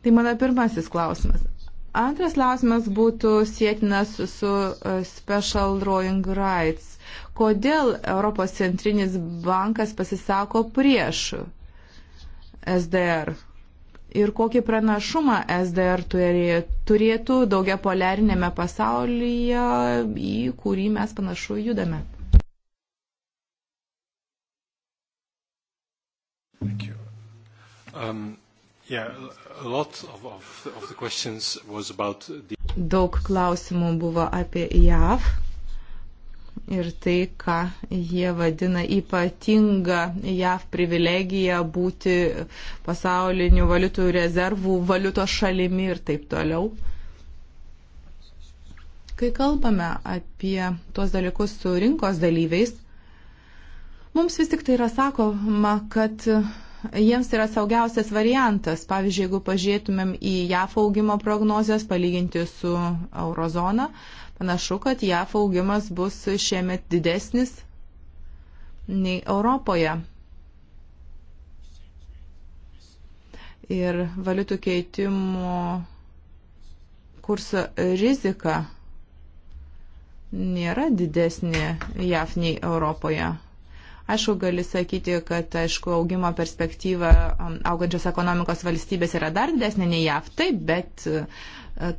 Tai mano pirmasis klausimas. Antras klausimas būtų sėtinas su e, Special Drawing Rights. Kodėl Europos centrinis bankas pasisako prieš SDR? Ir kokį pranašumą SDR turėtų daugia poliarinėme pasaulyje, į kurį mes panašu judame? Thank you. Um, Yeah, of, of the... Daug klausimų buvo apie JAV ir tai, ką jie vadina ypatinga JAV privilegija būti pasaulinių valiutų rezervų valiutos šalimi ir taip toliau. Kai kalbame apie tuos dalykus su rinkos dalyviais, mums vis tik tai yra sakoma, kad jiems yra saugiausias variantas. Pavyzdžiui, jeigu pažiūrėtumėm į JAF augimo prognozijas palyginti su eurozona, panašu, kad JAF augimas bus šiemet didesnis nei Europoje. Ir valiutų keitimo kurso rizika nėra didesnė JAF nei Europoje. Aišku, gali sakyti, kad, aišku, augimo perspektyva um, augančios ekonomikos valstybės yra dar didesnė nei JAV, taip, bet e,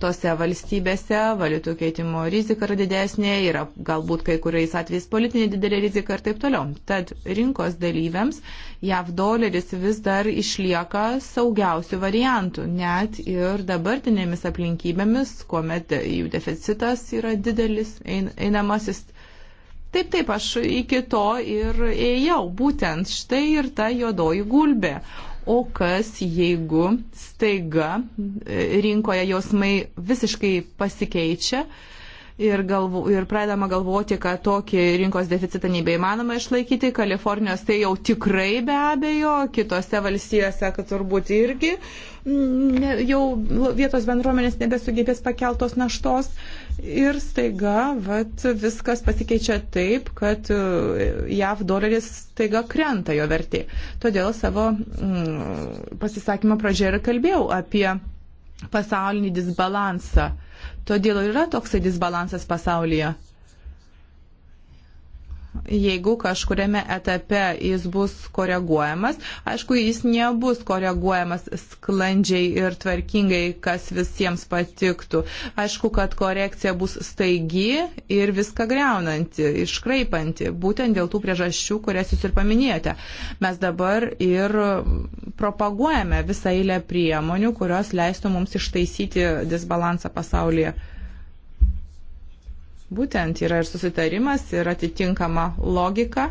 tose valstybėse valiutų keitimo rizika yra didesnė, yra galbūt kai kuriais atvejais politinė didelė rizika ir taip toliau. Tad rinkos dalyviams JAV doleris vis dar išlieka saugiausių variantų, net ir dabartinėmis aplinkybėmis, kuomet jų deficitas yra didelis, einamasis. Ein Taip, taip, aš iki to ir ėjau. Būtent štai ir ta juodoji gulbė. O kas jeigu staiga e, rinkoje jausmai visiškai pasikeičia? ir, galvo, ir pradedama galvoti, kad tokį rinkos deficitą nebeįmanoma išlaikyti. Kalifornijos tai jau tikrai be abejo, kitose valstijose, kad turbūt irgi ne, jau vietos bendruomenės nebesugebės pakeltos naštos. Uh, Ir staiga vat, viskas pasikeičia taip, kad e, JAV doleris staiga krenta jo vertė. Todėl savo mm, pasisakymą pradžioje ir kalbėjau apie pasaulinį disbalansą. Todėl yra toksai disbalansas pasaulyje jeigu kažkuriame etape jis bus koreguojamas, aišku, jis nebus koreguojamas sklandžiai ir tvarkingai, kas visiems patiktų. Aišku, kad korekcija bus staigi ir viską greunanti, iškraipanti, būtent dėl tų priežasčių, kurias jūs ir paminėjote. Mes dabar ir propaguojame visą eilę priemonių, kurios leistų mums ištaisyti disbalansą pasaulyje. Būtent yra ir susitarimas, ir atitinkama logika,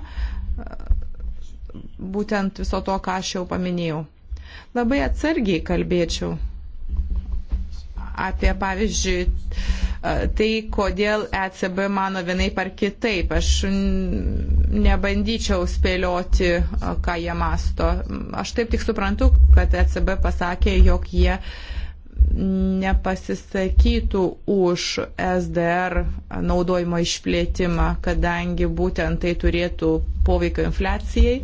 būtent viso to, ką aš jau paminėjau. Labai atsargiai kalbėčiau apie, pavyzdžiui, tai, kodėl ECB mano vienaip ar kitaip. Aš nebandyčiau spėlioti, ką jie masto. Aš taip tik suprantu, kad ECB pasakė, jog jie uh, nepasisakytų už SDR naudojimo išplėtimą, kadangi būtent tai turėtų poveikio infliacijai.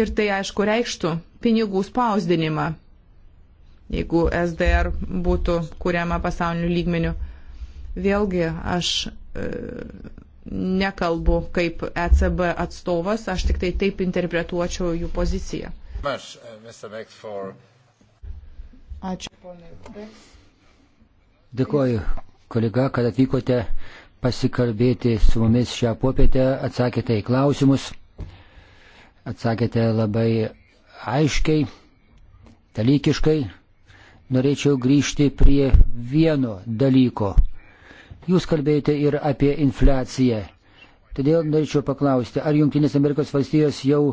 Ir tai aišku reikštų pinigų spausdinimą, jeigu SDR būtų kuriama pasauliniu lygmeniu. Vėlgi aš e, nekalbu kaip ECB atstovas, aš tik tai taip interpretuočiau jų poziciją. Much, uh, for... Ačiū, ponai Beks. Dėkuoju, kolega, kad atvykote pasikalbėti su mumis šią popietę, atsakėte į klausimus, atsakėte labai aiškiai, dalykiškai. Norėčiau grįžti prie vieno dalyko. Jūs kalbėjote ir apie infliaciją. Todėl norėčiau paklausti, ar Junktinės Amerikos valstijos jau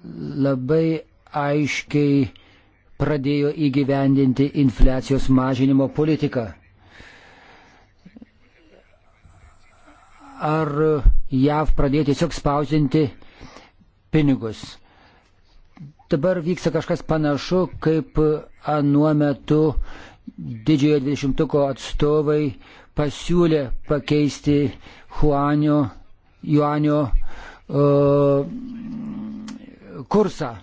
labai aiškiai pradėjo įgyvendinti infliacijos mažinimo politiką. Ar JAV pradėjo tiesiog spausdinti pinigus? Dabar vyksta kažkas panašu, kaip anuo metu didžiojo dvidešimtuko atstovai pasiūlė pakeisti Juanio, Juanio uh, kursą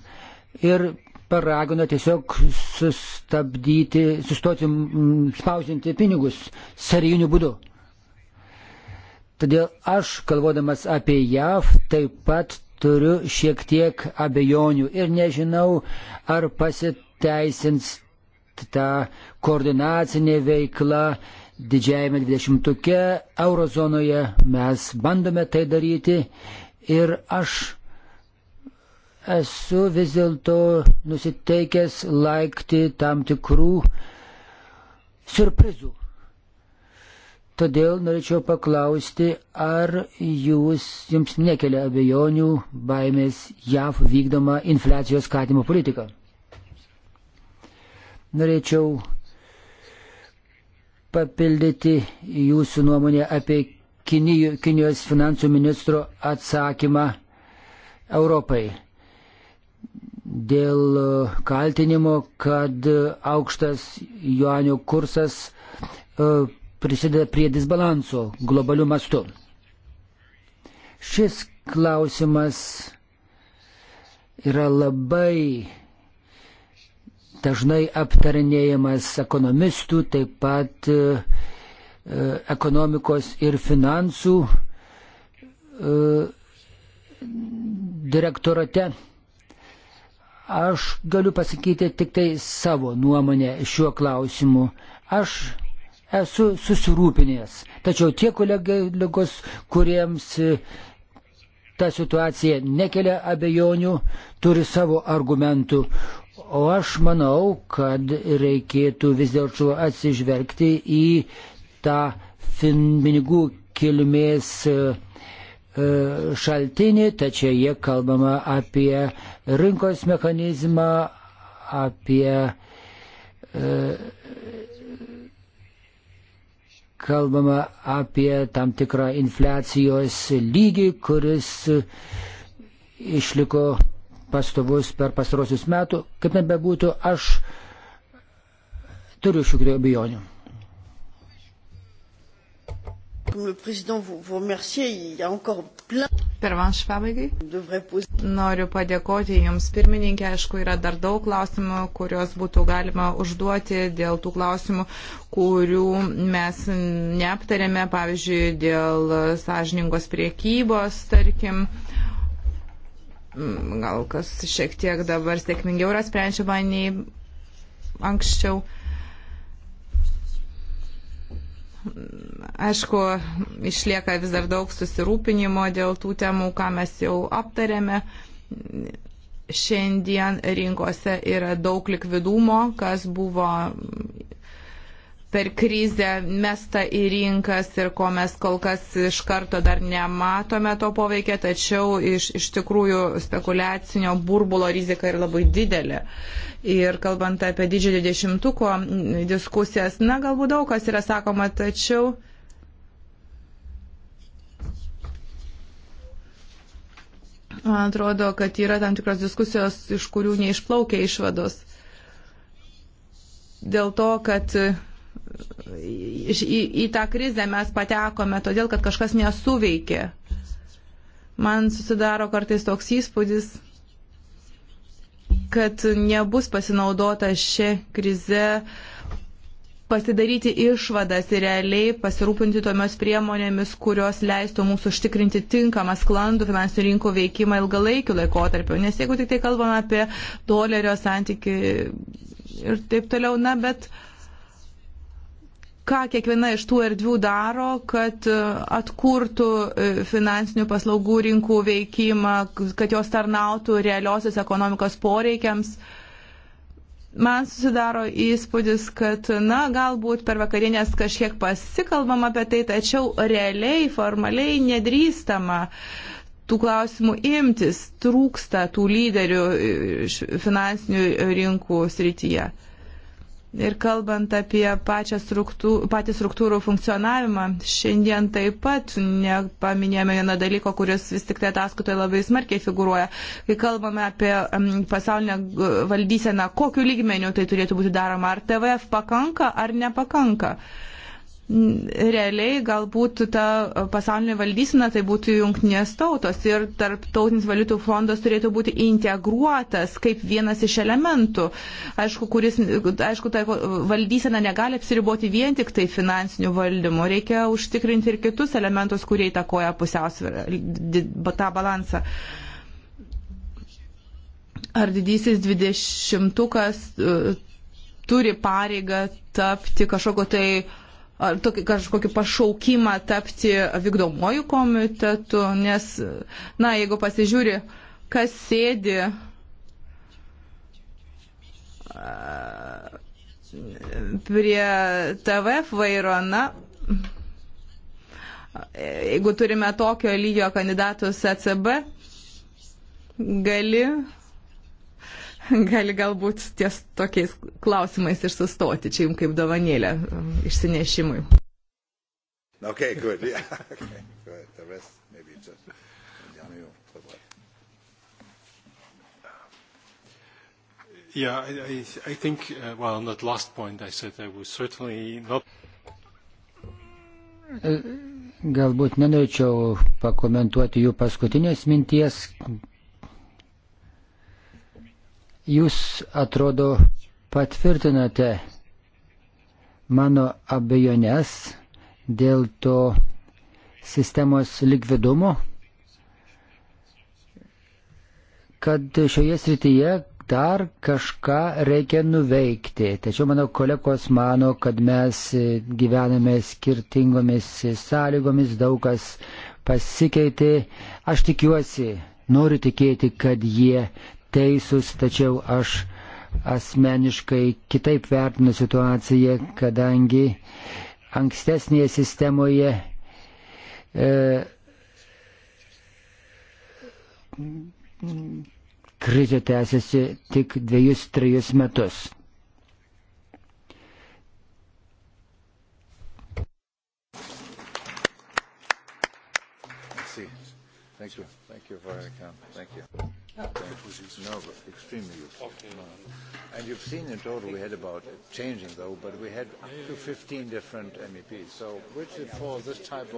ir paragino tiesiog sustabdyti, sustoti spausinti pinigus serijiniu būdu. Todėl aš, kalvodamas apie JAV, taip pat turiu šiek tiek abejonių ir nežinau, ar pasiteisins ta koordinacinė veikla didžiajame dvidešimtuke, eurozonoje mes bandome tai daryti ir aš esu vis dėlto nusiteikęs laikti tam tikrų surprizų. Todėl norėčiau paklausti, ar jūs, jums nekelia abejonių baimės JAV vykdoma infliacijos skatimo politika? Norėčiau papildyti jūsų nuomonę apie Kinijos finansų ministro atsakymą Europai dėl e, kaltinimo, kad e, aukštas juanių kursas e, prisideda prie disbalanso globalių mastų. Šis klausimas yra labai dažnai aptarinėjamas ekonomistų, taip pat e, ekonomikos ir finansų e, direktorate. Aš galiu pasakyti tik tai savo nuomonę šiuo klausimu. Aš esu susirūpinęs. Tačiau tie kolegos, kuriems e, ta situacija nekelia abejonių, turi savo argumentų. O aš manau, kad reikėtų vis dėlto atsižvelgti į tą pinigų kilmės uh, E, šaltinį, tačiau jie kalbama apie rinkos mechanizmą, apie e, kalbama apie tam tikrą infliacijos lygį, kuris išliko pastovus per pastarosius metų. Kaip ten bebūtų, aš turiu šių abejonių. Madame le Président, vous, vous remercier. Il y a encore plein. Pirmąjį pabaigai. Noriu padėkoti Jums, pirmininkė. Aišku, yra dar daug klausimų, kuriuos būtų galima užduoti dėl tų klausimų, kurių mes neaptarėme, pavyzdžiui, dėl sąžiningos priekybos, tarkim gal kas šiek tiek dabar sėkmingiau yra sprendžiama nei anksčiau. Aišku, išlieka vis dar daug susirūpinimo dėl tų temų, ką mes jau aptarėme. Šiandien rinkose yra daug likvidumo, kas buvo per krizę mesta į rinkas ir ko mes kol kas iš karto dar nematome to poveikia, tačiau iš, iš tikrųjų spekulacinio burbulo rizika yra labai didelė. Ir kalbant apie didžiojo dešimtuko diskusijas, na galbūt daug kas yra sakoma, tačiau. Man atrodo, kad yra tam tikros diskusijos, iš kurių neišplaukia išvados. Dėl to, kad į, į tą krizę mes patekome todėl, kad kažkas nesuveikė. Man susidaro kartais toks įspūdis, kad nebus pasinaudota šią krizę pasidaryti išvadas ir realiai pasirūpinti tomis priemonėmis, kurios leistų mums užtikrinti tinkamą sklandų finansinių rinkų veikimą ilgalaikiu laikotarpiu. Nes jeigu tik tai kalbame apie dolerio santyki ir taip toliau, na, bet uh, ką kiekviena iš tų erdvių daro, kad e, atkurtų e, finansinių paslaugų rinkų veikimą, kad jos tarnautų realiosios ekonomikos poreikiams. Man susidaro įspūdis, kad, na, galbūt per vakarinės kažkiek pasikalbam apie tai, tačiau realiai, formaliai nedrįstama tų klausimų imtis, trūksta tų lyderių e, finansinių rinkų srityje. Ir kalbant apie struktūrų, patį struktūrų funkcionavimą, šiandien taip pat nepaminėjome vieną dalyką, kuris vis tik tai ataskaitoje labai smarkiai figuruoja. Kai kalbame apie pasaulinę valdyseną, kokiu lygmeniu tai turėtų būti daroma, ar TVF pakanka ar nepakanka. Uh, realiai galbūt ta pasaulinė valdysena tai būtų jungtinės tautos ir tarptautinis valiutų fondas turėtų būti integruotas kaip vienas iš elementų. Aišku, kuris, aišku ta valdysena negali apsiriboti vien tik tai finansinių valdymų. Reikia užtikrinti ir kitus elementus, kurie įtakoja pusiausvyrą, tą balansą ar didysis dvidešimtukas uh, turi pareigą tapti kažkokio tai uh, ar tokį kažkokį pašaukimą tapti vykdomuoju komitetu, nes, na, jeigu pasižiūri, kas sėdi prie TVF vairo, na, jeigu turime tokio lygio kandidatus ECB, gali gali galbūt ties tokiais klausimais ir sustoti, čia jums kaip dovanėlė um, išsinešimui. Okay, good. Yeah. Okay, good. The rest maybe just Yeah, I, I think, uh, well, on that last point, I said I was certainly not. Galbūt nenorėčiau pakomentuoti jų paskutinės minties, Jūs atrodo patvirtinate mano abejonės dėl to sistemos likvidumo, kad šioje srityje dar kažką reikia nuveikti. Tačiau mano kolegos mano, kad mes gyvename skirtingomis sąlygomis, daug kas pasikeitė. Aš tikiuosi, noriu tikėti, kad jie teisūs, tačiau aš asmeniškai kitaip vertinu situaciją, kadangi ankstesnėje sistemoje e, krizė tęsiasi tik dviejus, trejus metus. Thank you. Thank you for your comment. It was useful. No, but extremely useful. Okay. No. And you've seen in total we had about uh, changing though, but we had up to 15 different MEPs. So which for this type of